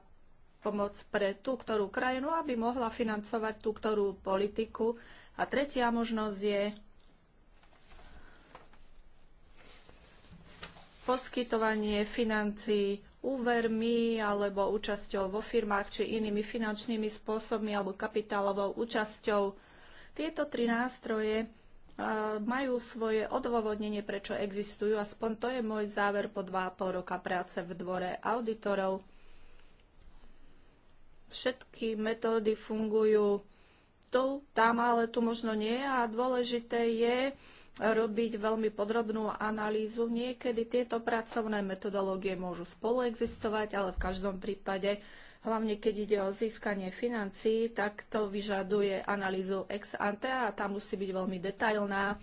pomoc pre tú, ktorú krajinu, aby mohla financovať tú, ktorú politiku. A tretia možnosť je poskytovanie financií úvermi alebo účasťou vo firmách či inými finančnými spôsobmi alebo kapitálovou účasťou. Tieto tri nástroje e, majú svoje odôvodnenie, prečo existujú. Aspoň to je môj záver po 2,5 roka práce v dvore auditorov všetky metódy fungujú tu, tam, ale tu možno nie. A dôležité je robiť veľmi podrobnú analýzu. Niekedy tieto pracovné metodológie môžu spoluexistovať, ale v každom prípade, hlavne keď ide o získanie financií, tak to vyžaduje analýzu ex ante a tá musí byť veľmi detailná,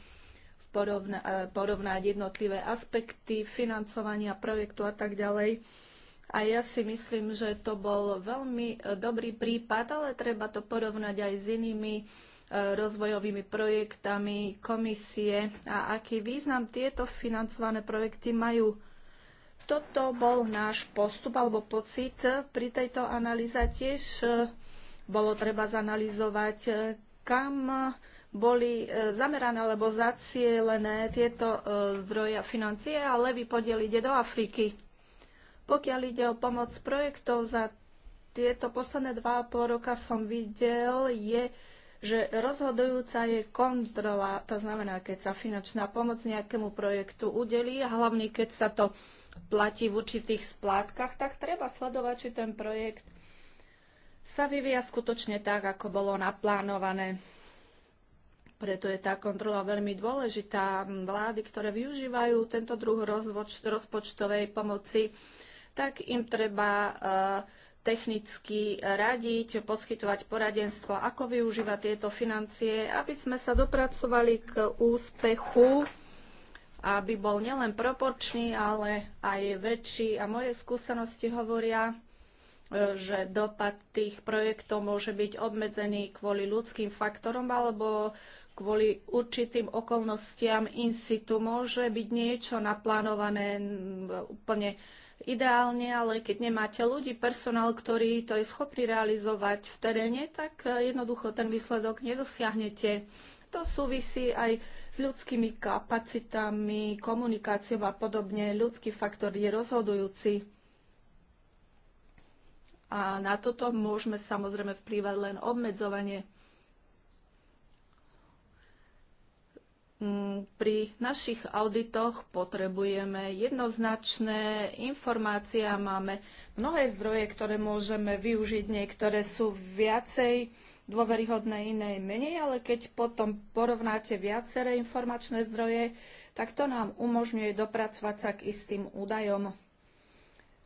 porovnať jednotlivé aspekty financovania projektu a tak ďalej. A ja si myslím, že to bol veľmi e, dobrý prípad, ale treba to porovnať aj s inými e, rozvojovými projektami komisie a aký význam tieto financované projekty majú. Toto bol náš postup alebo pocit pri tejto analýze. Tiež e, bolo treba zanalizovať, kam boli zamerané alebo zacielené tieto zdroje financie a levy podiel ide do Afriky. Pokiaľ ide o pomoc projektov za tieto posledné 2,5 roka som videl, je, že rozhodujúca je kontrola. To znamená, keď sa finančná pomoc nejakému projektu udelí, a hlavne keď sa to platí v určitých splátkach, tak treba sledovať, či ten projekt sa vyvíja skutočne tak, ako bolo naplánované. Preto je tá kontrola veľmi dôležitá. Vlády, ktoré využívajú tento druh rozpočtovej pomoci, tak im treba eh, technicky radiť, poskytovať poradenstvo, ako využívať tieto financie, aby sme sa dopracovali k úspechu, aby bol nielen proporčný, ale aj väčší. A moje skúsenosti hovoria, eh, že dopad tých projektov môže byť obmedzený kvôli ľudským faktorom alebo kvôli určitým okolnostiam in situ môže byť niečo naplánované úplne ideálne, ale keď nemáte ľudí, personál, ktorý to je schopný realizovať v teréne, tak e, jednoducho ten výsledok nedosiahnete. To súvisí aj s ľudskými kapacitami, komunikáciou a podobne. Ľudský faktor je rozhodujúci. A na toto môžeme samozrejme vplývať len obmedzovanie Mm, pri našich auditoch potrebujeme jednoznačné informácie a máme mnohé zdroje, ktoré môžeme využiť. Niektoré sú viacej dôveryhodné, iné menej, ale keď potom porovnáte viaceré informačné zdroje, tak to nám umožňuje dopracovať sa k istým údajom.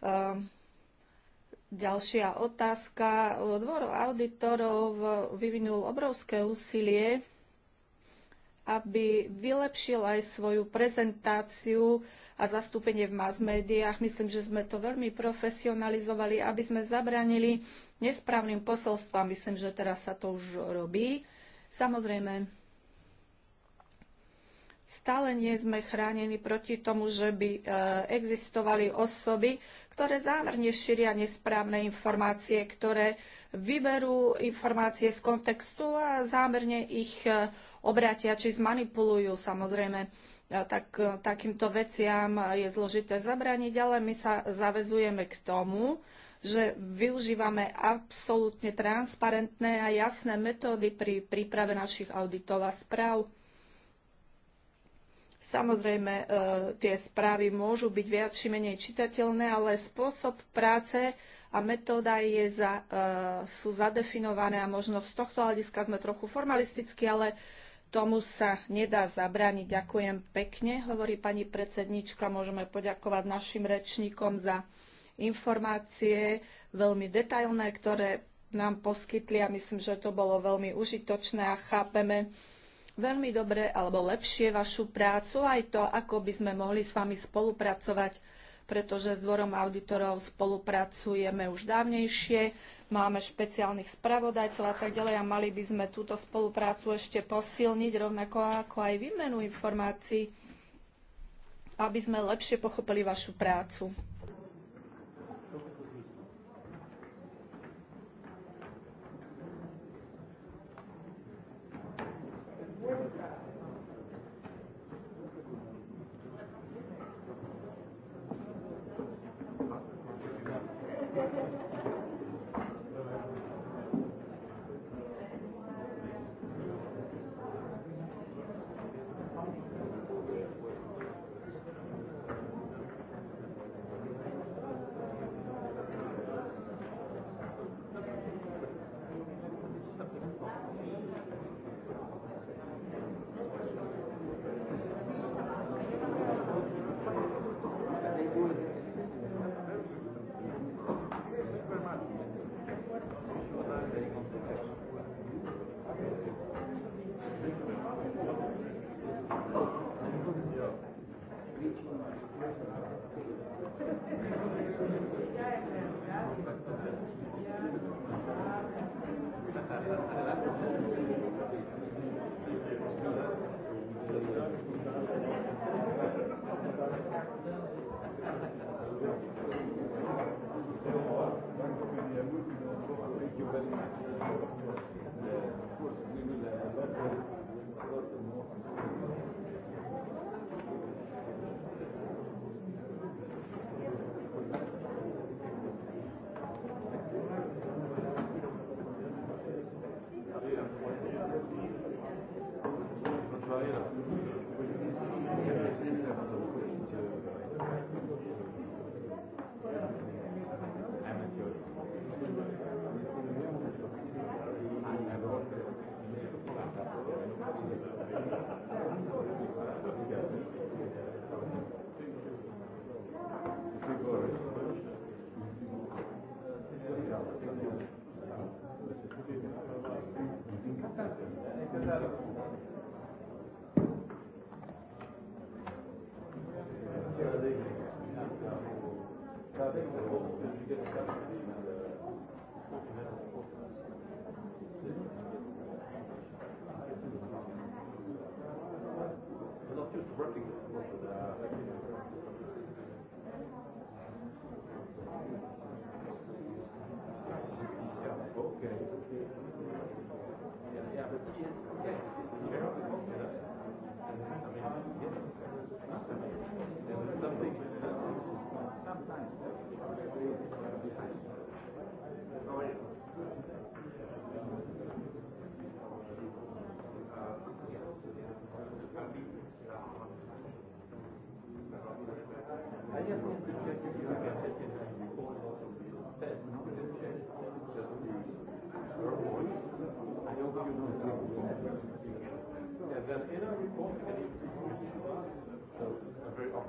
Ehm, ďalšia otázka. Dvor auditorov vyvinul obrovské úsilie aby vylepšil aj svoju prezentáciu a zastúpenie v mass médiách. Myslím, že sme to veľmi profesionalizovali, aby sme zabranili nesprávnym posolstvám. Myslím, že teraz sa to už robí. Samozrejme, stále nie sme chránení proti tomu, že by e, existovali osoby, ktoré zámerne šíria nesprávne informácie, ktoré vyberú informácie z kontextu a zámerne ich e, obrátia či zmanipulujú. Samozrejme, e, tak, e, takýmto veciam je zložité zabrániť, ale my sa zavezujeme k tomu, že využívame absolútne transparentné a jasné metódy pri príprave našich auditov a správ. Samozrejme, e, tie správy môžu byť viac či menej čitateľné, ale spôsob práce a metóda je za, sú zadefinované a možno z tohto hľadiska sme trochu formalistickí, ale Tomu sa nedá zabrániť. Ďakujem pekne, hovorí pani predsednička. Môžeme poďakovať našim rečníkom za informácie, veľmi detailné, ktoré nám poskytli a myslím, že to bolo veľmi užitočné a chápeme veľmi dobre alebo lepšie vašu prácu, aj to, ako by sme mohli s vami spolupracovať, pretože s dvorom auditorov spolupracujeme už dávnejšie máme špeciálnych spravodajcov a tak ďalej a mali by sme túto spoluprácu ešte posilniť, rovnako ako aj výmenu informácií, aby sme lepšie pochopili vašu prácu.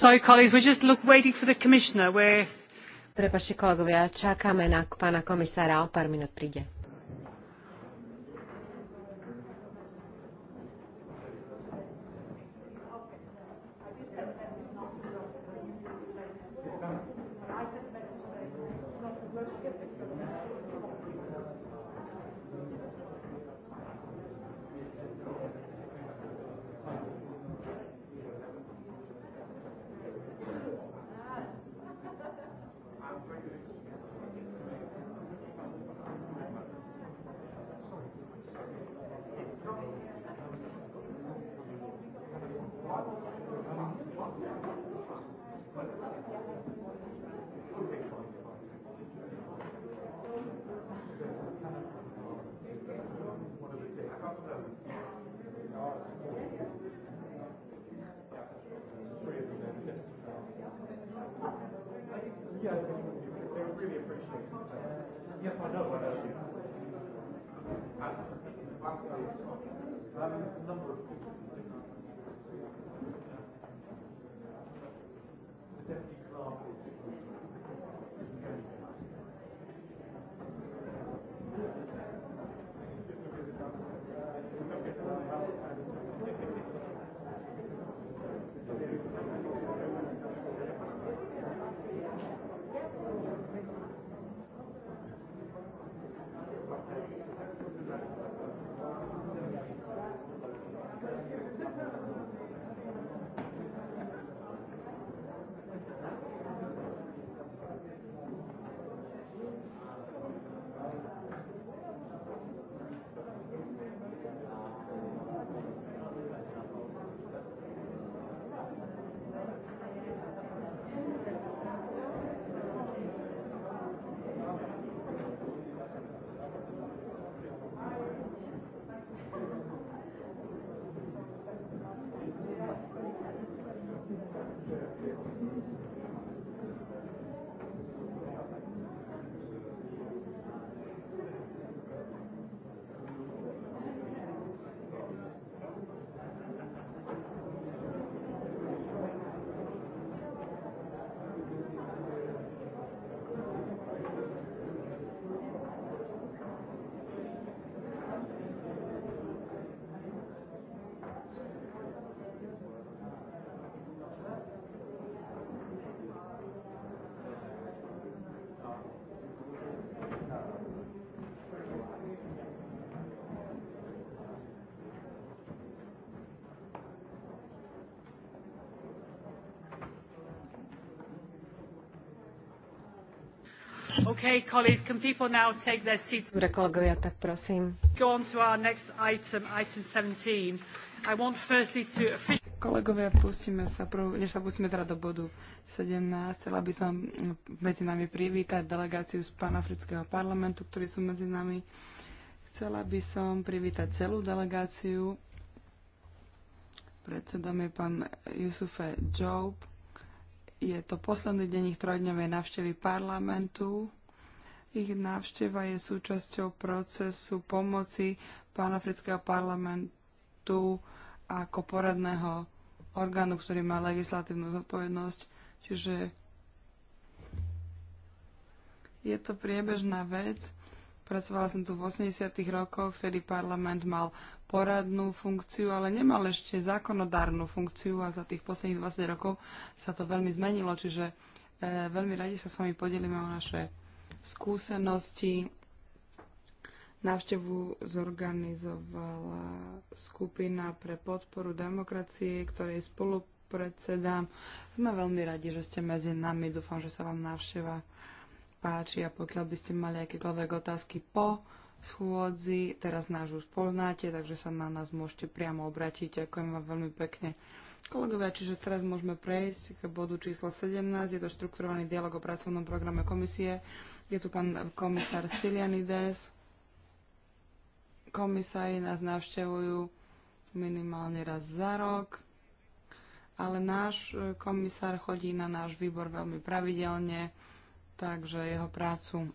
prepáčte kolegovia, čakáme na pána komisára, o pár minút príde. number of people. Okay, colleagues, can people now take their seats? Dobre, kolegovia, tak prosím. Go on to our next item, item 17. I want firstly to... Kolegovia, pustíme sa, prv, než sa pustíme teda do bodu 17, chcela by som medzi nami privítať delegáciu z Panafrického parlamentu, ktorí sú medzi nami. Chcela by som privítať celú delegáciu. Predsedom je pán Jusufe Job. Je to posledný deň ich trojdňovej navštevy parlamentu. Ich návšteva je súčasťou procesu pomoci panafrického parlamentu ako poradného orgánu, ktorý má legislatívnu zodpovednosť. Čiže je to priebežná vec. Pracovala som tu v 80. rokoch, vtedy parlament mal poradnú funkciu, ale nemal ešte zákonodárnu funkciu a za tých posledných 20 rokov sa to veľmi zmenilo, čiže e, veľmi radi sa s vami podelíme o naše skúsenosti. Návštevu zorganizovala skupina pre podporu demokracie, ktorej spolupredsedám. Sme veľmi radi, že ste medzi nami. Dúfam, že sa vám návšteva páči a pokiaľ by ste mali akékoľvek otázky po schôdzi, teraz nás už poznáte, takže sa na nás môžete priamo obratiť. Ďakujem vám veľmi pekne. Kolegovia, čiže teraz môžeme prejsť k bodu číslo 17. Je to štrukturovaný dialog o pracovnom programe komisie je tu pán komisár Stylianides. Komisári nás navštevujú minimálne raz za rok, ale náš e, komisár chodí na náš výbor veľmi pravidelne, takže jeho prácu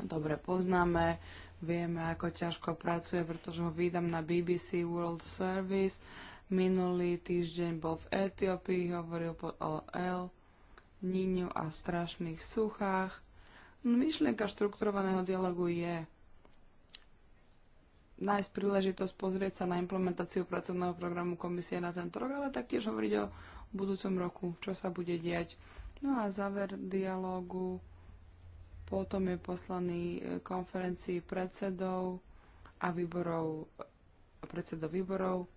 dobre poznáme, vieme, ako ťažko pracuje, pretože ho vydám na BBC World Service. Minulý týždeň bol v Etiópii, hovoril o OL Niňu a strašných suchách Myšlienka štrukturovaného dialogu je nájsť príležitosť pozrieť sa na implementáciu pracovného programu komisie na tento rok, ale taktiež hovoriť o budúcom roku, čo sa bude diať. No a záver dialógu potom je poslaný e, konferencii predsedov a výborov, predsedov výborov,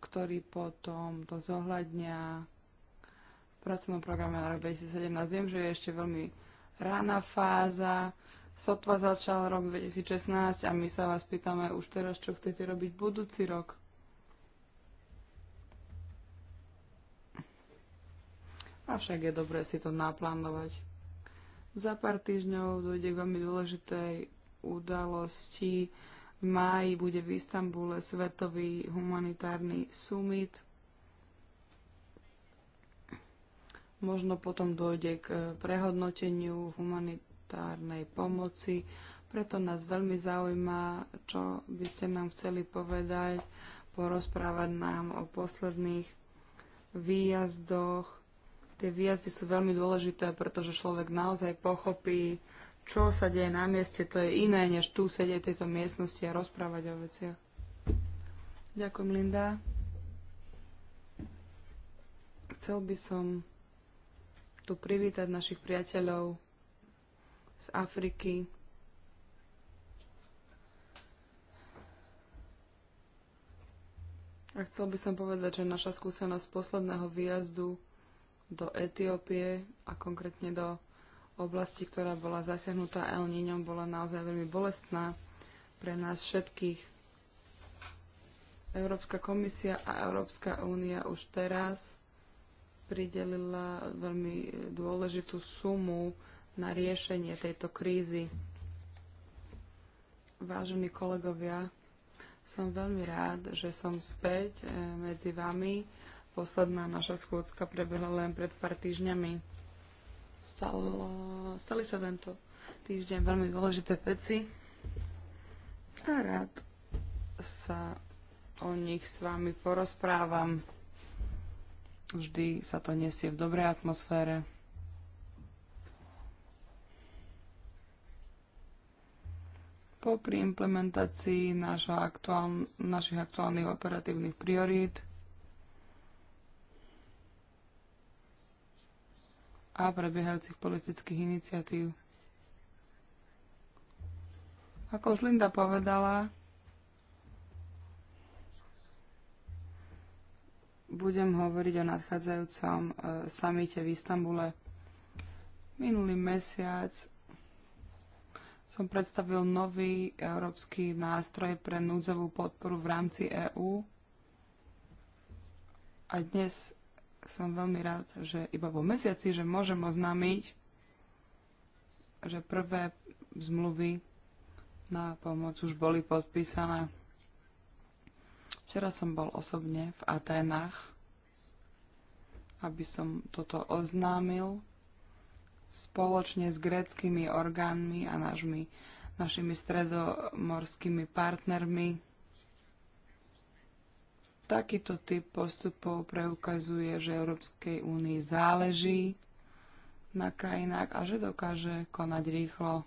ktorý potom to zohľadňa v pracovnom programe na rok 2017. Viem, že je ešte veľmi rána fáza, sotva začal rok 2016 a my sa vás pýtame už teraz, čo chcete robiť budúci rok. Avšak je dobré si to naplánovať. Za pár týždňov dojde k veľmi dôležitej udalosti. V máji bude v Istambule Svetový humanitárny summit – Možno potom dojde k e, prehodnoteniu humanitárnej pomoci. Preto nás veľmi zaujíma, čo by ste nám chceli povedať, porozprávať nám o posledných výjazdoch. Tie výjazdy sú veľmi dôležité, pretože človek naozaj pochopí, čo sa deje na mieste. To je iné, než tu sedieť v tejto miestnosti a rozprávať o veciach. Ďakujem, Linda. Chcel by som tu privítať našich priateľov z Afriky. A chcel by som povedať, že naša skúsenosť posledného výjazdu do Etiópie a konkrétne do oblasti, ktorá bola zasiahnutá El Niňom, bola naozaj veľmi bolestná pre nás všetkých. Európska komisia a Európska únia už teraz pridelila veľmi dôležitú sumu na riešenie tejto krízy. Vážení kolegovia, som veľmi rád, že som späť eh, medzi vami. Posledná naša schôdzka prebehla len pred pár týždňami. Stalo, stali sa tento týždeň veľmi dôležité veci a rád sa o nich s vami porozprávam. Vždy sa to nesie v dobrej atmosfére. Pri implementácii našho aktuál, našich aktuálnych operatívnych priorít a prebiehajúcich politických iniciatív. Ako už Linda povedala, budem hovoriť o nadchádzajúcom e, samite v Istambule. Minulý mesiac som predstavil nový európsky nástroj pre núdzovú podporu v rámci EÚ a dnes som veľmi rád, že iba vo mesiaci, že môžem oznámiť, že prvé zmluvy na pomoc už boli podpísané. Včera som bol osobne v Aténach, aby som toto oznámil spoločne s gréckými orgánmi a našimi, našimi stredomorskými partnermi. Takýto typ postupov preukazuje, že Európskej únii záleží na krajinách a že dokáže konať rýchlo.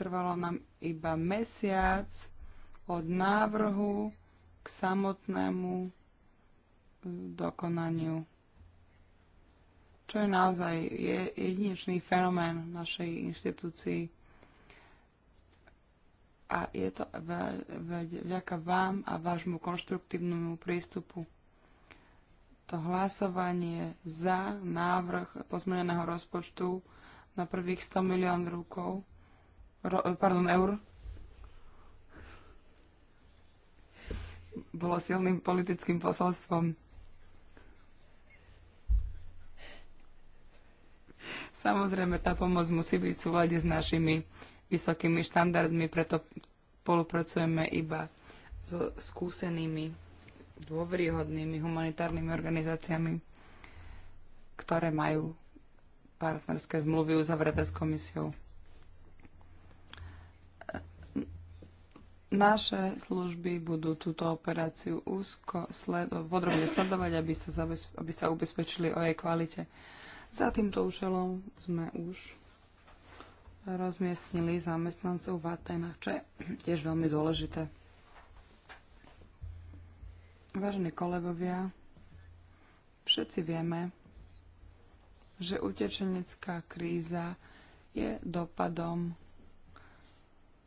Trvalo nám iba mesiac od návrhu k samotnému e, dokonaniu. Čo je naozaj jedinečný fenomén našej inštitúcii. A je to vďaka vám a vášmu konštruktívnemu prístupu. To hlasovanie za návrh pozmeneného rozpočtu na prvých 100 milión rukov, ro, pardon, eur bolo silným politickým posolstvom. Samozrejme, tá pomoc musí byť v s našimi vysokými štandardmi, preto spolupracujeme iba so skúsenými, dôveryhodnými humanitárnymi organizáciami, ktoré majú partnerské zmluvy uzavreté s komisiou. Naše služby budú túto operáciu úzko sledo- podrobne sledovať, aby sa, zabez- aby sa ubezpečili o jej kvalite. Za týmto účelom sme už rozmiestnili zamestnancov v Atenách, čo je tiež veľmi dôležité. Vážení kolegovia, všetci vieme, že utečenecká kríza je dopadom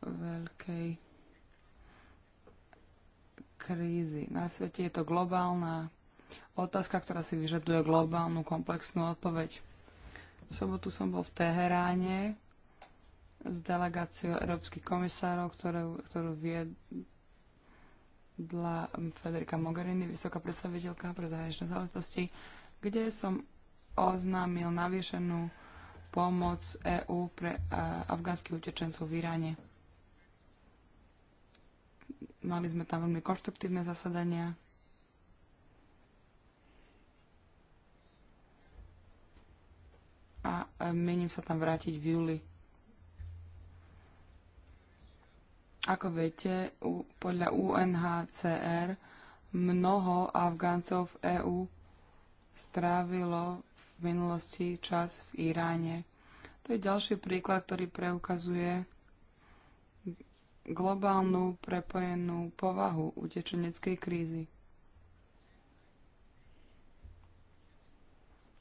veľkej krízy. Na svete je to globálna otázka, ktorá si vyžaduje globálnu komplexnú odpoveď. V sobotu som bol v Teheráne s delegáciou európskych komisárov, ktorú, ktorú viedla Federica Mogherini, vysoká predstaviteľka pre zahraničné záležitosti, kde som oznámil navýšenú pomoc EÚ pre afgánskych utečencov v Iráne. Mali sme tam veľmi konštruktívne zasadania. A e, mením sa tam vrátiť v júli. Ako viete, podľa UNHCR mnoho Afgáncov v EÚ strávilo v minulosti čas v Iráne. To je ďalší príklad, ktorý preukazuje, globálnu prepojenú povahu utečeneckej krízy.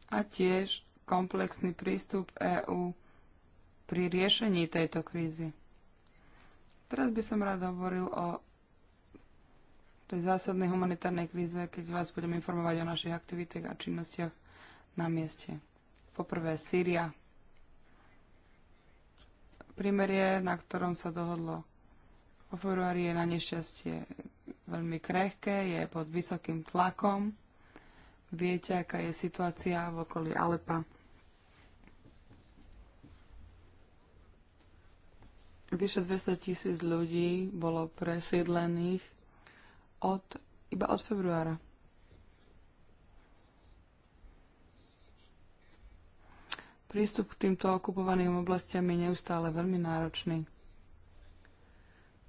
A tiež komplexný prístup EÚ pri riešení tejto krízy. Teraz by som rád hovoril o tej zásadnej humanitárnej kríze, keď vás budem informovať o našich aktivitách a činnostiach na mieste. Poprvé, Sýria. Primerie, na ktorom sa dohodlo vo februári je na nešťastie veľmi krehké, je pod vysokým tlakom. Viete, aká je situácia v okolí Alepa. Vyše 200 tisíc ľudí bolo presiedlených od, iba od februára. Prístup k týmto okupovaným oblastiam je neustále veľmi náročný.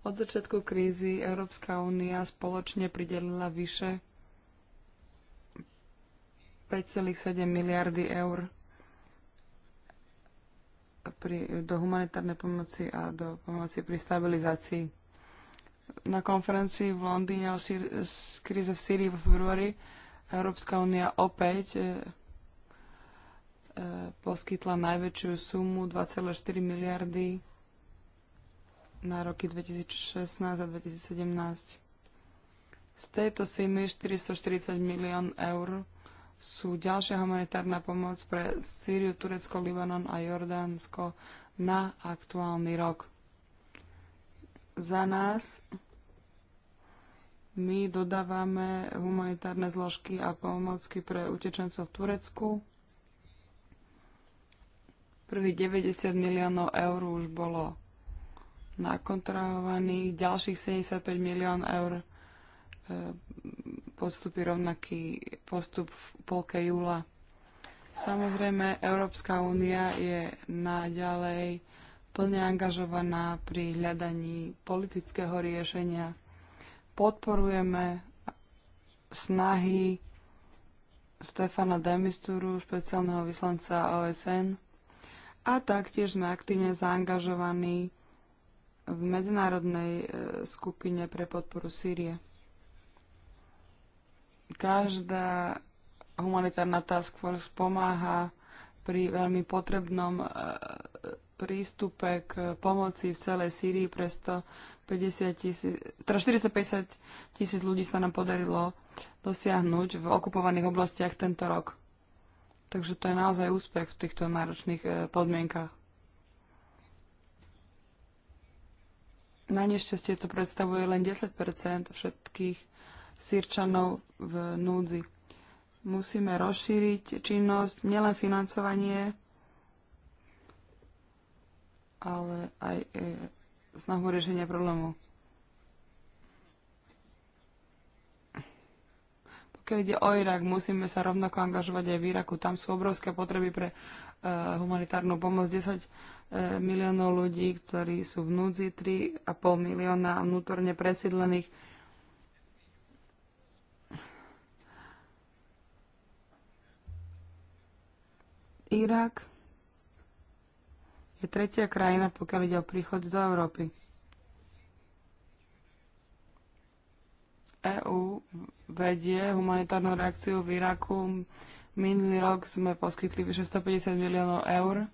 Od začiatku krízy Európska únia spoločne pridelila vyše 5,7 miliardy eur pri, do humanitárnej pomoci a do pomoci pri stabilizácii. Na konferencii v Londýne o Sýr- kríze v Sýrii v februári Európska únia opäť e, e, poskytla najväčšiu sumu 2,4 miliardy na roky 2016 a 2017. Z tejto sumy 440 milión eur sú ďalšia humanitárna pomoc pre Sýriu, Turecko, Libanon a Jordánsko na aktuálny rok. Za nás my dodávame humanitárne zložky a pomocky pre utečencov v Turecku. Prvých 90 miliónov eur už bolo nakontrolovaných ďalších 75 milión eur e, postupy rovnaký postup v polke júla. Samozrejme, Európska únia je naďalej plne angažovaná pri hľadaní politického riešenia. Podporujeme snahy Stefana Demisturu, špeciálneho vyslanca OSN, a taktiež sme aktívne zaangažovaní v medzinárodnej e, skupine pre podporu Sýrie. Každá humanitárna task force pomáha pri veľmi potrebnom e, prístupe k pomoci v celej Sýrii pre 150 tisíc, teda 450 tisíc ľudí sa nám podarilo dosiahnuť v okupovaných oblastiach tento rok. Takže to je naozaj úspech v týchto náročných e, podmienkach. Na nešťastie to predstavuje len 10 všetkých sírčanov v núdzi. Musíme rozšíriť činnosť, nielen financovanie, ale aj e, snahu riešenia problémov. pokiaľ ide o Irak, musíme sa rovnako angažovať aj v Iraku. Tam sú obrovské potreby pre humanitárnu pomoc 10 e, miliónov ľudí, ktorí sú v núdzi, 3,5 milióna vnútorne presídlených. Irak je tretia krajina, pokiaľ ide o príchod do Európy. EÚ vedie humanitárnu reakciu v Iraku Minulý rok sme poskytli 650 miliónov eur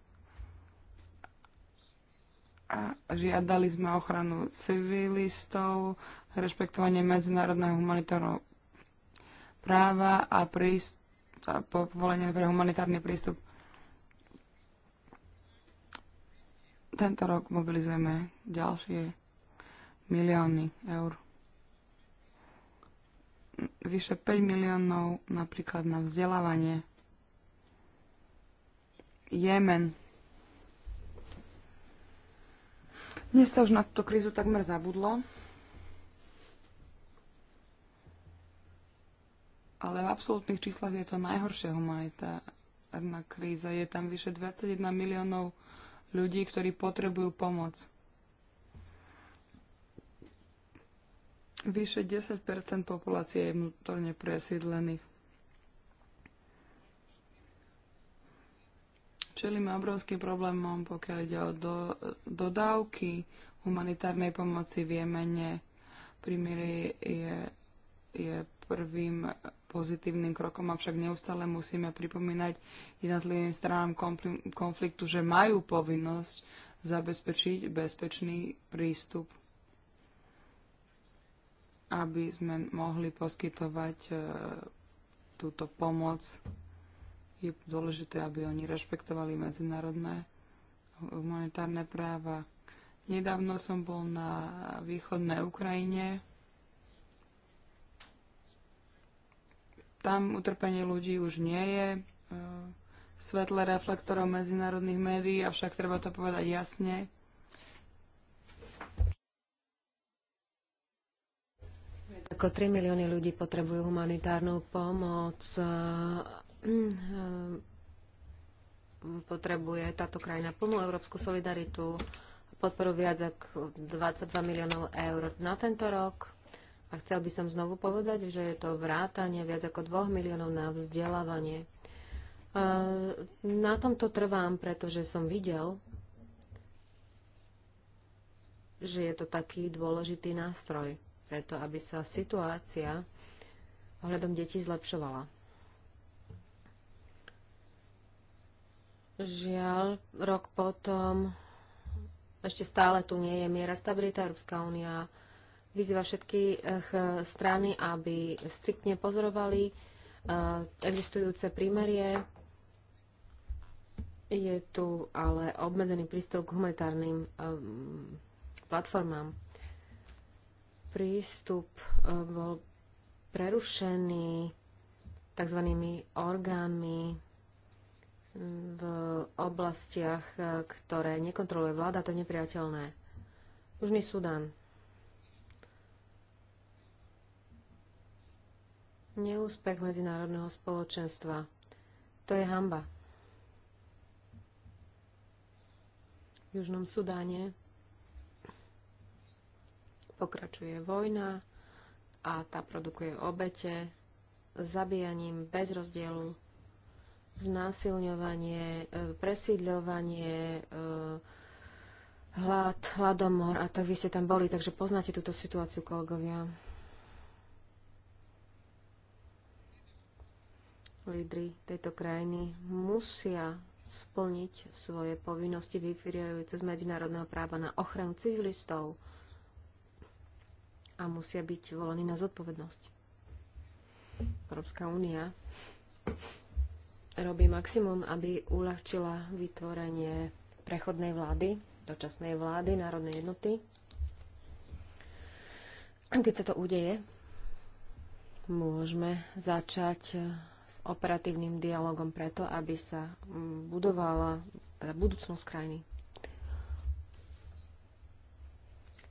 a žiadali sme ochranu civilistov, rešpektovanie medzinárodného humanitárneho práva a, príst- a povolenie pre humanitárny prístup. Tento rok mobilizujeme ďalšie milióny eur vyše 5 miliónov napríklad na vzdelávanie. Jemen. Dnes sa už na túto krízu takmer zabudlo. Ale v absolútnych číslach je to najhoršia humanitárna kríza. Je tam vyše 21 miliónov ľudí, ktorí potrebujú pomoc. Vyše 10 populácie je vnútorne presídlených. Čelíme obrovským problémom, pokiaľ ide o do, dodávky humanitárnej pomoci v Jemene. Prímerie je, je prvým pozitívnym krokom, avšak neustále musíme pripomínať jednotlivým stranám konfliktu, že majú povinnosť zabezpečiť bezpečný prístup aby sme mohli poskytovať e, túto pomoc, je dôležité, aby oni rešpektovali medzinárodné humanitárne práva. Nedávno som bol na východnej Ukrajine. Tam utrpenie ľudí už nie je e, svetle reflektorov medzinárodných médií, avšak treba to povedať jasne. Ako 3 milióny ľudí potrebujú humanitárnu pomoc. Eh, eh, potrebuje táto krajina plnú európsku solidaritu, podporu viac ako 22 miliónov eur na tento rok. A chcel by som znovu povedať, že je to vrátanie viac ako 2 miliónov na vzdelávanie. Eh, na tomto trvám, pretože som videl, že je to taký dôležitý nástroj preto aby sa situácia ohľadom detí zlepšovala. Žiaľ, rok potom ešte stále tu nie je miera stabilita. Európska únia vyzýva všetky eh, strany, aby striktne pozorovali eh, existujúce prímerie. Je tu ale obmedzený prístup k humanitárnym eh, platformám prístup e, bol prerušený tzv. orgánmi e, v oblastiach, e, ktoré nekontroluje vláda, to je nepriateľné. Južný Sudán. Neúspech medzinárodného spoločenstva. To je hamba. V Južnom Sudáne pokračuje vojna a tá produkuje obete, zabíjaním bez rozdielu, znásilňovanie, e, presídľovanie, e, hlad, hladomor a tak vy ste tam boli, takže poznáte túto situáciu, kolegovia. Lídry tejto krajiny musia splniť svoje povinnosti vyfiriajúce z medzinárodného práva na ochranu civilistov, a musia byť volení na zodpovednosť. Európska únia robí maximum, aby uľahčila vytvorenie prechodnej vlády, dočasnej vlády, národnej jednoty. Keď sa to udeje, môžeme začať s operatívnym dialogom preto, aby sa budovala teda budúcnosť krajiny.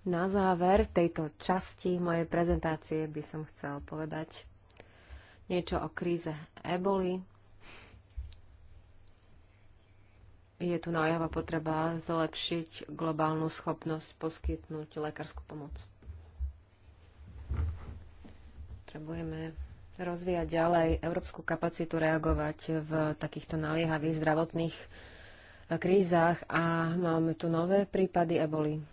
Na záver tejto časti mojej prezentácie by som chcel povedať niečo o kríze eboli. Je tu naliava potreba zlepšiť globálnu schopnosť poskytnúť lekárskú pomoc. Potrebujeme rozvíjať ďalej európsku kapacitu reagovať v takýchto naliehavých zdravotných krízach a máme tu nové prípady eboli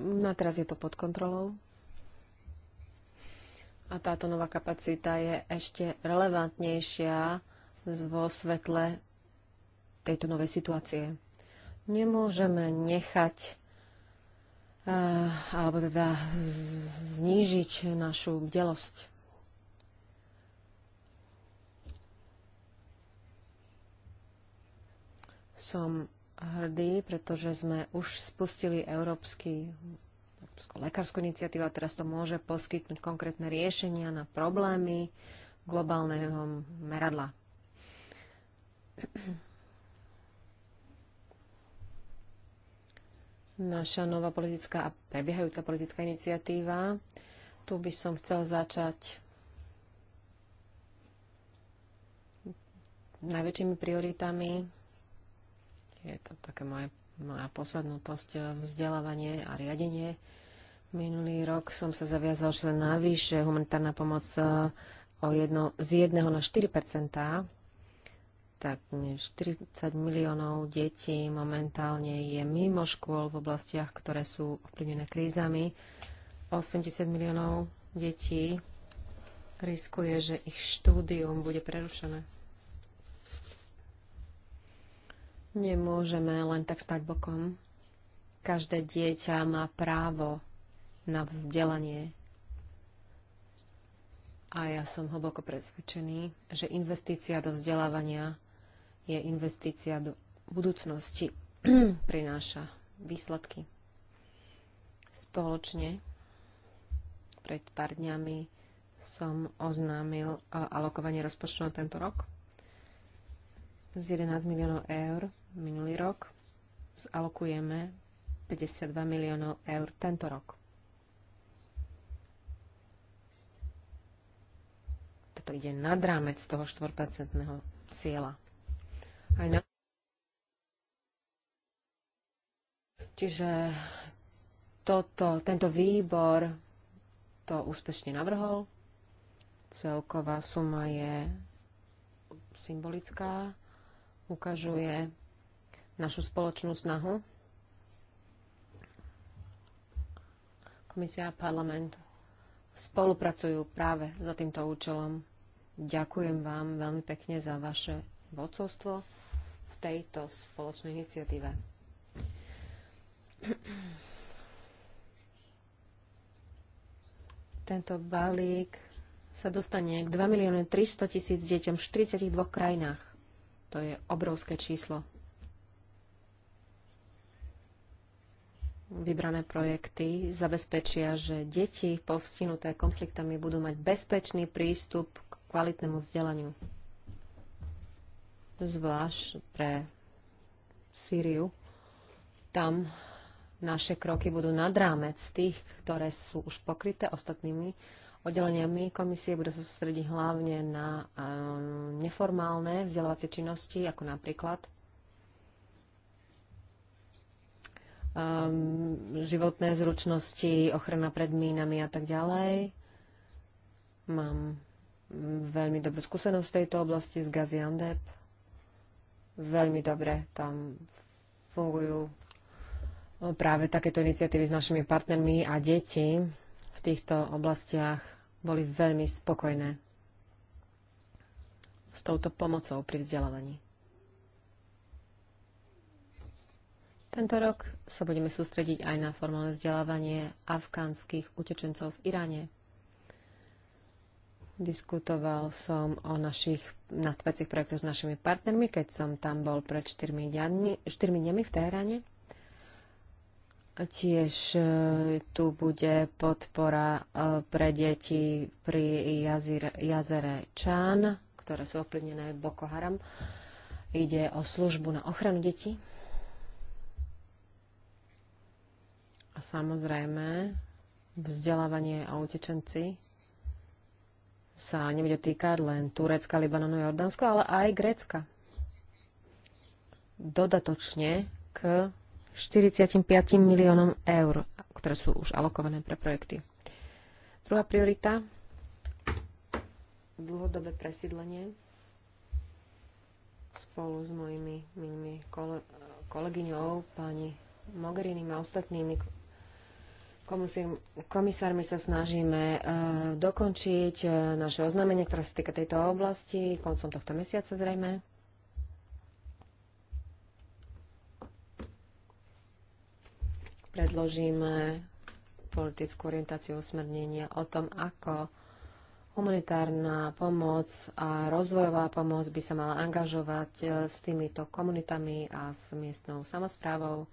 No teraz je to pod kontrolou. A táto nová kapacita je ešte relevantnejšia vo svetle tejto novej situácie. Nemôžeme nechať eh, alebo teda znížiť našu bdelosť. Som hrdí, pretože sme už spustili európsky lekárskú iniciatívu a teraz to môže poskytnúť konkrétne riešenia na problémy globálneho meradla. Naša nová politická a prebiehajúca politická iniciatíva. Tu by som chcel začať najväčšími prioritami je to také moje, moja posadnutosť, eh, vzdelávanie a riadenie. Minulý rok som sa zaviazal, že navýše humanitárna pomoc eh, o jedno, z 1 na 4 tak 40 miliónov detí momentálne je mimo škôl v oblastiach, ktoré sú ovplyvnené krízami. 80 miliónov detí riskuje, že ich štúdium bude prerušené. Nemôžeme len tak stať bokom. Každé dieťa má právo na vzdelanie. A ja som hlboko presvedčený, že investícia do vzdelávania je investícia do budúcnosti. prináša výsledky. Spoločne pred pár dňami som oznámil eh, alokovanie rozpočtu na tento rok z 11 miliónov eur minulý rok, zalokujeme 52 miliónov eur tento rok. Toto ide nad rámec toho 4-percentného cieľa. Aj na... Čiže toto, tento výbor to úspešne navrhol. Celková suma je symbolická, ukazuje našu spoločnú snahu. Komisia a parlament spolupracujú práve za týmto účelom. Ďakujem vám veľmi pekne za vaše vodcovstvo v tejto spoločnej iniciatíve. Tento balík sa dostane k 2 milióny 300 tisíc deťom v 42 krajinách. To je obrovské číslo. vybrané projekty zabezpečia, že deti povstinuté konfliktami budú mať bezpečný prístup k kvalitnému vzdelaniu. Zvlášť pre Sýriu. Tam naše kroky budú nad rámec tých, ktoré sú už pokryté ostatnými oddeleniami komisie. Budú sa sústrediť hlavne na um, neformálne vzdelávacie činnosti, ako napríklad um, životné zručnosti, ochrana pred mínami a tak ďalej. Mám veľmi dobrú skúsenosť v tejto oblasti z Gaziantep. Veľmi dobre tam fungujú e, práve takéto iniciatívy s našimi partnermi a deti v týchto oblastiach boli veľmi spokojné s touto pomocou pri vzdelávaní. Tento rok sa budeme sústrediť aj na formálne vzdelávanie afgánskych utečencov v Iráne. Diskutoval som o našich nastavacích projektoch s našimi partnermi, keď som tam bol pred 4 dňami, 4 dňami v Teheráne. Tiež e, tu bude podpora e, pre deti pri jazir, jazere Čán, ktoré sú ovplyvnené Boko Haram. Ide o službu na ochranu detí. A samozrejme, vzdelávanie a utečenci sa nebude týkať len Turecka, Libanonu a Jordánsko, ale aj Grécka. Dodatočne k 45 miliónom eur, ktoré sú už alokované pre projekty. Druhá priorita dlhodobé presídlenie spolu s mojimi, mojimi kole, kolegyňou, pani Mogheriným a ostatnými komisármi sa snažíme e, dokončiť e, naše oznámenie, ktoré sa týka tejto oblasti, koncom tohto mesiaca zrejme. Predložíme politickú orientáciu usmernenia o tom, ako humanitárna pomoc a rozvojová pomoc by sa mala angažovať e, s týmito komunitami a s miestnou samozprávou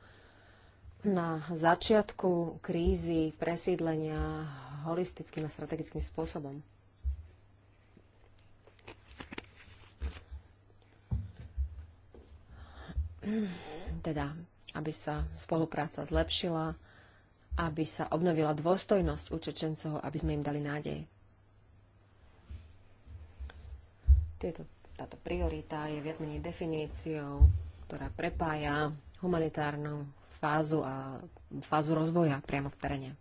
na začiatku krízy presídlenia holistickým a strategickým spôsobom. Teda, aby sa spolupráca zlepšila, aby sa obnovila dôstojnosť učečencov, aby sme im dali nádej. Tieto, táto priorita je viac menej definíciou, ktorá prepája humanitárnu fázu a fázu rozvoja priamo v teréne.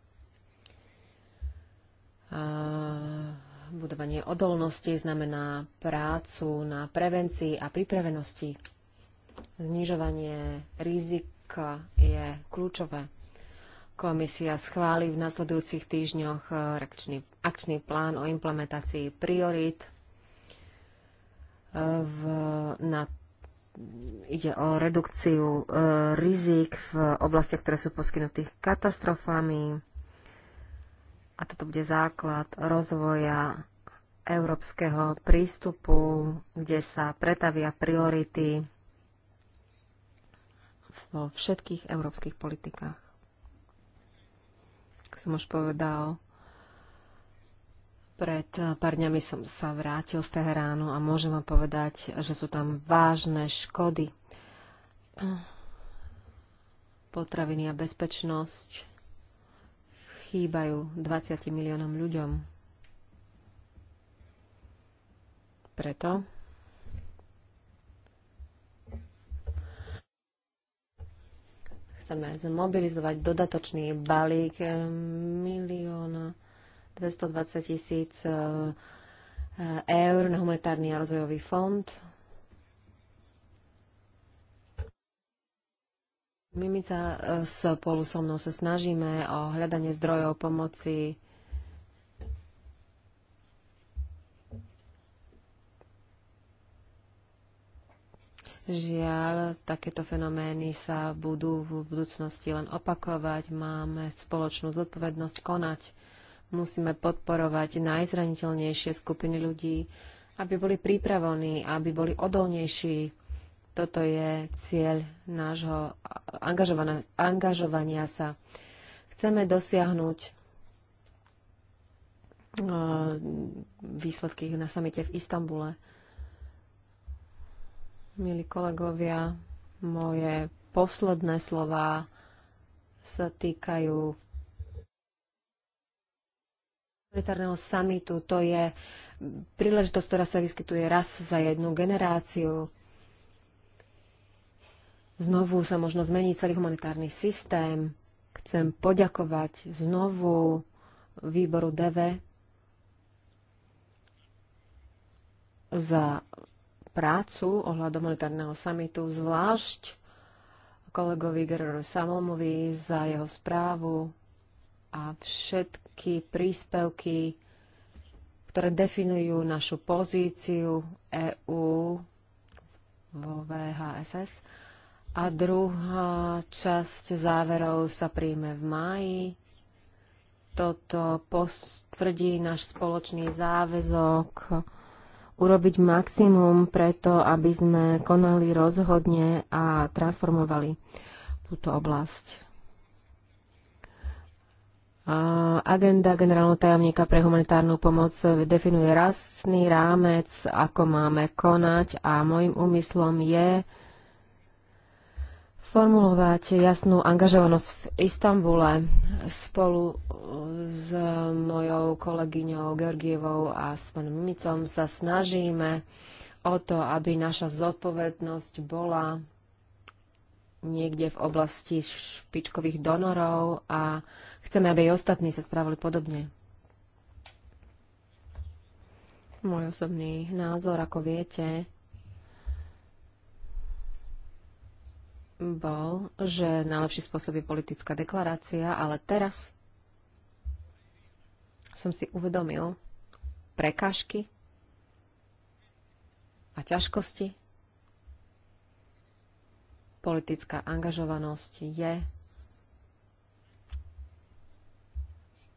A budovanie odolnosti znamená prácu na prevencii a pripravenosti. Znižovanie rizika je kľúčové. Komisia schváli v nasledujúcich týždňoch e, akčný, akčný plán o implementácii priorit e, v, na ide o redukciu e, rizik v oblastiach, ktoré sú poskytnutých katastrofami. A toto bude základ rozvoja európskeho prístupu, kde sa pretavia priority vo všetkých európskych politikách. Ako som už povedal, pred eh, pár dňami som sa vrátil z Teheránu a môžem vám povedať, že sú tam vážne škody. Potraviny a bezpečnosť chýbajú 20 miliónom ľuďom. Preto chceme zmobilizovať dodatočný balík eh, milióna 220 tisíc e, e, eur na humanitárny a rozvojový fond. Mimica e, spolu so mnou sa snažíme o hľadanie zdrojov pomoci Žiaľ, takéto fenomény sa budú v budúcnosti len opakovať. Máme spoločnú zodpovednosť konať. Musíme podporovať najzraniteľnejšie skupiny ľudí, aby boli pripravení, aby boli odolnejší. Toto je cieľ nášho angažovania sa. Chceme dosiahnuť eh, výsledky na samite v Istambule. Milí kolegovia, moje posledné slova sa týkajú humanitárneho samitu to je príležitosť, ktorá sa vyskytuje raz za jednu generáciu. Znovu sa možno zmení celý humanitárny systém. Chcem poďakovať znovu výboru DV za prácu ohľadom humanitárneho samitu, zvlášť kolegovi Gerardu Samomovi za jeho správu a všetky príspevky, ktoré definujú našu pozíciu EÚ vo VHSS. A druhá časť záverov sa príjme v máji. Toto postvrdí náš spoločný záväzok urobiť maximum preto, aby sme konali rozhodne a transformovali túto oblasť. Agenda generálneho tajomníka pre humanitárnu pomoc definuje rastný rámec, ako máme konať a môjim úmyslom je formulovať jasnú angažovanosť v Istambule spolu s mojou kolegyňou Georgievou a s pánom Mimicom sa snažíme o to, aby naša zodpovednosť bola niekde v oblasti špičkových donorov a Chceme, aby aj ostatní sa správali podobne. Môj osobný názor, ako viete, bol, že najlepší spôsob je politická deklarácia, ale teraz som si uvedomil prekažky a ťažkosti. Politická angažovanosť je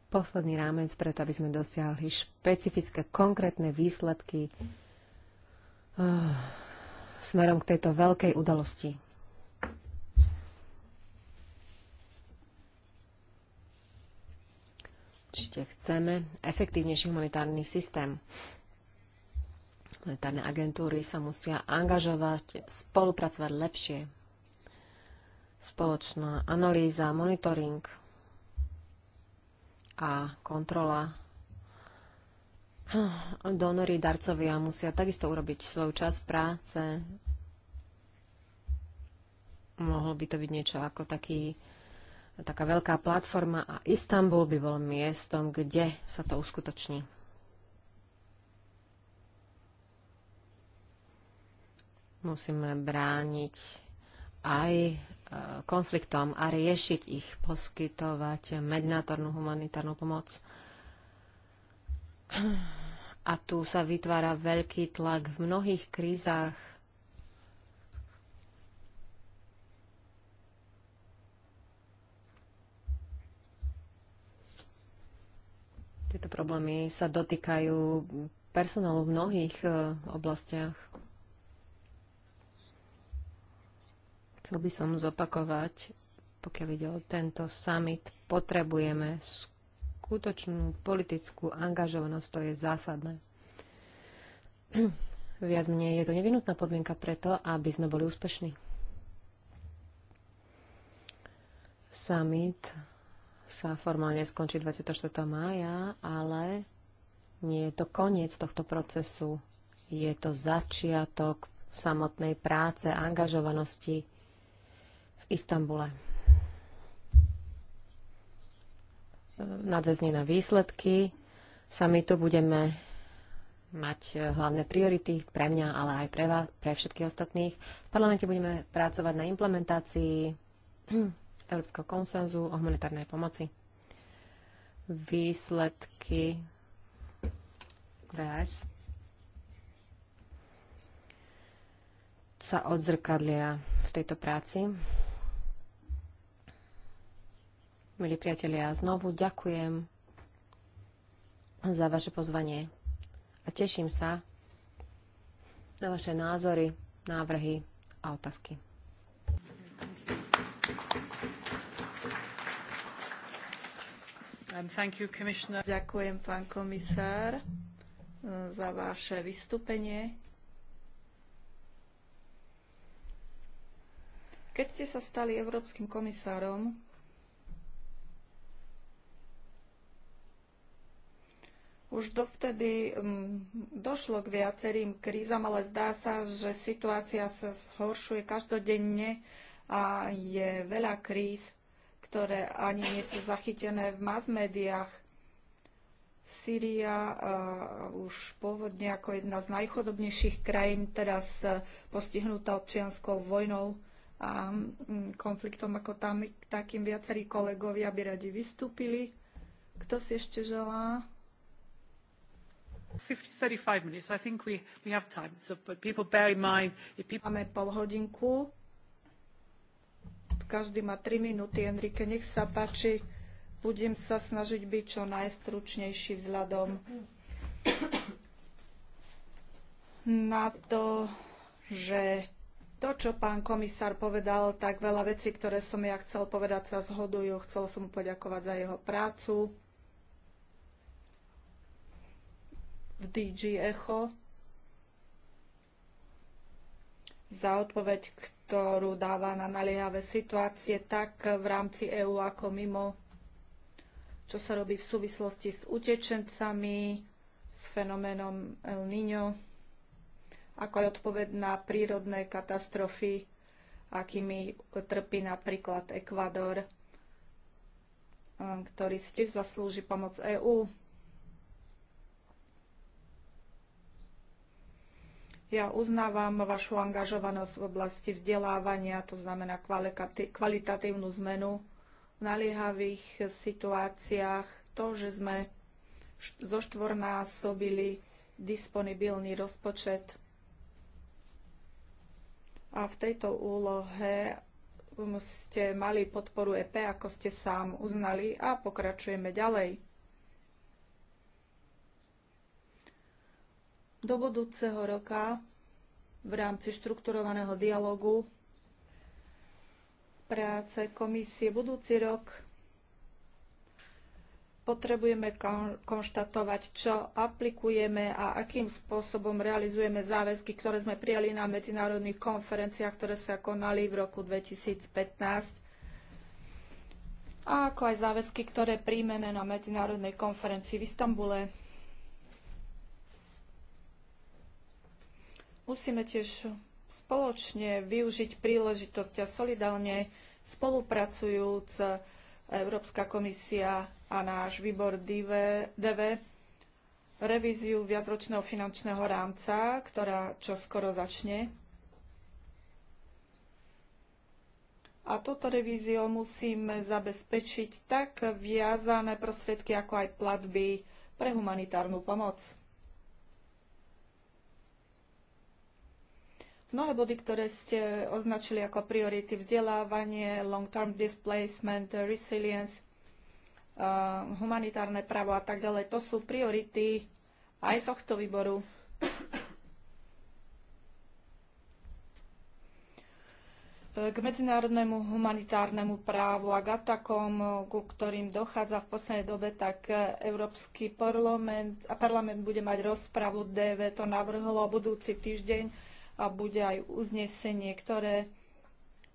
posledný rámec preto, aby sme dosiahli špecifické, konkrétne výsledky uh, smerom k tejto veľkej udalosti. Určite chceme efektívnejší humanitárny systém. Humanitárne agentúry sa musia angažovať, spolupracovať lepšie. Spoločná analýza, monitoring – a kontrola. Donory, darcovia musia takisto urobiť svoju časť práce. Mohlo by to byť niečo ako taký, taká veľká platforma a Istanbul by bol miestom, kde sa to uskutoční. Musíme brániť aj konfliktom a riešiť ich, poskytovať mednátornú humanitárnu pomoc. A tu sa vytvára veľký tlak v mnohých krízach Tieto problémy sa dotýkajú personálu v mnohých eh, oblastiach. Chcel by som zopakovať, pokiaľ ide o tento summit, potrebujeme skutočnú politickú angažovanosť, to je zásadné. Viac mne je to nevinutná podmienka preto, aby sme boli úspešní. Summit sa formálne skončí 24. mája, ale nie je to koniec tohto procesu. Je to začiatok samotnej práce, angažovanosti Istambule. Nadväzne na výsledky samitu budeme mať e, hlavné priority pre mňa, ale aj pre, vás, pre všetkých ostatných. V parlamente budeme pracovať na implementácii Európskeho konsenzu o humanitárnej pomoci. Výsledky VS sa odzrkadlia v tejto práci. Milí priatelia, znovu ďakujem za vaše pozvanie a teším sa na vaše názory, návrhy a otázky. You, Ďakujem, pán komisár, za vaše vystúpenie. Keď ste sa stali európskym komisárom, Už dovtedy mm, došlo k viacerým krízam, ale zdá sa, že situácia sa zhoršuje každodenne a je veľa kríz, ktoré ani nie sú zachytené v mass médiách. Sýria e, už pôvodne ako jedna z najchodobnejších krajín, teraz e, postihnutá občianskou vojnou a mm, konfliktom ako tam, takým viacerí kolegovia by radi vystúpili. Kto si ešte želá? Máme pol hodinku. Každý má 3 minúty. Enrique, nech sa páči. Budem sa snažiť byť čo najstručnejší vzhľadom na to, že to, čo pán komisár povedal, tak veľa vecí, ktoré som ja chcel povedať, sa zhodujú. Chcel som mu poďakovať za jeho prácu v DG Echo za odpoveď, ktorú dáva na naliehavé situácie tak v rámci EÚ ako mimo, čo sa robí v súvislosti s utečencami, s fenoménom El Niño, ako aj odpoveď na prírodné katastrofy, akými trpí napríklad Ekvador, um, ktorý si tiež zaslúži pomoc EÚ. Ja uznávam vašu angažovanosť v oblasti vzdelávania, to znamená kvalitatívnu zmenu v naliehavých situáciách. To, že sme zoštvornásobili disponibilný rozpočet a v tejto úlohe um, ste mali podporu EP, ako ste sám uznali a pokračujeme ďalej. Do budúceho roka v rámci štrukturovaného dialogu práce komisie budúci rok potrebujeme konštatovať, čo aplikujeme a akým spôsobom realizujeme záväzky, ktoré sme prijali na medzinárodných konferenciách, ktoré sa konali v roku 2015 a ako aj záväzky, ktoré príjmeme na medzinárodnej konferencii v Istambule. Musíme tiež spoločne využiť príležitosť a solidálne spolupracujúc Európska komisia a náš výbor DV, revíziu viacročného finančného rámca, ktorá čo skoro začne. A toto revíziu musíme zabezpečiť tak viazané prostriedky, ako aj platby pre humanitárnu pomoc. Mnohé body, ktoré ste označili ako priority, vzdelávanie, long-term displacement, resilience, eh, humanitárne právo a tak ďalej, to sú priority aj tohto výboru. Eh, k medzinárodnému humanitárnemu právu a k atakom, eh, ku ktorým dochádza v poslednej dobe, tak Európsky parlament, a parlament bude mať rozpravu DV, to navrhlo budúci týždeň a bude aj uznesenie, ktoré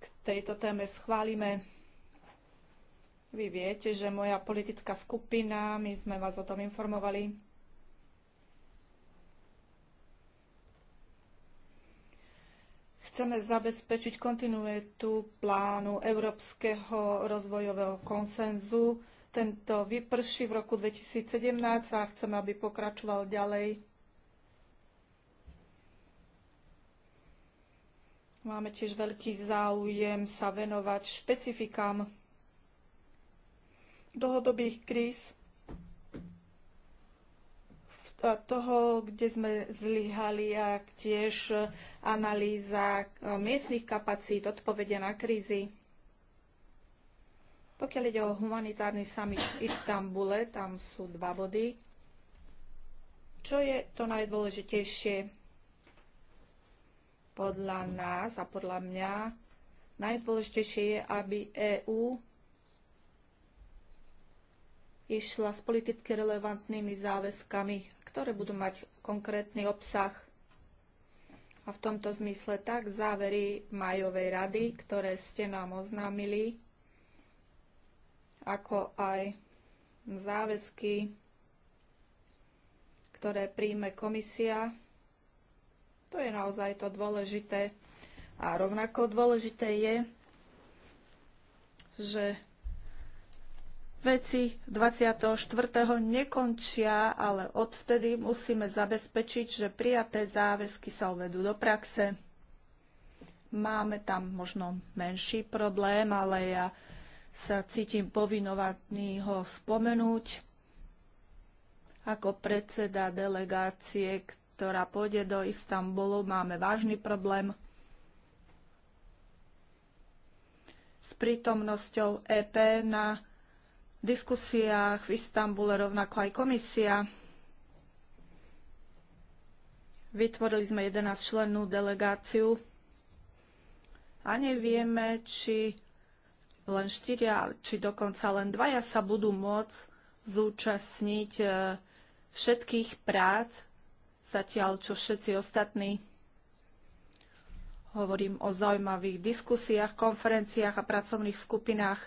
k tejto téme schválime. Vy viete, že moja politická skupina, my sme vás o tom informovali, chceme zabezpečiť kontinuitu plánu Európskeho rozvojového konsenzu. Tento vyprší v roku 2017 a chceme, aby pokračoval ďalej Máme tiež veľký záujem sa venovať špecifikám dlhodobých kríz toho, kde sme zlyhali a tiež analýza miestnych kapacít, odpovede na krízy. Pokiaľ ide o humanitárny summit v Istambule, tam sú dva body. Čo je to najdôležitejšie? Podľa nás a podľa mňa najdôležitejšie je, aby EÚ išla s politicky relevantnými záväzkami, ktoré budú mať konkrétny obsah. A v tomto zmysle tak závery majovej rady, ktoré ste nám oznámili, ako aj záväzky, ktoré príjme komisia to je naozaj to dôležité. A rovnako dôležité je, že veci 24. nekončia, ale odvtedy musíme zabezpečiť, že prijaté záväzky sa uvedú do praxe. Máme tam možno menší problém, ale ja sa cítim povinovatný ho spomenúť ako predseda delegácie, ktorá pôjde do Istanbulu. Máme vážny problém s prítomnosťou EP na diskusiách v Istambule, rovnako aj komisia. Vytvorili sme 11 člennú delegáciu a nevieme, či len štyria, či dokonca len dvaja sa budú môcť zúčastniť eh, všetkých prác zatiaľ čo všetci ostatní hovorím o zaujímavých diskusiách, konferenciách a pracovných skupinách.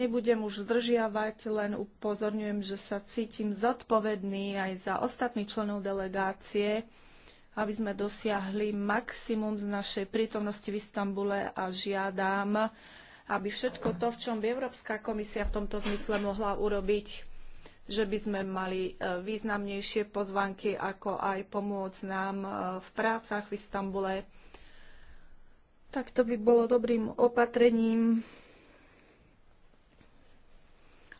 Nebudem už zdržiavať, len upozorňujem, že sa cítim zodpovedný aj za ostatných členov delegácie, aby sme dosiahli maximum z našej prítomnosti v Istambule a žiadam, aby všetko to, v čom by Európska komisia v tomto zmysle mohla urobiť, že by sme mali e, významnejšie pozvanky, ako aj pomôcť nám e, v prácach v Istambule. Tak to by bolo dobrým opatrením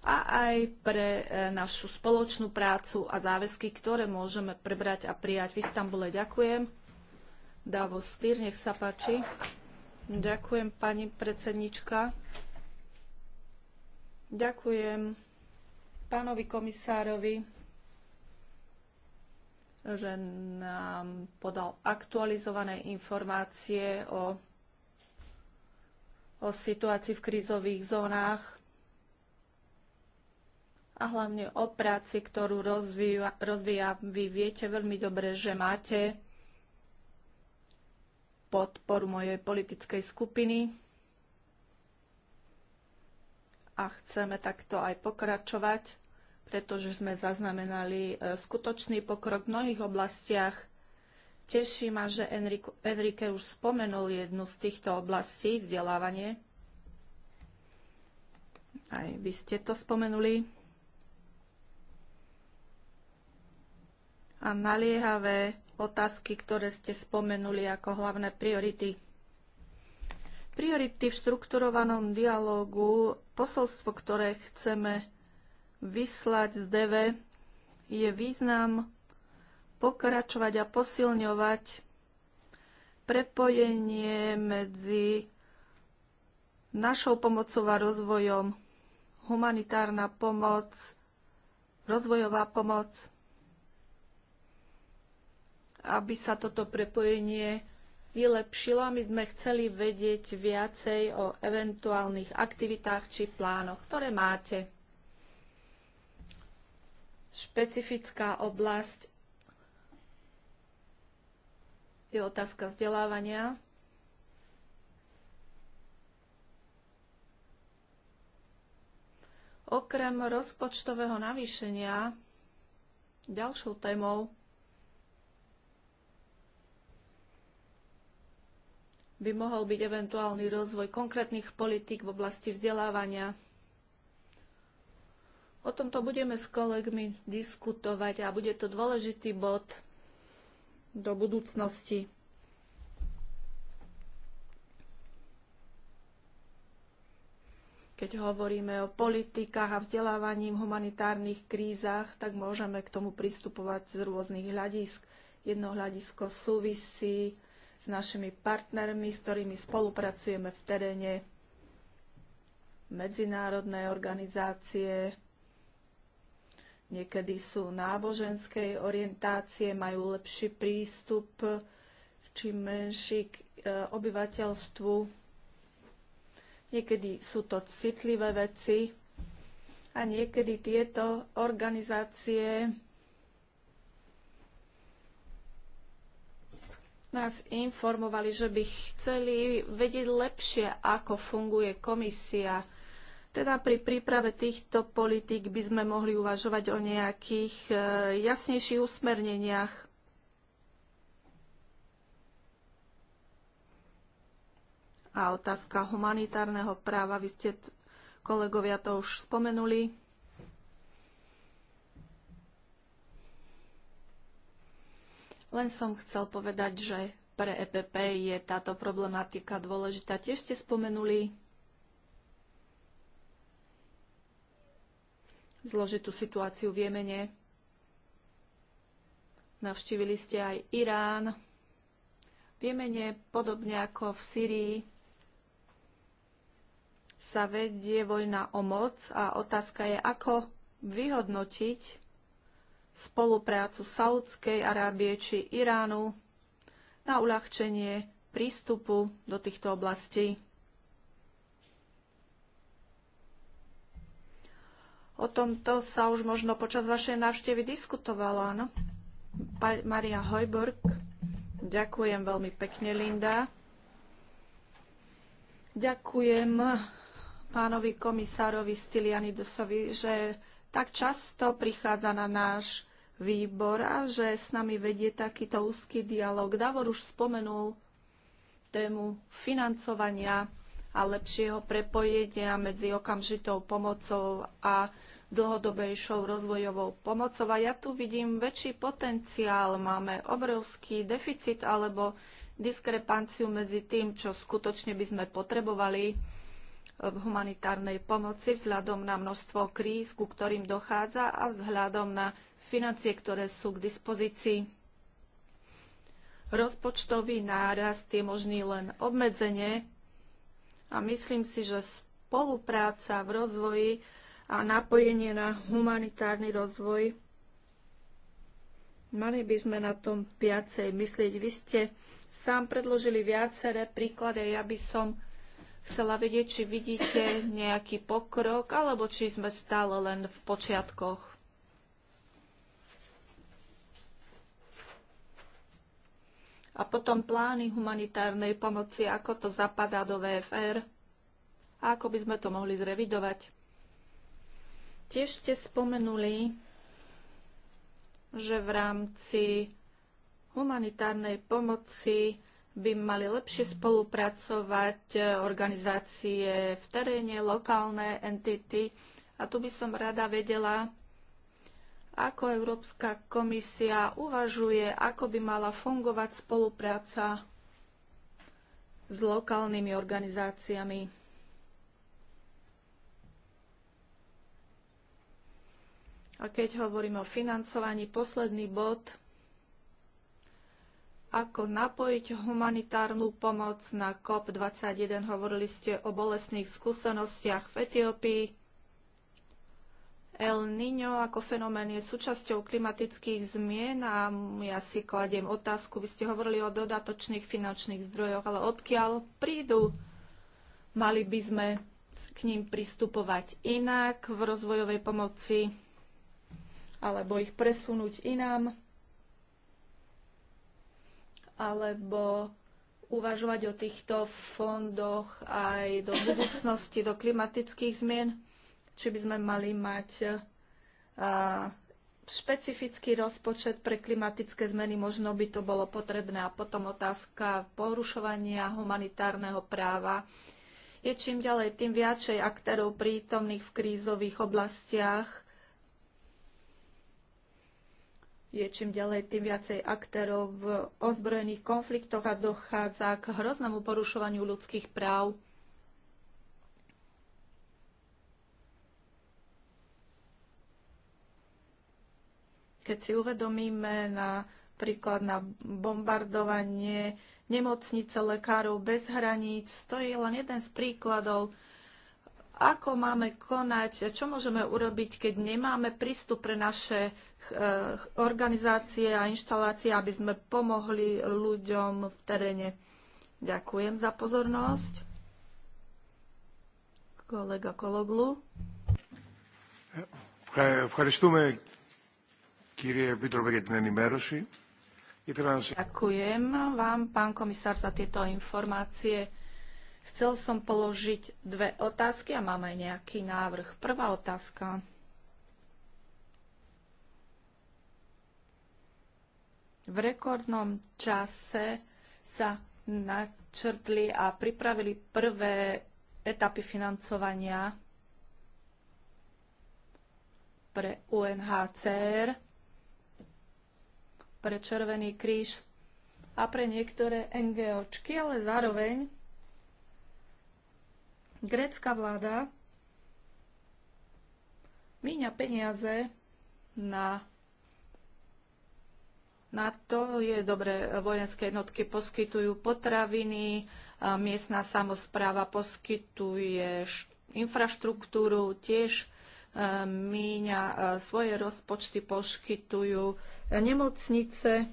a aj pre e, našu spoločnú prácu a záväzky, ktoré môžeme prebrať a prijať v Istambule. Ďakujem. Davo Styr, nech sa páči. Ďakujem, pani predsednička. Ďakujem pánovi komisárovi, že nám podal aktualizované informácie o, o situácii v krízových zónach a hlavne o práci, ktorú rozvíja, rozvíja. Vy viete veľmi dobre, že máte podporu mojej politickej skupiny a chceme takto aj pokračovať, pretože sme zaznamenali e, skutočný pokrok v mnohých oblastiach. Teší ma, že Enrique už spomenul jednu z týchto oblastí, vzdelávanie. Aj vy ste to spomenuli. A naliehavé otázky, ktoré ste spomenuli ako hlavné priority. Priority v štrukturovanom dialogu, posolstvo, ktoré chceme vyslať z DV, je význam pokračovať a posilňovať prepojenie medzi našou pomocou a rozvojom, humanitárna pomoc, rozvojová pomoc, aby sa toto prepojenie vylepšilo. My sme chceli vedieť viacej o eventuálnych aktivitách či plánoch, ktoré máte. Špecifická oblasť je otázka vzdelávania. Okrem rozpočtového navýšenia ďalšou témou by mohol byť eventuálny rozvoj konkrétnych politik v oblasti vzdelávania. O tomto budeme s kolegmi diskutovať a bude to dôležitý bod do budúcnosti. Keď hovoríme o politikách a vzdelávaní v humanitárnych krízach, tak môžeme k tomu pristupovať z rôznych hľadisk. Jedno hľadisko súvisí s našimi partnermi, s ktorými spolupracujeme v teréne, medzinárodné organizácie, niekedy sú náboženskej orientácie, majú lepší prístup či menší k e, obyvateľstvu. Niekedy sú to citlivé veci a niekedy tieto organizácie nás informovali, že by chceli vedieť lepšie, ako funguje komisia. Teda pri príprave týchto politík by sme mohli uvažovať o nejakých e, jasnejších usmerneniach. A otázka humanitárneho práva, vy ste, kolegovia, to už spomenuli. Len som chcel povedať, že pre EPP je táto problematika dôležitá. Tiež ste spomenuli zložitú situáciu v Jemene. Navštívili ste aj Irán. V Jemene, podobne ako v Syrii, sa vedie vojna o moc a otázka je, ako vyhodnotiť spoluprácu Saudskej Arábie či Iránu na uľahčenie prístupu do týchto oblastí. O tomto sa už možno počas vašej návštevy diskutovala, no? Pa- Maria Hojburg, ďakujem veľmi pekne, Linda. Ďakujem pánovi komisárovi Stylianidosovi, že tak často prichádza na náš výbor a že s nami vedie takýto úzky dialog. Davor už spomenul tému financovania a lepšieho prepojenia medzi okamžitou pomocou a dlhodobejšou rozvojovou pomocou. A ja tu vidím väčší potenciál. Máme obrovský deficit alebo diskrepanciu medzi tým, čo skutočne by sme potrebovali v humanitárnej pomoci vzhľadom na množstvo kríz, ku ktorým dochádza a vzhľadom na financie, ktoré sú k dispozícii. Rozpočtový nárast je možný len obmedzenie a myslím si, že spolupráca v rozvoji a napojenie na humanitárny rozvoj. Mali by sme na tom viacej myslieť. Vy ste sám predložili viaceré príklady. Ja by som Chcela vedieť, či vidíte nejaký pokrok, alebo či sme stále len v počiatkoch. A potom plány humanitárnej pomoci, ako to zapadá do VFR a ako by sme to mohli zrevidovať. Tiež ste spomenuli, že v rámci humanitárnej pomoci by mali lepšie spolupracovať e, organizácie v teréne, lokálne entity. A tu by som rada vedela, ako Európska komisia uvažuje, ako by mala fungovať spolupráca s lokálnymi organizáciami. A keď hovorím o financovaní, posledný bod – ako napojiť humanitárnu pomoc na COP21. Hovorili ste o bolestných skúsenostiach v Etiópii. El Niño ako fenomén je súčasťou klimatických zmien a ja si kladiem otázku, vy ste hovorili o dodatočných finančných zdrojoch, ale odkiaľ prídu, mali by sme k ním pristupovať inak v rozvojovej pomoci alebo ich presunúť inám alebo uvažovať o týchto fondoch aj do budúcnosti, do klimatických zmien? Či by sme mali mať a, špecifický rozpočet pre klimatické zmeny, možno by to bolo potrebné. A potom otázka porušovania humanitárneho práva. Je čím ďalej tým viacej aktérov prítomných v krízových oblastiach je čím ďalej tým viacej aktérov v ozbrojených konfliktoch a dochádza k hroznému porušovaniu ľudských práv. Keď si uvedomíme na príklad na bombardovanie nemocnice lekárov bez hraníc, to je len jeden z príkladov, ako máme konať, čo môžeme urobiť, keď nemáme prístup pre naše Eh, organizácie a inštalácie, aby sme pomohli ľuďom v teréne. Ďakujem za pozornosť. Kolega Kologlu. Ευχαριστούμε κύριε Επίτροπε για την ενημέρωση. Ďakujem vám, pán komisár, za tieto informácie. Chcel som položiť dve otázky a mám aj nejaký návrh. Prvá otázka. V rekordnom čase sa načrtli a pripravili prvé etapy financovania pre UNHCR, pre Červený kríž a pre niektoré NGOčky, ale zároveň grécka vláda míňa peniaze na na to je dobre, vojenské jednotky poskytujú potraviny, miestna samozpráva poskytuje infraštruktúru, tiež e, míňa e, svoje rozpočty, poskytujú e, nemocnice.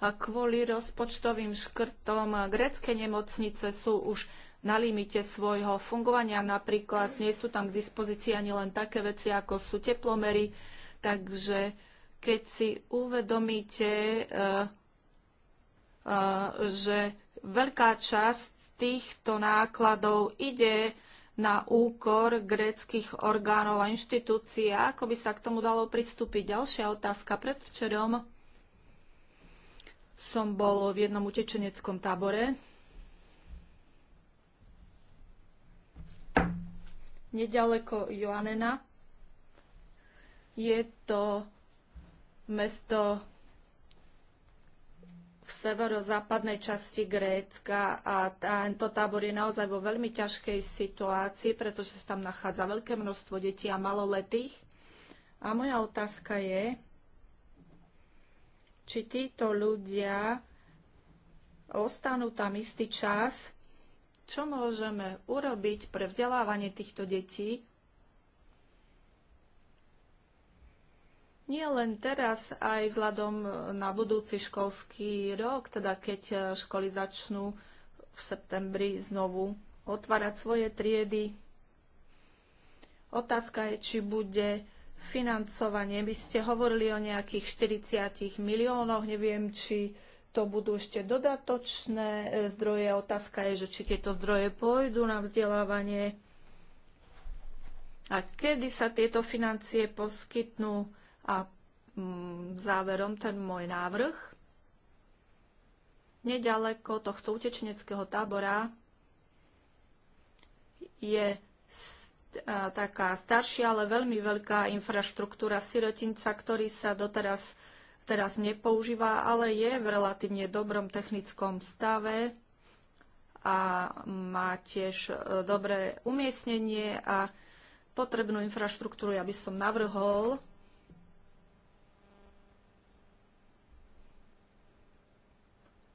A kvôli rozpočtovým škrtom grecké nemocnice sú už na limite svojho fungovania. Napríklad nie sú tam k dispozícii ani len také veci, ako sú teplomery. Takže keď si uvedomíte, e, e, že veľká časť týchto nákladov ide na úkor gréckých orgánov a inštitúcií. Ako by sa k tomu dalo pristúpiť? Ďalšia otázka. Predvčerom som bol v jednom utečeneckom tábore nedaleko Joanena. Je to mesto v severozápadnej časti Grécka a tento tábor je naozaj vo veľmi ťažkej situácii, pretože sa tam nachádza veľké množstvo detí a maloletých. A moja otázka je, či títo ľudia ostanú tam istý čas čo môžeme urobiť pre vzdelávanie týchto detí, Nie len teraz, aj vzhľadom na budúci školský rok, teda keď e, školy začnú v septembri znovu otvárať svoje triedy. Otázka je, či bude financovanie. Vy ste hovorili o nejakých 40 miliónoch, neviem, či to budú ešte dodatočné e, zdroje. Otázka je, že či tieto zdroje pôjdu na vzdelávanie a kedy sa tieto financie poskytnú. A mm, záverom ten môj návrh. Nedaleko tohto utečeneckého tábora je taká staršia, ale veľmi veľká infraštruktúra sirotinca, ktorý sa doteraz teraz nepoužíva, ale je v relatívne dobrom technickom stave a má tiež e, dobré umiestnenie a potrebnú infraštruktúru, ja by som navrhol,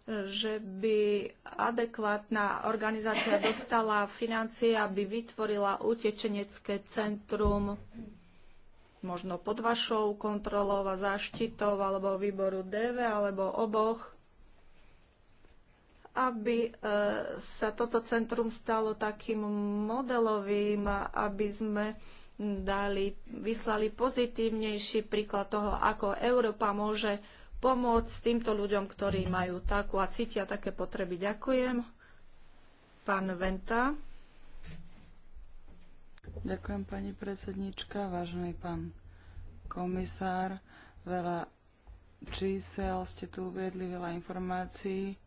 že by adekvátna organizácia dostala financie, aby vytvorila utečenecké centrum možno pod vašou kontrolou a záštitou alebo výboru DV alebo oboch, aby e, sa toto centrum stalo takým modelovým, aby sme dali, vyslali pozitívnejší príklad toho, ako Európa môže pomôcť týmto ľuďom, ktorí majú takú a cítia také potreby. Ďakujem. Pán Venta. Ďakujem pani predsednička, vážený pán komisár. Veľa čísel ste tu uviedli, veľa informácií.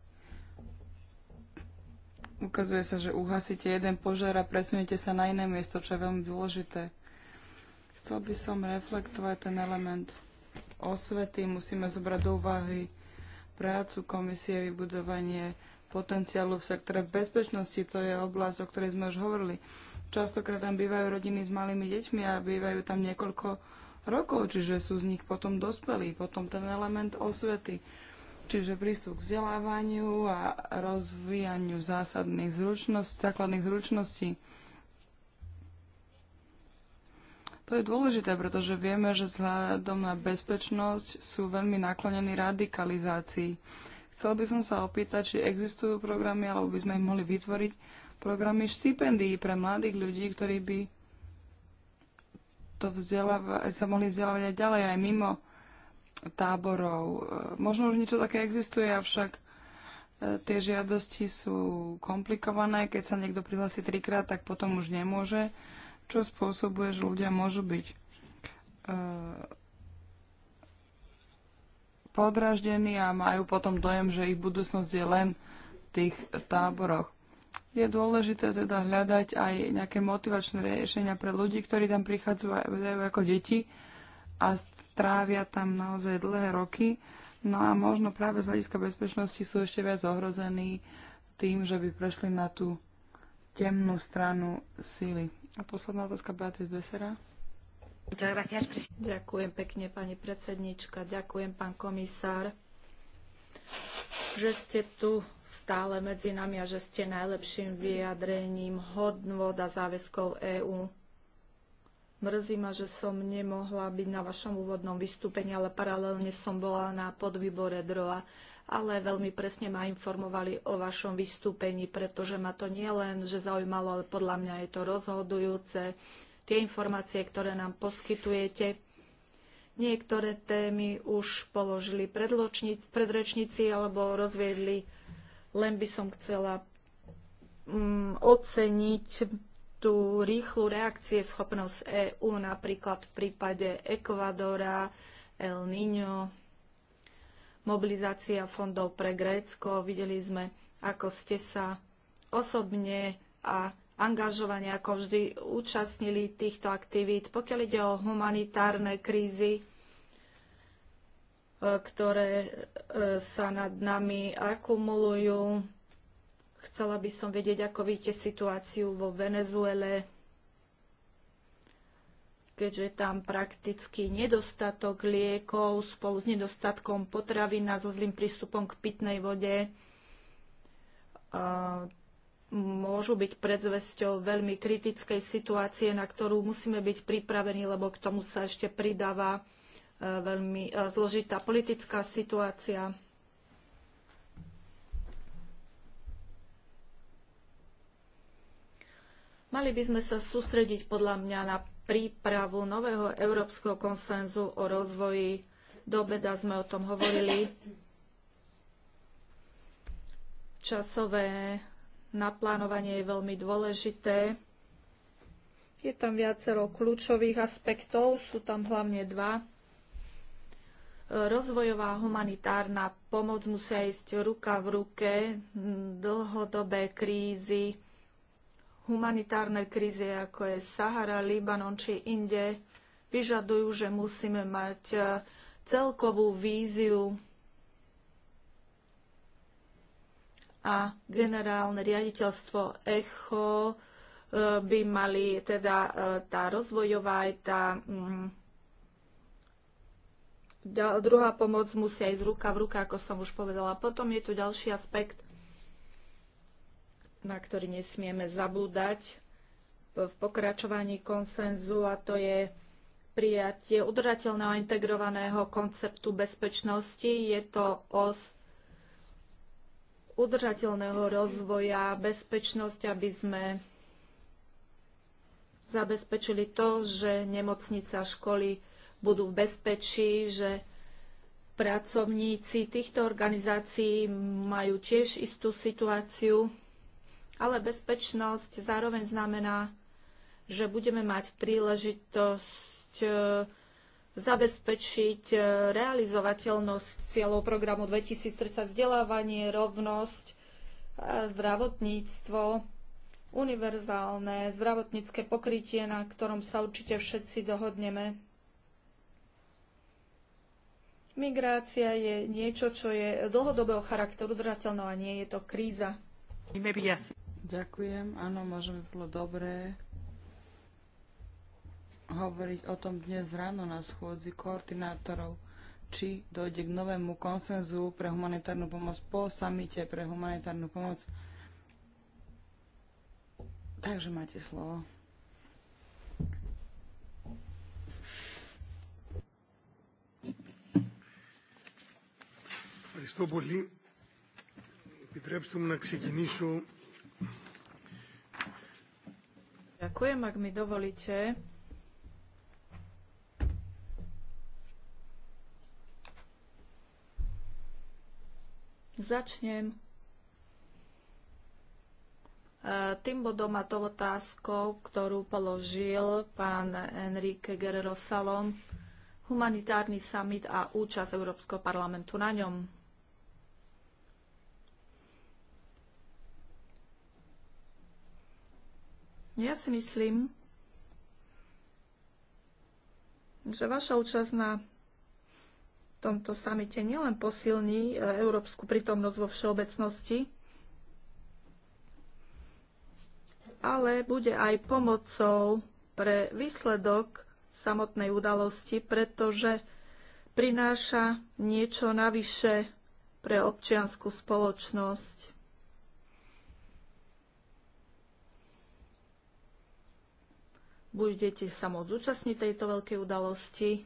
Ukazuje sa, že uhasíte jeden požiar a presuniete sa na iné miesto, čo je veľmi dôležité. Chcel by som reflektovať ten element osvety. Musíme zobrať do úvahy prácu komisie, vybudovanie potenciálu v sektore bezpečnosti. To je oblasť, o ktorej sme už hovorili. Častokrát tam bývajú rodiny s malými deťmi a bývajú tam niekoľko rokov, čiže sú z nich potom dospelí, potom ten element osvety, čiže prístup k vzdelávaniu a rozvíjaniu zásadných zručností, základných zručností. To je dôležité, pretože vieme, že vzhľadom na bezpečnosť sú veľmi naklonení radikalizácii. Chcel by som sa opýtať, či existujú programy, alebo by sme ich mohli vytvoriť, programy štipendií pre mladých ľudí, ktorí by to vzdeláva- sa mohli vzdelávať aj ďalej, aj mimo táborov. E, možno už niečo také existuje, avšak e, tie žiadosti sú komplikované. Keď sa niekto prihlási trikrát, tak potom už nemôže, čo spôsobuje, že ľudia môžu byť e, podraždení a majú potom dojem, že ich budúcnosť je len v tých táboroch. Je dôležité teda hľadať aj nejaké motivačné riešenia pre ľudí, ktorí tam prichádzajú ako deti a trávia tam naozaj dlhé roky. No a možno práve z hľadiska bezpečnosti sú ešte viac ohrození tým, že by prešli na tú temnú stranu síly. A posledná otázka Beatriz Besera. Ďakujem pekne, pani predsednička. Ďakujem, pán komisár že ste tu stále medzi nami a že ste najlepším vyjadrením hodnôt a záväzkov EÚ. Mrzí ma, že som nemohla byť na vašom úvodnom vystúpení, ale paralelne som bola na podvýbore DROA, ale veľmi presne ma informovali o vašom vystúpení, pretože ma to nie len, že zaujímalo, ale podľa mňa je to rozhodujúce. Tie informácie, ktoré nám poskytujete, Niektoré témy už položili predrečníci alebo rozviedli. Len by som chcela mm, oceniť tú rýchlu reakcie schopnosť EÚ, napríklad v prípade Ekvadora, El Niño, mobilizácia fondov pre Grécko. Videli sme, ako ste sa osobne a angažovane ako vždy účastnili týchto aktivít. Pokiaľ ide o humanitárne krízy, e, ktoré e, sa nad nami akumulujú, chcela by som vedieť, ako vidíte situáciu vo Venezuele, keďže je tam prakticky nedostatok liekov spolu s nedostatkom potravina so zlým prístupom k pitnej vode môžu byť predzvesťou veľmi kritickej situácie, na ktorú musíme byť pripravení, lebo k tomu sa ešte pridáva e, veľmi e, zložitá politická situácia. Mali by sme sa sústrediť podľa mňa na prípravu nového európskeho konsenzu o rozvoji. Do obeda sme o tom hovorili. Časové Naplánovanie je veľmi dôležité. Je tam viacero kľúčových aspektov, sú tam hlavne dva. Rozvojová humanitárna pomoc musia ísť ruka v ruke, dlhodobé krízy, humanitárne krízy ako je Sahara, Libanon či inde vyžadujú, že musíme mať eh, celkovú víziu a generálne riaditeľstvo ECHO e, by mali teda e, tá rozvojová aj tá mm, druhá pomoc musia ísť ruka v ruka, ako som už povedala. Potom je tu ďalší aspekt, na ktorý nesmieme zabúdať v pokračovaní konsenzu a to je prijatie udržateľného integrovaného konceptu bezpečnosti. Je to os udržateľného rozvoja, bezpečnosť, aby sme zabezpečili to, že nemocnica, školy budú v bezpečí, že pracovníci týchto organizácií majú tiež istú situáciu, ale bezpečnosť zároveň znamená, že budeme mať príležitosť e, zabezpečiť e, realizovateľnosť cieľov programu 2030, vzdelávanie, rovnosť, e, zdravotníctvo, univerzálne zdravotnícke pokrytie, na ktorom sa určite všetci dohodneme. Migrácia je niečo, čo je dlhodobého charakteru držateľného a nie je to kríza. Ďakujem, áno, môžeme bolo dobré hovoriť o tom dnes ráno na schôdzi koordinátorov, či dojde k novému konsenzu pre humanitárnu pomoc po samite pre humanitárnu pomoc. Takže máte slovo. Ευχαριστώ πολύ. Επιτρέψτε μου να ξεκινήσω Ďakujem, ak mi dovolíte. Začnem e, tým bodom a tou otázkou, ktorú položil pán Enrique Guerrero Salom, humanitárny summit a účasť Európskeho parlamentu na ňom. Ja si myslím, že vaša účasť na tomto samite nielen posilní e, európsku prítomnosť vo všeobecnosti, ale bude aj pomocou pre výsledok samotnej udalosti, pretože prináša niečo navyše pre občianskú spoločnosť. Budete sa môcť zúčastniť tejto veľkej udalosti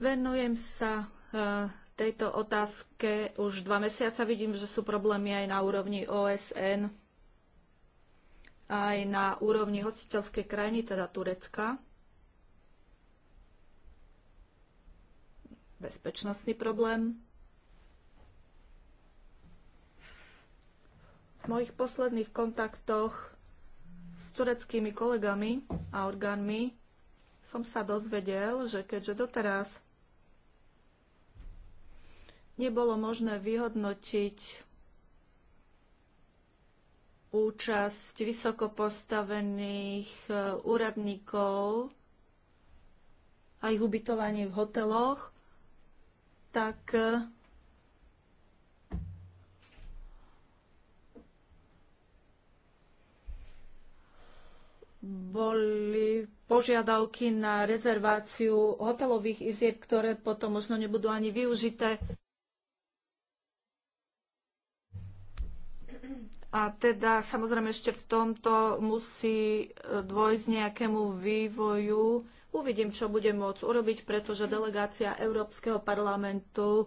Venujem sa e, tejto otázke už dva mesiaca. Vidím, že sú problémy aj na úrovni OSN, aj na úrovni hostiteľskej krajiny, teda Turecka. Bezpečnostný problém. V mojich posledných kontaktoch s tureckými kolegami a orgánmi som sa dozvedel, že keďže doteraz nebolo možné vyhodnotiť účasť vysoko postavených e, úradníkov a ich ubytovanie v hoteloch, tak e, boli požiadavky na rezerváciu hotelových izieb, ktoré potom možno nebudú ani využité. A teda samozrejme ešte v tomto musí e, dôjsť nejakému vývoju. Uvidím, čo bude môcť urobiť, pretože delegácia Európskeho parlamentu e,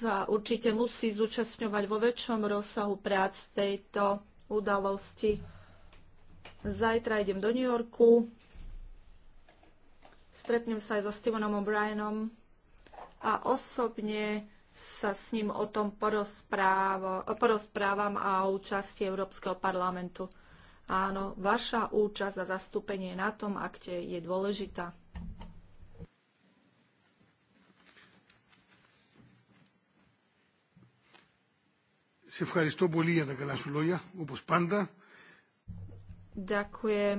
sa určite musí zúčastňovať vo väčšom rozsahu prác tejto udalosti. Zajtra idem do New Yorku, stretnem sa aj so Stevenom O'Brienom a osobne sa s ním o tom porozpráva, porozprávam a o účasti Európskeho parlamentu. Áno, vaša účasť a zastúpenie na tom akte je dôležitá. Σε ευχαριστώ πολύ για τα καλά σου λόγια, όπως πάντα. Ďakujem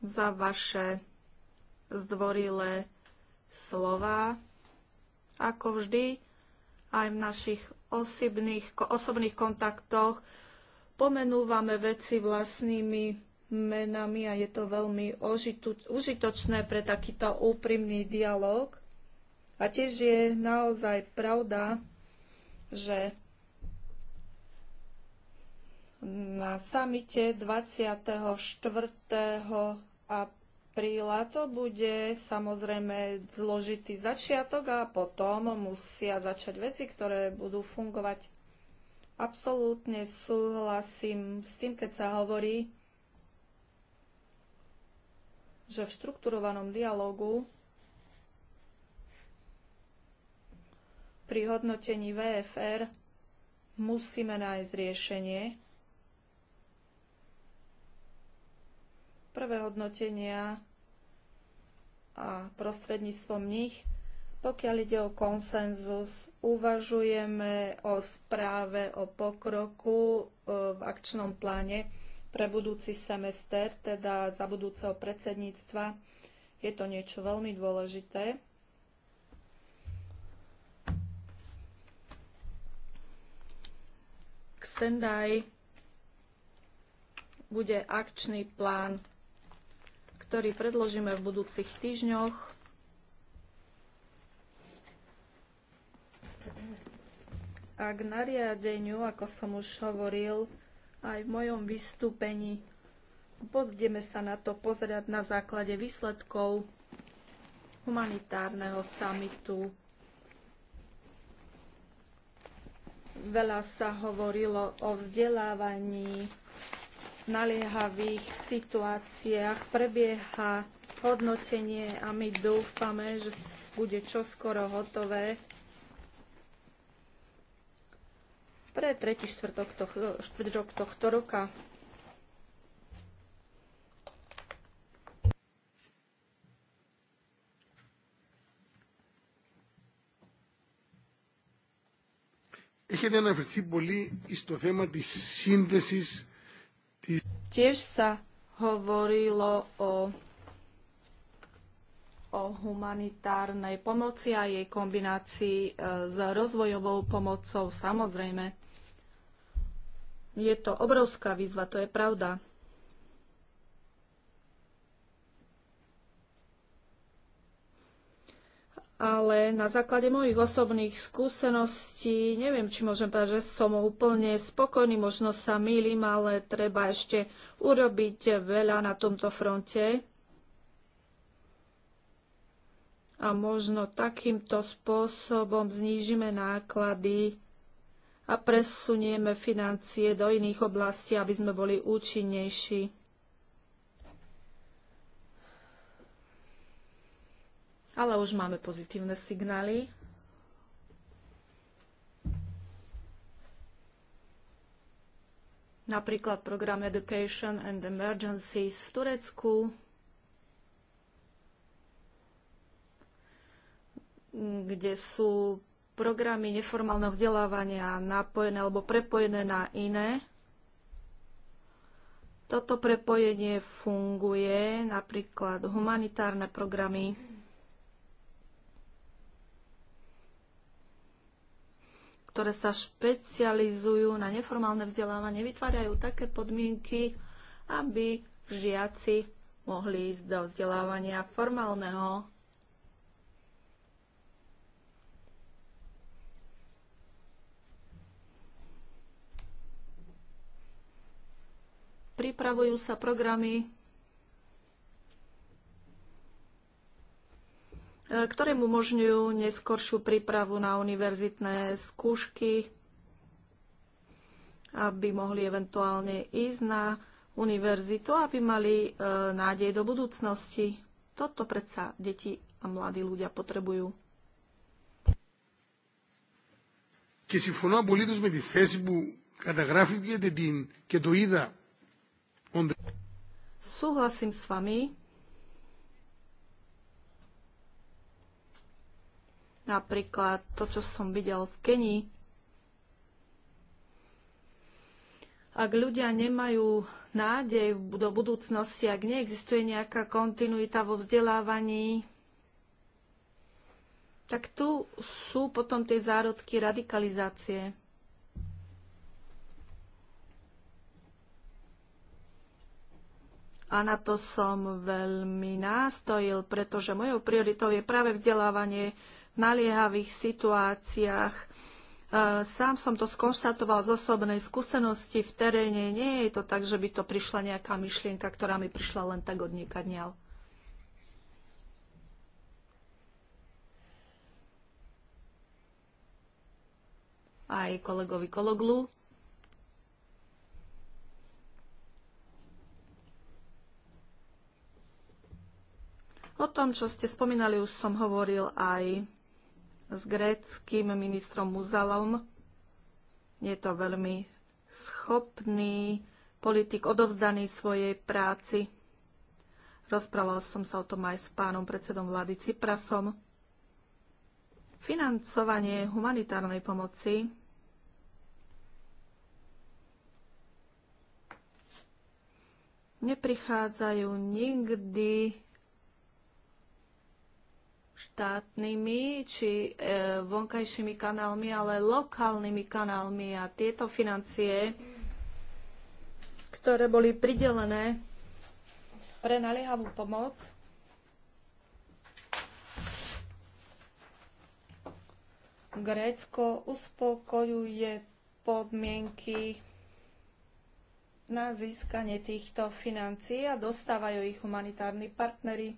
za vaše zdvorilé slova. Ako vždy, aj v našich osobných, osobných kontaktoch pomenúvame veci vlastnými menami a je to veľmi užitočné pre takýto úprimný dialog. A tiež je naozaj pravda, že na samite 24 apríla. To bude samozrejme zložitý začiatok a potom musia začať veci, ktoré budú fungovať. Absolútne súhlasím s tým, keď sa hovorí, že v štrukturovanom dialogu pri hodnotení VFR musíme nájsť riešenie, prvé hodnotenia a prostredníctvom nich. Pokiaľ ide o konsenzus, uvažujeme o správe o pokroku e, v akčnom pláne pre budúci semester, teda za budúceho predsedníctva. Je to niečo veľmi dôležité. K Sendai bude akčný plán ktorý predložíme v budúcich týždňoch. A k nariadeniu, ako som už hovoril aj v mojom vystúpení, pozrieme sa na to pozerať na základe výsledkov humanitárneho samitu. Veľa sa hovorilo o vzdelávaní naliehavých situáciách prebieha hodnotenie a my dúfame, že bude čoskoro hotové. Pre tretí štvrtok, tohto, tohto roka. Έχετε αναφερθεί πολύ στο θέμα της σύνδεσης Tiež sa hovorilo o, o humanitárnej pomoci a jej kombinácii e, s rozvojovou pomocou. Samozrejme, je to obrovská výzva, to je pravda. ale na základe mojich osobných skúseností, neviem, či môžem povedať, že som úplne spokojný, možno sa mýlim, ale treba ešte urobiť veľa na tomto fronte. A možno takýmto spôsobom znížime náklady a presunieme financie do iných oblastí, aby sme boli účinnejší. ale už máme pozitívne signály. Napríklad program Education and Emergencies v Turecku. kde sú programy neformálneho vzdelávania napojené alebo prepojené na iné. Toto prepojenie funguje, napríklad humanitárne programy. ktoré sa špecializujú na neformálne vzdelávanie, vytvárajú také podmienky, aby žiaci mohli ísť do vzdelávania formálneho. Pripravujú sa programy E, ktoré mu umožňujú neskoršiu prípravu na univerzitné skúšky, aby mohli eventuálne ísť na univerzitu, aby mali e, nádej do budúcnosti. Toto predsa deti a mladí ľudia potrebujú. Και συμφωνώ απολύτως με τη θέση που καταγράφηκε και το είδα. Súhlasím s vami, Napríklad to, čo som videl v Kenii. Ak ľudia nemajú nádej do budúcnosti, ak neexistuje nejaká kontinuita vo vzdelávaní, tak tu sú potom tie zárodky radikalizácie. A na to som veľmi nástojil, pretože mojou prioritou je práve vzdelávanie naliehavých situáciách. E, sám som to skonštatoval z osobnej skúsenosti v teréne. Nie je to tak, že by to prišla nejaká myšlienka, ktorá mi prišla len tak od niekadňal. Aj kolegovi Kologlu. O tom, čo ste spomínali, už som hovoril aj s gréckým ministrom Muzalom. Je to veľmi schopný politik, odovzdaný svojej práci. Rozprával som sa o tom aj s pánom predsedom vlády Ciprasom. Financovanie humanitárnej pomoci neprichádzajú nikdy štátnymi či e, vonkajšími kanálmi, ale lokálnymi kanálmi a tieto financie, ktoré boli pridelené pre naliehavú pomoc, Grécko uspokojuje podmienky na získanie týchto financií a dostávajú ich humanitárni partnery.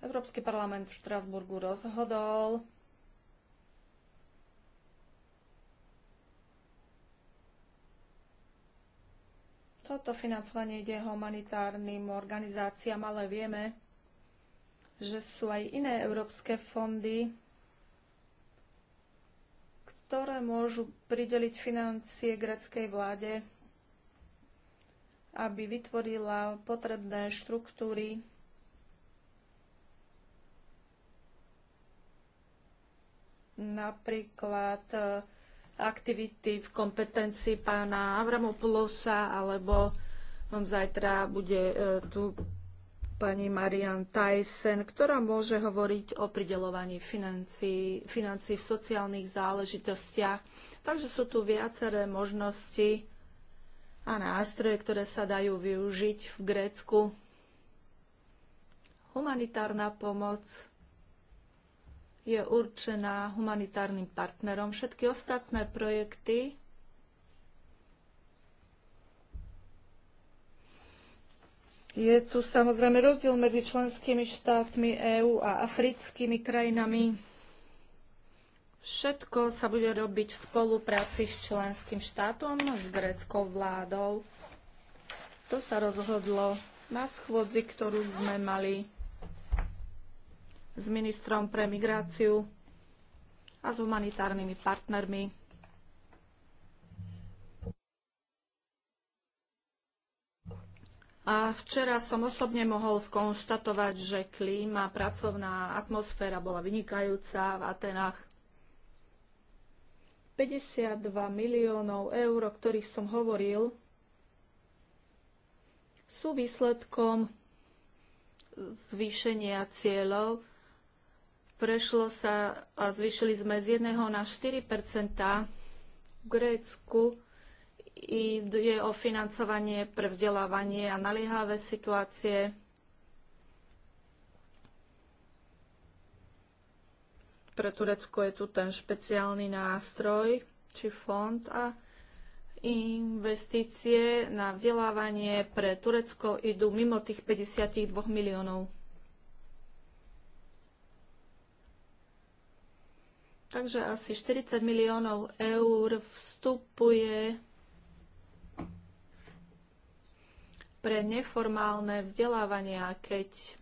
Európsky parlament v Štrasburgu rozhodol, toto financovanie ide humanitárnym organizáciám, ale vieme, že sú aj iné európske fondy, ktoré môžu prideliť financie greckej vláde, aby vytvorila potrebné štruktúry napríklad e, aktivity v kompetencii pána Avramopulosa, alebo e, zajtra bude e, tu pani Marian Tyson, ktorá môže hovoriť o pridelovaní financí, financií v sociálnych záležitostiach. Takže sú tu viaceré možnosti a nástroje, ktoré sa dajú využiť v Grécku. Humanitárna pomoc je určená humanitárnym partnerom. Všetky ostatné projekty Je tu samozrejme rozdiel medzi členskými štátmi EÚ a africkými krajinami. Všetko sa bude robiť v spolupráci s členským štátom, s greckou vládou. To sa rozhodlo na schôdzi, ktorú sme mali s ministrom pre migráciu a s humanitárnymi partnermi. A včera som osobne mohol skonštatovať, že klíma, pracovná atmosféra bola vynikajúca v Atenách. 52 miliónov eur, o ktorých som hovoril, sú výsledkom zvýšenia cieľov Prešlo sa a zvyšili sme z 1 na 4 V Grécku ide o financovanie pre vzdelávanie a naliehavé situácie. Pre Turecko je tu ten špeciálny nástroj či fond a investície na vzdelávanie pre Turecko idú mimo tých 52 miliónov. Takže asi 40 miliónov eur vstupuje pre neformálne vzdelávanie keď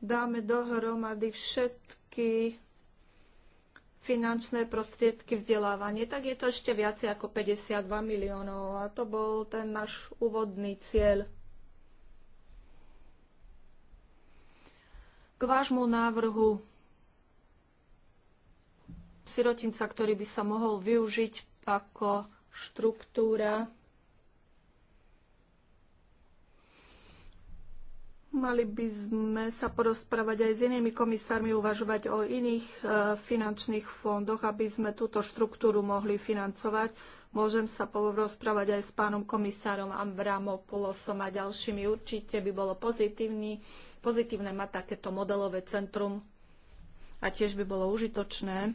dáme dohromady všetky finančné prostriedky vzdelávanie, tak je to ešte viacej ako 52 miliónov a to bol ten náš úvodný cieľ. K vášmu návrhu sirotinca, ktorý by sa mohol využiť ako štruktúra. Mali by sme sa porozprávať aj s inými komisármi, uvažovať o iných e, finančných fondoch, aby sme túto štruktúru mohli financovať. Môžem sa porozprávať aj s pánom komisárom Ambramopoulosom a ďalšími. Určite by bolo pozitívny, pozitívne mať takéto modelové centrum a tiež by bolo užitočné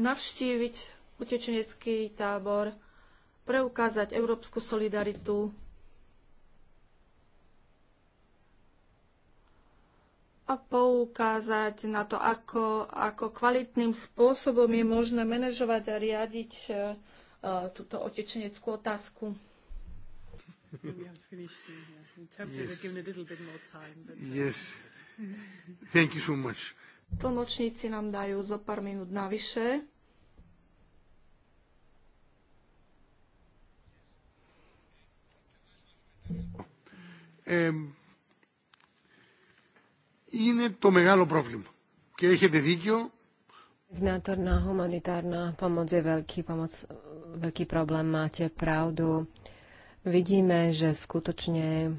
navštíviť utečenecký tábor, preukázať európsku solidaritu a poukázať na to, ako, ako kvalitným spôsobom je možné manažovať a riadiť e, e túto otečeneckú otázku. yes. yes. Thank you so much. Tlmočníci nám dajú zo pár minút navyše. Είναι το μεγάλο πρόβλημα. Και έχετε δίκιο. Znátorná humanitárna pomoc je veľký, pomoc, veľký problém, máte pravdu. Vidíme, že skutočne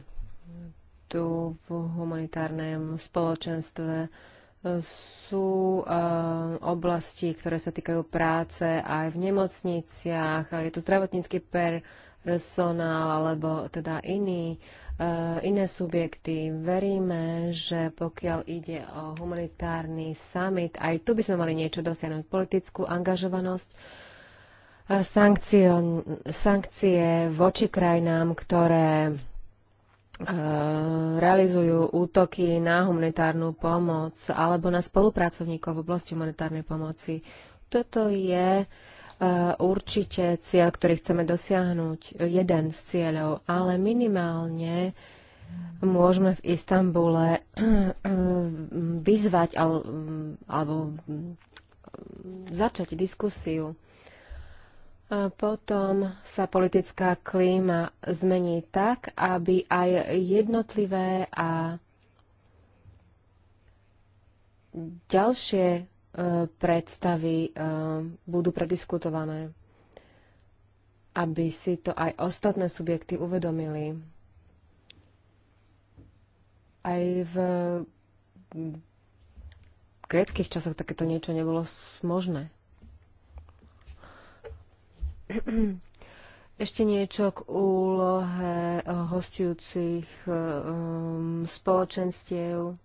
tu v humanitárnom spoločenstve sú e, oblasti, ktoré sa týkajú práce aj v nemocniciach, je to zdravotnícky personál alebo teda iný, e, iné subjekty. Veríme, že pokiaľ ide o humanitárny summit, aj tu by sme mali niečo dosiahnuť. Politickú angažovanosť, sankcie voči krajinám, ktoré Eh, realizujú útoky na humanitárnu pomoc alebo na spolupracovníkov v oblasti humanitárnej pomoci. Toto je eh, určite cieľ, ktorý chceme dosiahnuť, jeden z cieľov, ale minimálne môžeme v Istambule eh, vyzvať alebo mm, začať diskusiu potom sa politická klíma zmení tak, aby aj jednotlivé a ďalšie e, predstavy e, budú prediskutované, aby si to aj ostatné subjekty uvedomili. Aj v krátkých časoch takéto niečo nebolo možné. Ešte niečo k úlohe eh, hostujúcich um, spoločenstiev.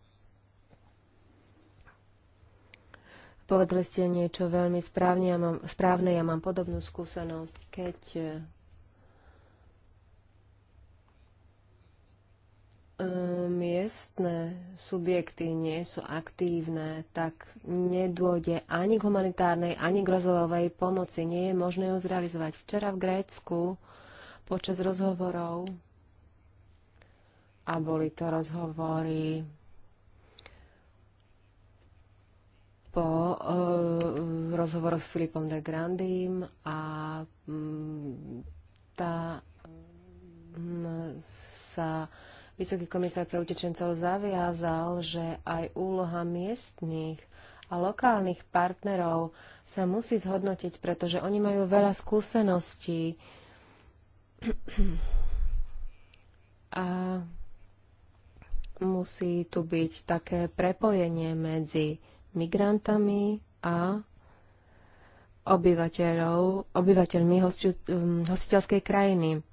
Povedali ste niečo veľmi správne, ja mám, správne, ja mám podobnú skúsenosť, keď eh, miestne subjekty nie sú aktívne, tak nedôjde ani k humanitárnej, ani k rozvojovej pomoci. Nie je možné ju zrealizovať. Včera v Grécku počas rozhovorov, a boli to rozhovory po uh, rozhovoroch s Filipom de Grandim a um, mm, tá um, mm, sa Vysoký komisár pre utečencov zaviazal, že aj úloha miestných a lokálnych partnerov sa musí zhodnotiť, pretože oni majú veľa skúseností a musí tu byť také prepojenie medzi migrantami a obyvateľov, obyvateľmi hostiteľskej krajiny.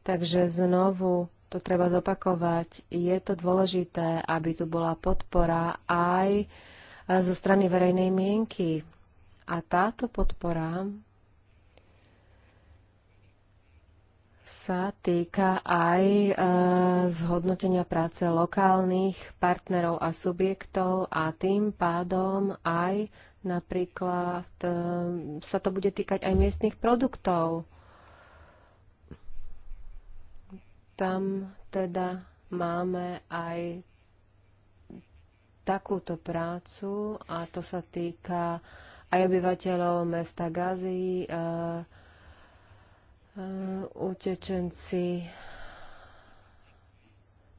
Takže znovu to treba zopakovať. Je to dôležité, aby tu bola podpora aj zo strany verejnej mienky. A táto podpora sa týka aj e, zhodnotenia práce lokálnych partnerov a subjektov a tým pádom aj napríklad e, sa to bude týkať aj miestnych produktov. tam teda máme aj takúto prácu a to sa týka aj obyvateľov mesta Gazy, eh, eh, utečenci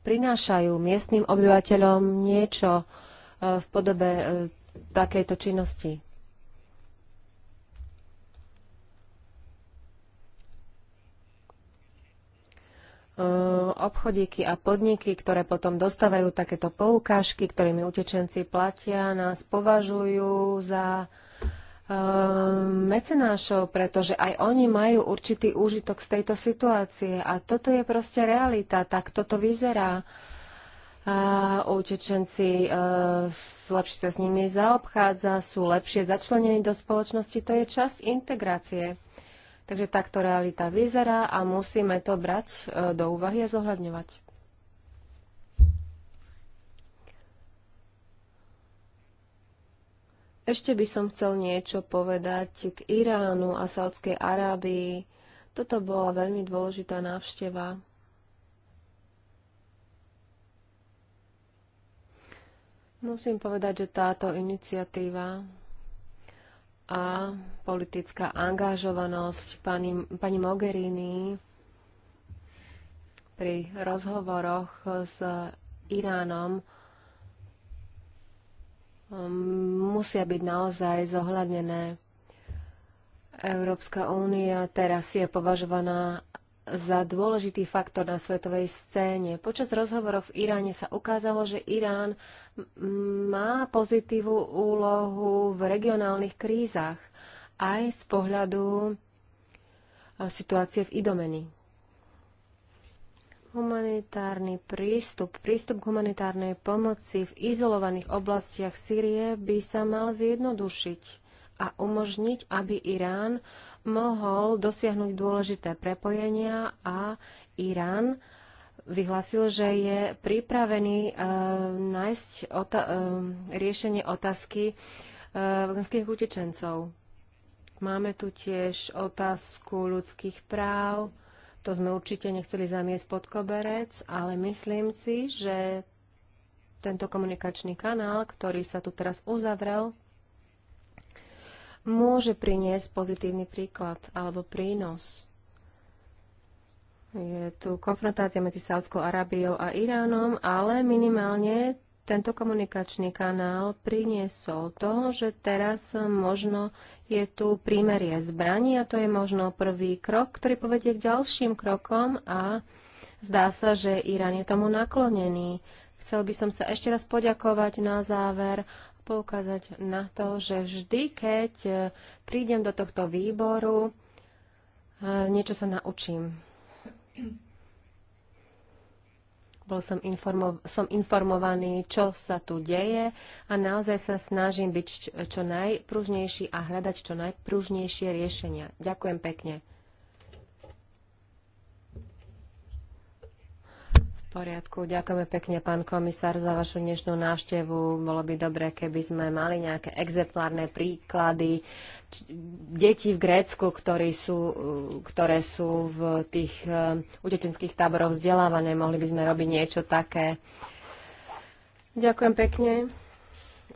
prinášajú miestnym obyvateľom niečo eh, v podobe takejto činnosti. Eh, obchodíky a podniky, ktoré potom dostávajú takéto poukážky, ktorými utečenci platia, nás považujú za eh, mecenášov, pretože aj oni majú určitý úžitok z tejto situácie. A toto je proste realita, tak toto vyzerá. A utečenci, eh, lepšie sa s nimi zaobchádza, sú lepšie začlenení do spoločnosti, to je časť integrácie. Takže takto realita vyzerá a musíme to brať e, do úvahy a zohľadňovať. Ešte by som chcel niečo povedať k Iránu a Saudskej Arábii. Toto bola veľmi dôležitá návšteva. Musím povedať, že táto iniciatíva a politická angažovanosť pani, pani Mogherini pri rozhovoroch s Iránom um, musia byť naozaj zohľadnené. Európska únia teraz je považovaná za dôležitý faktor na svetovej scéne. Počas rozhovorov v Iráne sa ukázalo, že Irán má pozitívnu úlohu v regionálnych krízach aj z pohľadu situácie v Idomeni. Humanitárny prístup, prístup k humanitárnej pomoci v izolovaných oblastiach Sýrie by sa mal zjednodušiť a umožniť, aby Irán mohol dosiahnuť dôležité prepojenia a Irán vyhlásil, že je pripravený e, nájsť ota, e, riešenie otázky eh, vlenských utečencov. Máme tu tiež otázku ľudských práv. To sme určite nechceli zamiesť pod koberec, ale myslím si, že tento komunikačný kanál, ktorý sa tu teraz uzavrel, môže priniesť pozitívny príklad alebo prínos. Je tu konfrontácia medzi Sáudskou Arábiou a Iránom, ale minimálne tento komunikačný kanál priniesol to, že teraz možno je tu prímerie zbraní a to je možno prvý krok, ktorý povedie k ďalším krokom a zdá sa, že Irán je tomu naklonený. Chcel by som sa ešte raz poďakovať na záver poukázať na to, že vždy, keď e, prídem do tohto výboru, e, niečo sa naučím. Bol som, informo- som informovaný, čo sa tu deje a naozaj sa snažím byť čo najpružnejší a hľadať čo najpružnejšie riešenia. Ďakujem pekne. poriadku. Ďakujeme pekne, pán komisár, za vašu dnešnú návštevu. Bolo by dobre, keby sme mali nejaké exemplárne príklady detí v Grécku, ktorí sú, ktoré sú v tých e, utečenských táboroch vzdelávané. Mohli by sme robiť niečo také. Ďakujem pekne.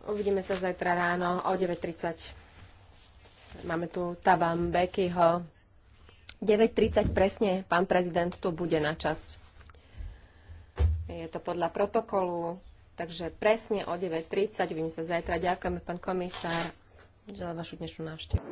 Uvidíme sa zajtra ráno o 9.30. Máme tu Tabam Bekyho. 9.30 presne, pán prezident tu bude na čas. Je to podľa protokolu, takže presne o 9.30 vidím sa zajtra. Ďakujeme, pán komisár, za vašu dnešnú návštevu.